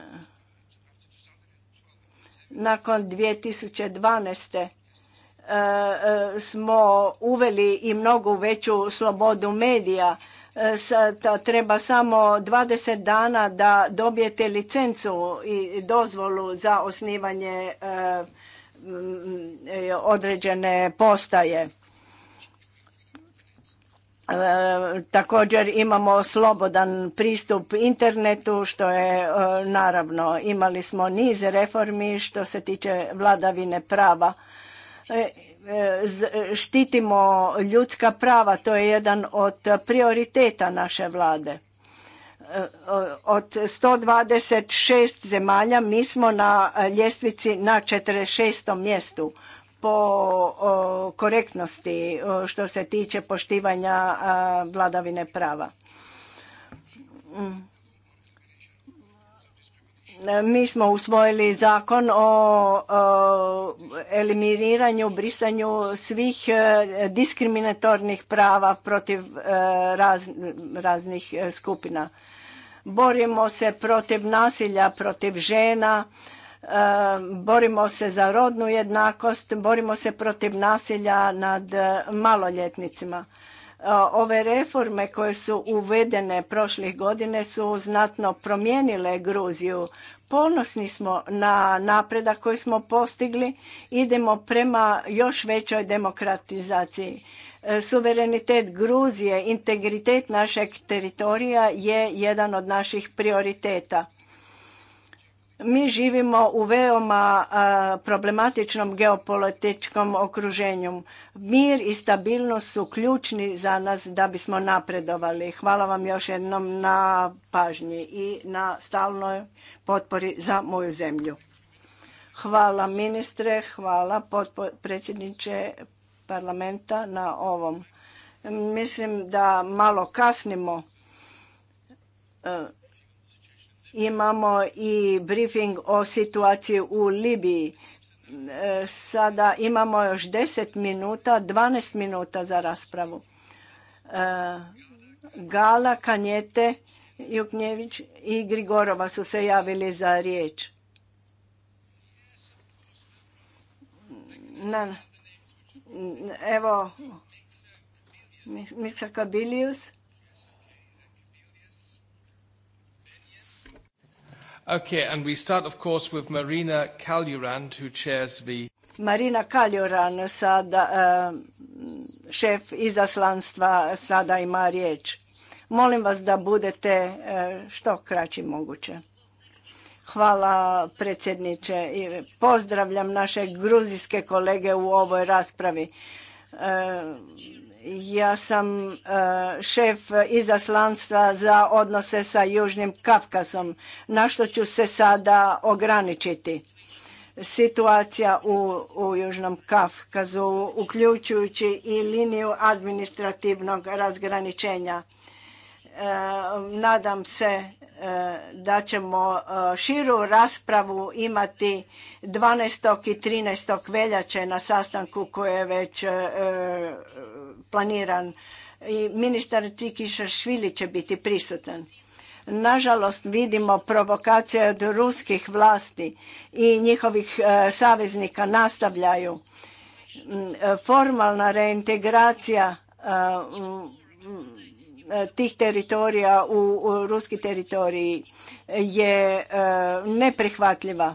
nakon 2012. E, smo uveli i mnogo veću slobodu medija. Sad treba samo 20 dana da dobijete licencu i dozvolu za osnivanje E, određene postaje. E, također imamo slobodan pristup internetu što je e, naravno imali smo niz reformi što se tiče vladavine prava. Štitimo ljudska prava, to je jedan od prioriteta naše vlade Eh, od 126 zemalja mi smo na ljestvici na 46. mjestu po korektnosti što se tiče poštivanja vladavine prava. Mm. Mi smo usvojili zakon o eliminiranju, brisanju svih e, diskriminatornih prava protiv e, raznih e, skupina borimo se protiv nasilja, protiv žena, e, borimo se za rodnu jednakost, borimo se protiv nasilja nad e, maloljetnicima. E, ove reforme koje su uvedene prošlih godine su znatno promijenile Gruziju. Ponosni smo na napredak koji smo postigli, idemo prema još većoj demokratizaciji. E, suverenitet Gruzije, integritet našeg teritorija je jedan od naših prioriteta. Mi živimo u veoma e, problematičnom geopolitičkom okruženju. Mir i stabilnost su ključni za nas da bismo napredovali. Hvala vam još jednom na pažnji i na stalnoj potpori za moju zemlju. Hvala ministre, hvala predsjedniče parlamenta na ovom. Mislim da malo kasnimo. E, imamo i briefing o situaciji u Libiji. E, sada imamo još 10 minuta, 12 minuta za raspravu. E, Gala, Kanjete, Juknjević i Grigorova su se javili za riječ. Na, Evo, Mr. Kabilius. Okay, and we start of course with Marina Kaljurand who chairs the Marina Kaljurand, sada eh, šef izaslanstva, sada ima riječ. Molim vas da budete eh, što kraći moguće. Hvala predsjedniče i pozdravljam naše gruzijske kolege u ovoj raspravi. E, ja sam e, šef izaslanstva za odnose sa Južnim Kafkasom. na što ću se sada ograničiti. Situacija u, Južnom Kafkazu, uključujući i liniju administrativnog razgraničenja. E, nadam se E, da ćemo e, širu raspravu imati 12. i 13. veljače na sastanku koji je već e, planiran i ministar Tikiša Švili će biti prisutan. Nažalost vidimo provokacije od ruskih vlasti i njihovih saveznika nastavljaju. Mm, formalna reintegracija tih teritorija u, ruski teritoriji je e, neprihvatljiva.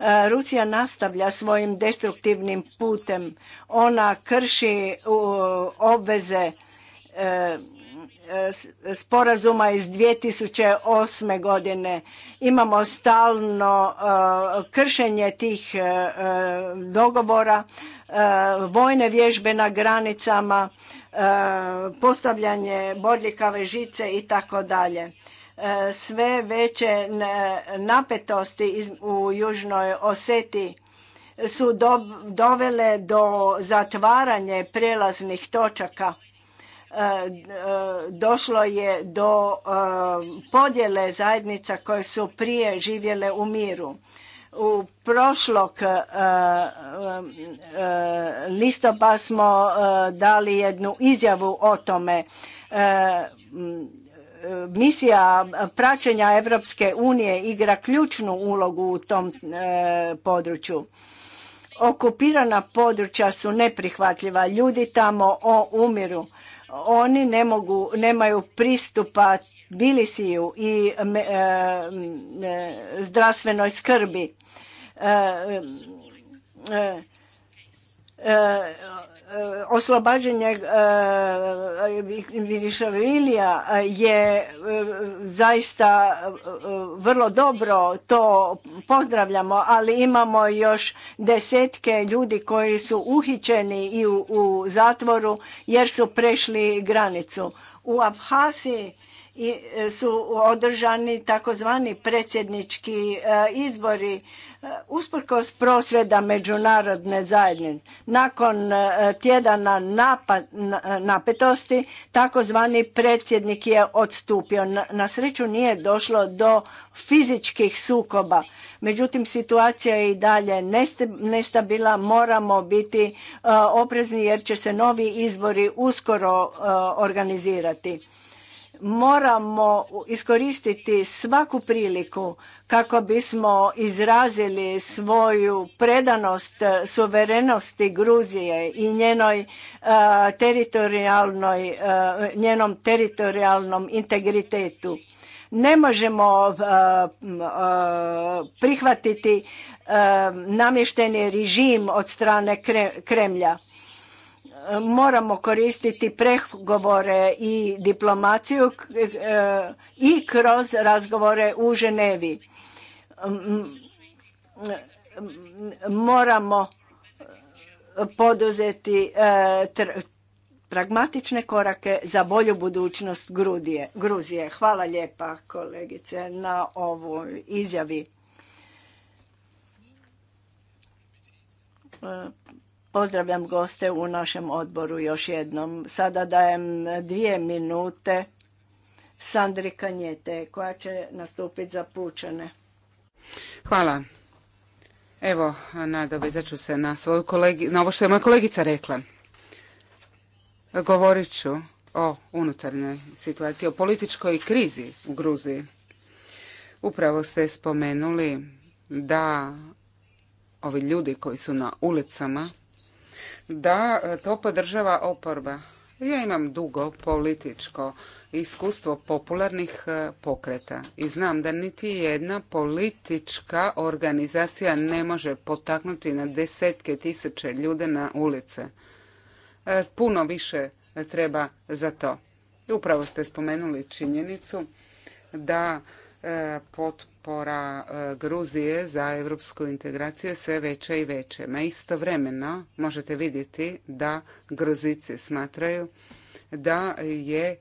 E, Rusija nastavlja svojim destruktivnim putem. Ona krši obveze e, sporazuma iz 2008. godine. Imamo stalno e, kršenje tih e, e, dogovora, vojne vježbe na granicama, postavljanje bodljikave žice i tako dalje. Sve veće napetosti u Južnoj Oseti su dovele do zatvaranje prijelaznih točaka E, e, došlo je do e, podjele zajednica koje su prije živjele u miru. U prošlog listopada smo dali jednu izjavu o tome. Misija praćenja Europske unije igra ključnu ulogu u tom području. Okupirana područja su neprihvatljiva, ljudi tamo umiru oni ne mogu, nemaju pristupa bilisiju i e, e, zdravstvenoj skrbi. E, e Eh, oslobađanje eh, Virišavilija eh, je zaista vrlo dobro, to pozdravljamo, ali imamo još desetke ljudi koji su uhićeni i u, zatvoru jer su prešli granicu. U Abhasiji su održani takozvani predsjednički izbori Uh, usprkos prosvjeda međunarodne zajednice, nakon uh, tjedana uh, napetosti, takozvani predsjednik je odstupio. Na sreću nije došlo do fizičkih sukoba, međutim situacija je i dalje nestabilna, moramo biti oprezni jer će se novi izbori uskoro organizirati moramo iskoristiti svaku priliku kako bismo izrazili svoju predanost suverenosti Gruzije i njenoj e, teritorijalnoj e, njenom teritorijalnom integritetu ne možemo e, prihvatiti namješteni režim od strane Kremlja moramo koristiti pregovore i diplomaciju e, i kroz razgovore u Ženevi. Moramo poduzeti e, pragmatične korake za bolju budućnost Gruzije. Hvala lijepa kolegice na ovoj izjavi e, Pozdravljam goste u našem odboru još jednom. Sada dajem dvije minute Sandri Kanjete koja će nastupiti za pučane. Hvala. Evo, nadovezat ću se na, svoju kolegi, na ovo što je moja kolegica rekla. Govorit ću o unutarnjoj situaciji, o političkoj krizi u Gruziji. Upravo ste spomenuli da ovi ljudi koji su na ulicama da e, to podržava oporba. Ja imam dugo političko iskustvo popularnih e, pokreta i znam da niti jedna politička organizacija ne može potaknuti na desetke tisuće ljude na ulice. E, puno više treba za to. Upravo ste spomenuli činjenicu da E, potpora e, Gruzije za europsku integraciju sve veće i veće. Ma istovremeno možete vidjeti da Gruzici smatraju da je e,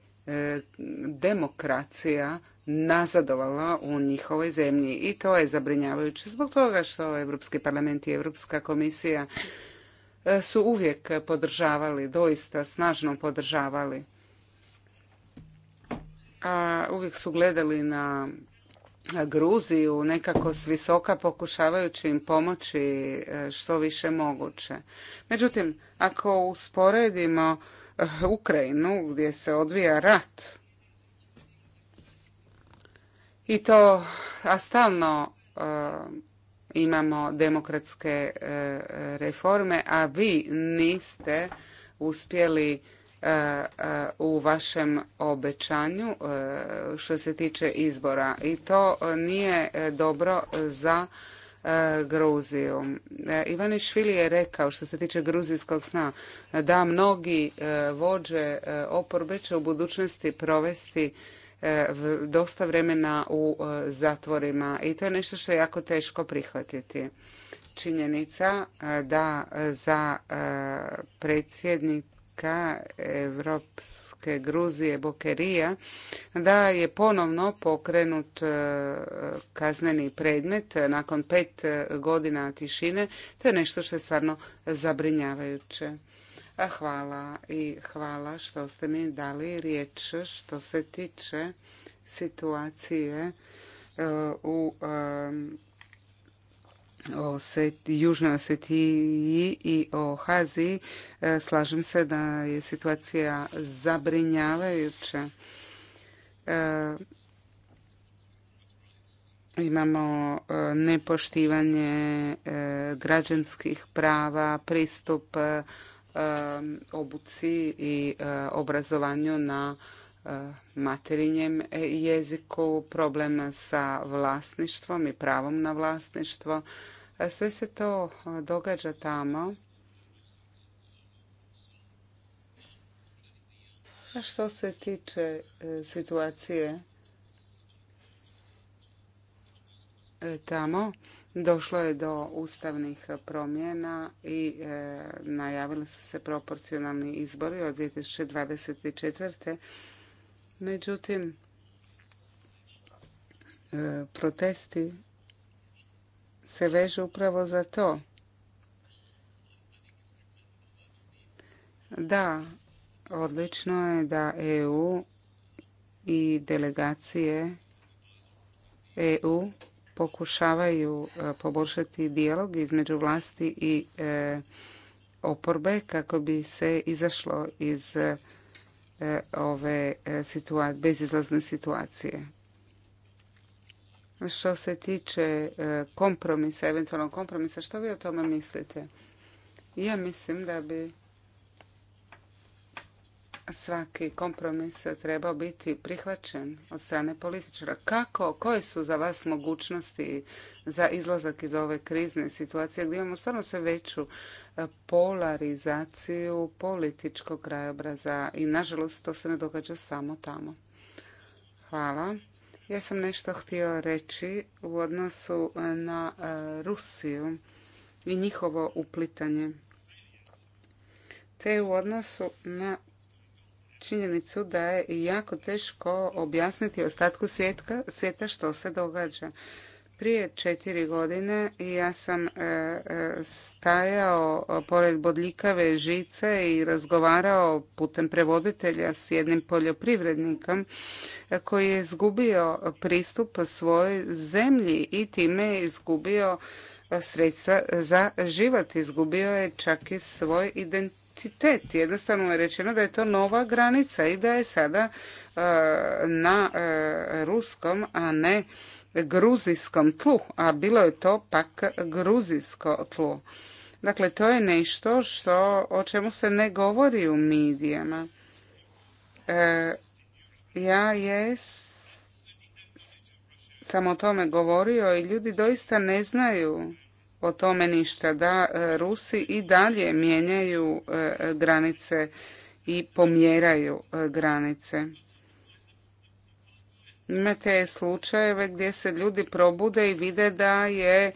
demokracija nazadovala u njihovoj zemlji i to je zabrinjavajuće zbog toga što Europski parlament i Europska komisija su uvijek podržavali, doista snažno podržavali. A uvijek su gledali na Gruziju nekako s visoka pokušavajući im pomoći e, što više moguće. Međutim, ako usporedimo eh, Ukrajinu gdje se odvija rat i to a stalno eh, imamo demokratske eh, reforme, a vi niste uspjeli E, e, u vašem obećanju e, što se tiče izbora i to nije dobro za Gruziju. Švili je rekao što se tiče gruzijskog sna da mnogi vođe oporbe će u budućnosti provesti dosta vremena u zatvorima i to je nešto što je jako teško prihvatiti. Činjenica da za predsjednik predsjednika Evropske Gruzije Bokerija da je ponovno pokrenut e, kazneni predmet nakon pet e, godina tišine. To je nešto što je stvarno zabrinjavajuće. Hvala i hvala što ste mi dali riječ što se tiče situacije e, u Oset, Južnoj Osetiji i o Haziji. E, slažem se da je situacija zabrinjavajuća. E, imamo e, nepoštivanje građanskih prava, pristup obuci i obrazovanju na materinjem jeziku, problem sa vlasništvom i pravom na vlasništvo. Sve se to događa tamo. A što se tiče e, situacije e, tamo, došlo je do ustavnih promjena i e, najavili su se proporcionalni izbori od 2024 Međutim, e, protesti se vežu upravo za to. Da, odlično je da EU i delegacije EU pokušavaju e, poboljšati dijalog između vlasti i e, oporbe kako bi se izašlo iz E, ove e, situacije, bezizlazne situacije. Što se tiče e, kompromisa, eventualnog kompromisa, što vi o tome mislite? Ja mislim da bi svaki kompromis trebao biti prihvaćen od strane političara. Kako, koje su za vas mogućnosti za izlazak iz ove krizne situacije gdje imamo stvarno sve veću polarizaciju političkog krajobraza i nažalost to se ne događa samo tamo. Hvala. Ja sam nešto htio reći u odnosu na e, Rusiju i njihovo uplitanje. Te u odnosu na činjenicu da je jako teško objasniti ostatku svijeta što se događa. Prije četiri godine ja sam e, e, stajao pored bodljikave žice i razgovarao putem prevoditelja s jednim poljoprivrednikom e, koji je izgubio pristup svojoj zemlji i time je izgubio sredstva za život. Izgubio je čak i svoj identitet. Jednostavno je rečeno da je to nova granica i da je sada na ruskom, a ne gruzijskom tlu, a bilo je to pak gruzijsko tlu. Dakle, to je nešto što, o čemu se ne govori u medijama. E, ja jes sam o tome govorio i ljudi doista ne znaju o tome ništa, da e, Rusi i dalje mijenjaju e, granice i pomjeraju e, granice. Imate slučajeve gdje se ljudi probude i vide da je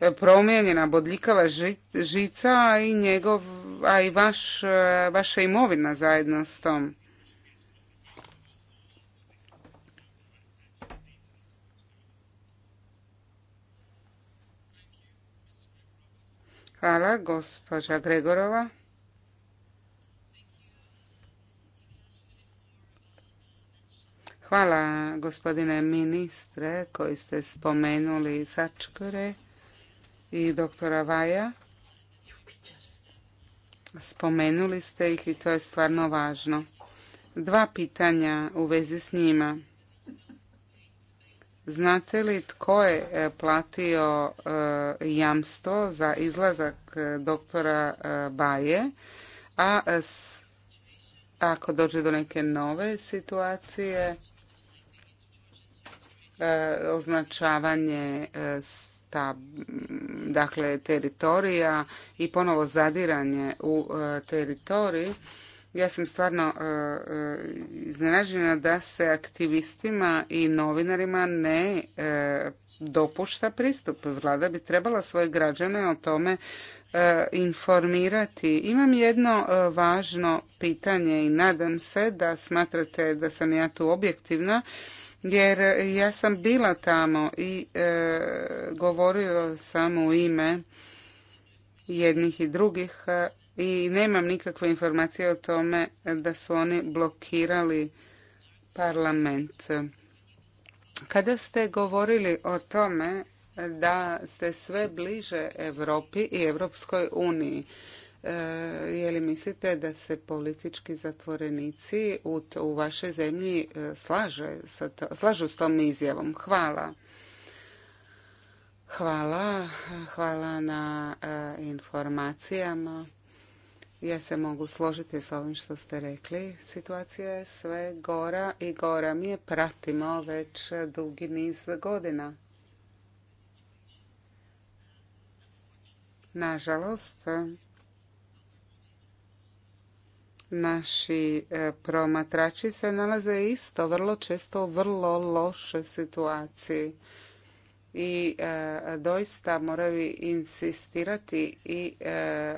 e, promijenjena bodljikava žica i njegov, a i vaš, e, vaša imovina zajedno s tom. Hvala, gospođa Gregorova. Hvala gospodine ministre koji ste spomenuli Sačkore i doktora Vaja. Spomenuli ste ih i to je stvarno važno. Dva pitanja u vezi s njima. Znate li tko je e, platio e, jamstvo za izlazak e, doktora Baje, a ako dođe do neke nove situacije, E, označavanje e, dakle, teritorija i ponovo zadiranje u e, teritoriji. Ja sam stvarno iznenađena da se aktivistima i novinarima ne dopušta pristup. Vlada bi trebala svoje građane o tome informirati. Imam jedno važno pitanje i nadam se da smatrate da sam ja tu objektivna jer e, ja sam bila tamo i e, govorio sam u ime jednih i drugih e, i nemam nikakve informacije o tome da su oni blokirali parlament. Kada ste govorili o tome da ste sve bliže Europi i Europskoj uniji, E, je li mislite da se politički zatvorenici u, u vašoj zemlji e, slažu s tom izjavom? Hvala. Hvala. Hvala na e, informacijama. Ja se mogu složiti s ovim što ste rekli. Situacija je sve gora i gora. Mi je pratimo već dugi niz godina. Nažalost, naši e, promatrači se nalaze isto vrlo često u vrlo lošoj situaciji i e, doista moraju insistirati i e,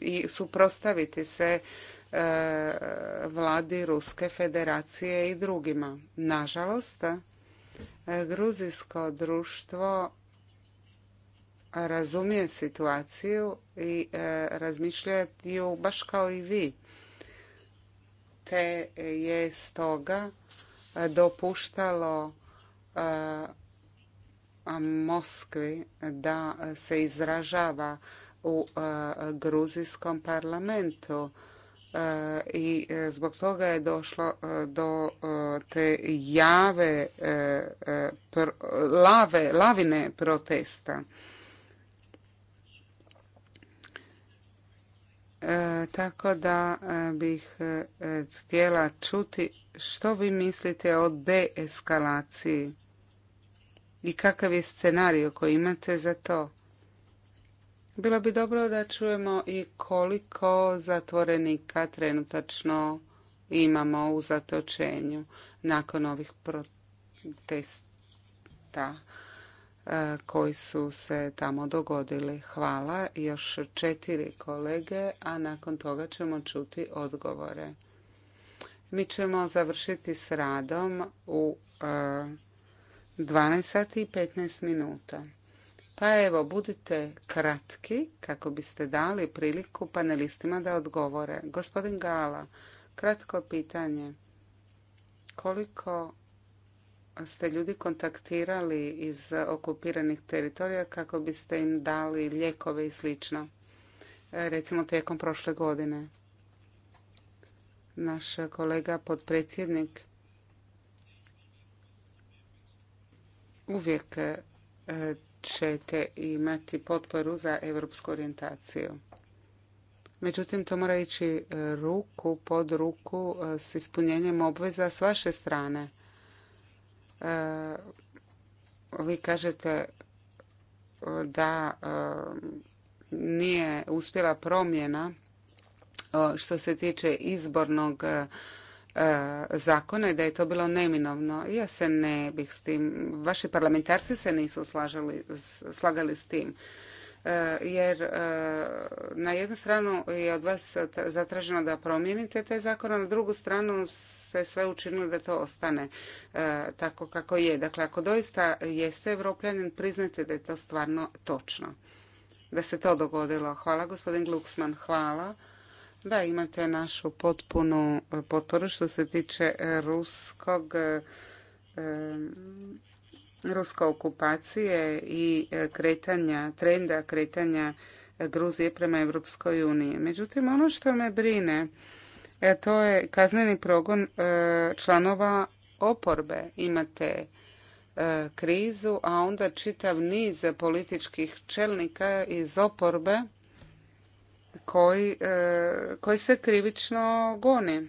i suprostaviti se vladi Ruske federacije i drugima. Nažalost, gruzijsko društvo razumije situaciju i e, razmišljaju baš kao i vi. Te je stoga e, dopuštalo e, Moskvi da se izražava u gruzijskom parlamentu i zbog toga je došlo do te jave lave, lavine protesta. E, tako da e, bih e, htjela čuti što vi mislite o deeskalaciji i kakav je scenarij koji imate za to. Bilo bi dobro da čujemo i koliko zatvorenika trenutačno imamo u zatočenju nakon ovih protesta. E, koji su se tamo dogodili. Hvala. Još četiri kolege, a nakon toga ćemo čuti odgovore. Mi ćemo završiti s radom u 12 e, i 15 minuta. Pa evo, budite kratki kako biste dali priliku panelistima da odgovore. Gospodin Gala, kratko pitanje. Koliko ste ljudi kontaktirali iz okupiranih teritorija kako biste im dali lijekove i slično? Recimo tijekom prošle godine. Naš kolega podpredsjednik uvijek e, ćete imati potporu za europsku orijentaciju. Međutim, to mora ići ruku pod ruku e, s ispunjenjem obveza s vaše strane E, vi kažete e, da e, nije uspjela promjena što se tiče izbornog zakona i da je to bilo neminovno. Ja se ne bih s tim, vaši parlamentarci se nisu slagali, slagali s tim. E, jer e, na jednu stranu je od vas zatraženo da promijenite taj zakon, a na drugu stranu ste sve učinili da to ostane e, tako kako je. Dakle, ako doista jeste evropljanin, priznajte da je to stvarno točno. Da se to dogodilo. Hvala, gospodin Gluksman, Hvala. Da, imate našu potpunu potporu što se tiče ruskog ruska okupacije i e, kretanja, trenda kretanja e, Gruzije prema Europskoj uniji. Međutim, ono što me brine, e, to je kazneni progon članova oporbe. Imate krizu, a onda čitav niz političkih čelnika iz oporbe koji, koji se krivično goni.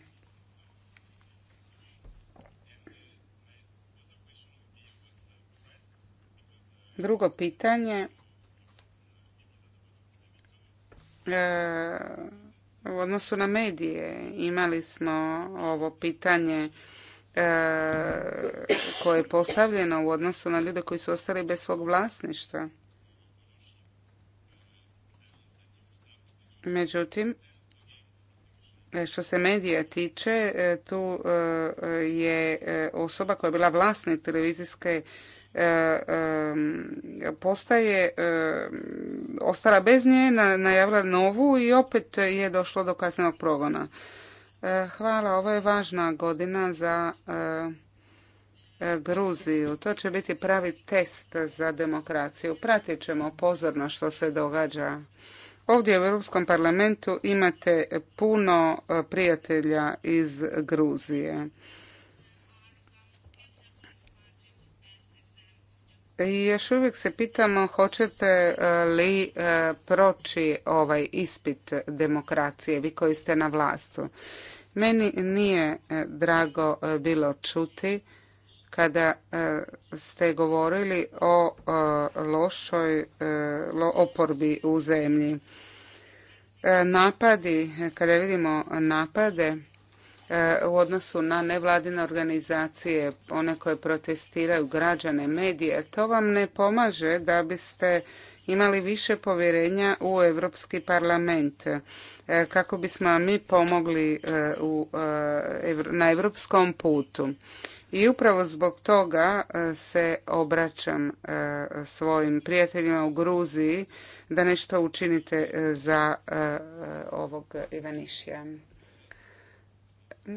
Drugo pitanje e, u odnosu na medije imali smo ovo pitanje e, koje je postavljeno u odnosu na ljude koji su ostali bez svog vlasništva. Međutim, e, što se medija tiče, tu je osoba koja je bila vlasnik televizijske E, e, postaje e, ostala bez nje, najavila novu i opet je došlo do kaznenog progona. Hvala, ovo je važna godina za Gruziju. To će biti pravi test za demokraciju. Pratit ćemo pozorno što se događa. Ovdje u Europskom parlamentu imate puno prijatelja iz Gruzije I još uvijek se pitamo hoćete e, li e, proći ovaj ispit demokracije, vi koji ste na vlastu. Meni nije e, drago bilo čuti kada ste govorili o lošoj oporbi u zemlji. Napadi, kada vidimo napade E, u odnosu na nevladine organizacije, one koje protestiraju građane, medije. To vam ne pomaže da biste imali više povjerenja u Europski parlament e, kako bismo mi pomogli e, na europskom putu. I upravo zbog toga se obraćam svojim prijateljima u Gruziji da nešto učinite za ovog Ivanišija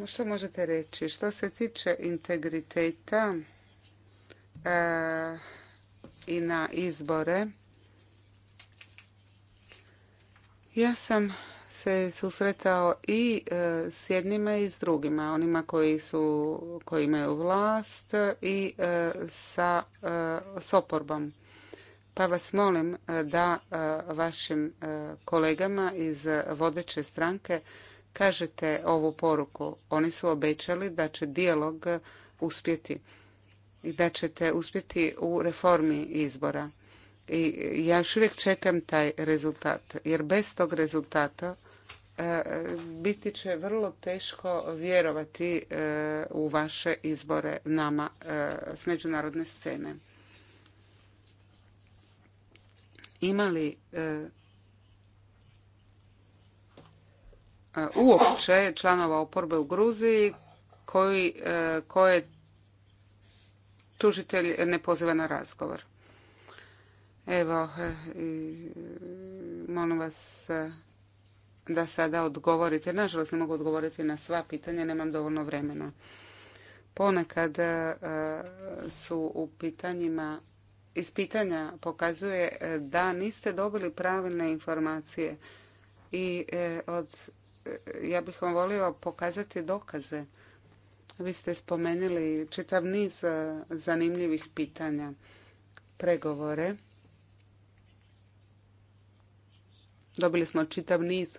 što možete reći? Što se tiče integriteta e, i na izbore, ja sam se susretao i e, s jednima i s drugima, onima koji koji imaju vlast i e, sa, s oporbom. Pa vas molim da vašim kolegama iz vodeće stranke kažete ovu poruku. Oni su obećali da će dijalog uspjeti i da ćete uspjeti u reformi izbora. I ja još uvijek čekam taj rezultat, jer bez tog rezultata e, biti će vrlo teško vjerovati e, u vaše izbore nama e, s međunarodne scene. Ima li E, uopće članova oporbe u Gruziji koji, e, koje tužitelj ne poziva na razgovor. Evo, e, molim vas da sada odgovorite. Nažalost, ne mogu odgovoriti na sva pitanja, nemam dovoljno vremena. Ponekad su u pitanjima, iz pitanja pokazuje da niste dobili pravilne informacije i od ja bih vam volio pokazati dokaze. Vi ste spomenuli čitav niz e, zanimljivih pitanja, pregovore. Dobili smo čitav niz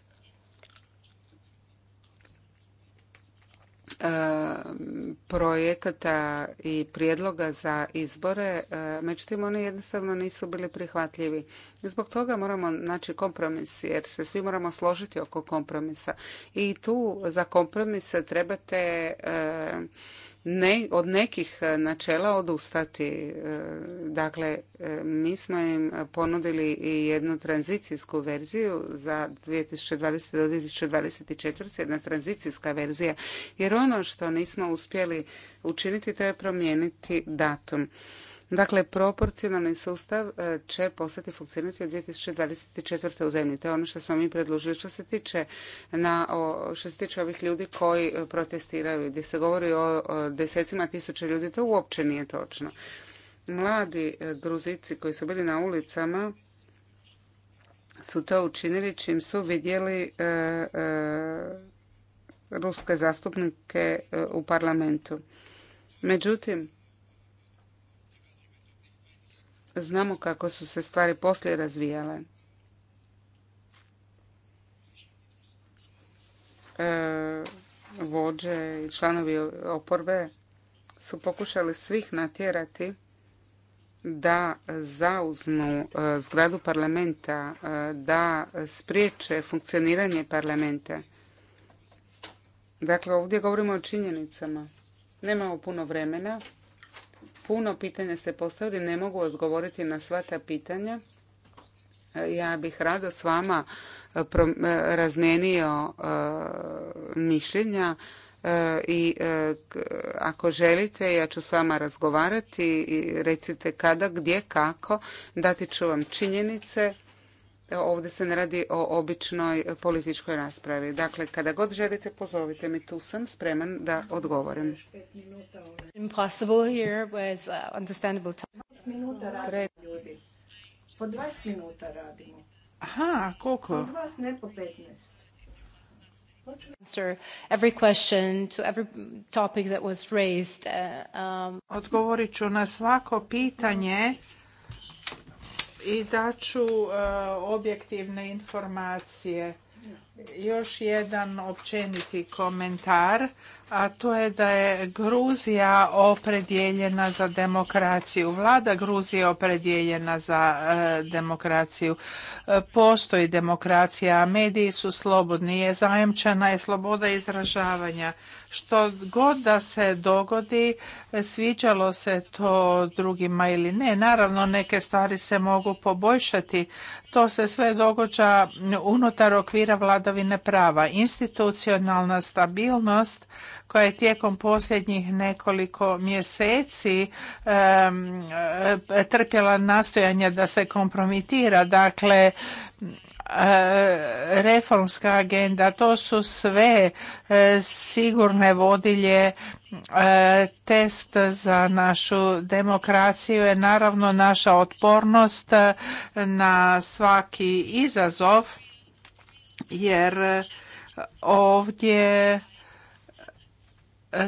projekata i prijedloga za izbore, e, međutim oni jednostavno nisu bili prihvatljivi. Zbog toga moramo naći kompromis jer se svi moramo složiti oko kompromisa. I tu za kompromise trebate e, ne, od nekih e, načela odustati. E, dakle, e, mi smo im ponudili i jednu tranzicijsku verziju za 2020. do 2024. jedna tranzicijska verzija. Jer ono što nismo uspjeli učiniti to je promijeniti datum. Dakle, proporcionalni sustav e, će postati funkcionirati od 2024. u zemlji. To je ono što smo mi predložili. Što se tiče, na, ovih ljudi koji e, protestiraju, gdje se govori o desecima tisuća ljudi, to uopće nije točno. Mladi e, gruzici koji su bili na ulicama su to učinili čim su vidjeli ruske zastupnike u parlamentu. Međutim, Znamo kako su se stvari poslije razvijale. E, vođe i članovi oporbe su pokušali svih natjerati da zauzmu e, zgradu parlamenta, e, da spriječe funkcioniranje parlamenta. Dakle, ovdje govorimo o činjenicama. Nemamo puno vremena. Puno pitanja se postavili, ne mogu odgovoriti na sva ta pitanja. Ja bih rado s vama eh, eh, razmijenio eh, mišljenja i ako želite ja ću s vama razgovarati i recite kada, gdje, kako. Dati ću vam činjenice Ovdje se ne radi o običnoj političkoj raspravi. Dakle, kada god želite, pozovite mi, tu sam spreman da odgovorim. Uh, minuta Aha, koliko? ne Odgovorit ću na svako pitanje i daću e, objektivne informacije još jedan općeniti komentar, a to je da je Gruzija opredijeljena za demokraciju. Vlada Gruzije je za e, demokraciju. E, postoji demokracija, mediji su slobodni, je zajemčena je sloboda izražavanja. Što god da se dogodi, sviđalo se to drugima ili ne. Naravno, neke stvari se mogu poboljšati. To se sve događa unutar okvira vlada vladavine prava, institucionalna stabilnost koja je tijekom posljednjih nekoliko mjeseci e, trpjela nastojanja da se kompromitira. Dakle, e, reformska agenda, to su sve e, sigurne vodilje test za našu demokraciju je naravno naša otpornost na svaki izazov jer ovdje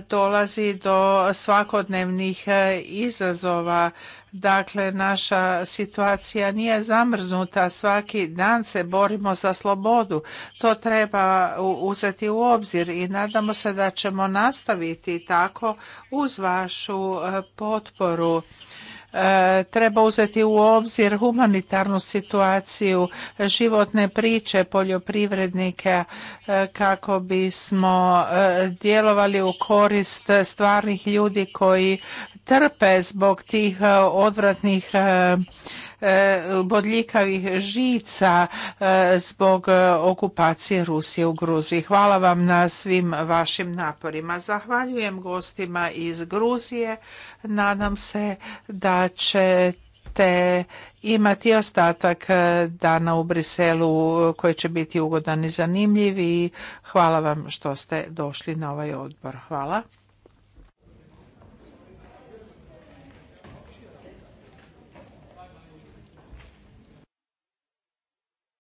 dolazi do svakodnevnih izazova. Dakle, naša situacija nije zamrznuta, svaki dan se borimo za slobodu. To treba uzeti u obzir i nadamo se da ćemo nastaviti tako uz vašu potporu. E, treba uzeti u obzir humanitarnu situaciju, životne priče poljoprivrednika e, kako bismo e, djelovali u korist stvarnih ljudi koji trpe zbog tih odvratnih E, bodljikavih žica e, zbog e, okupacije Rusije u Gruziji. Hvala vam na svim vašim naporima. Zahvaljujem gostima iz Gruzije. Nadam se da ćete te imati ostatak dana u Briselu koji će biti ugodan i zanimljiv i hvala vam što ste došli na ovaj odbor. Hvala.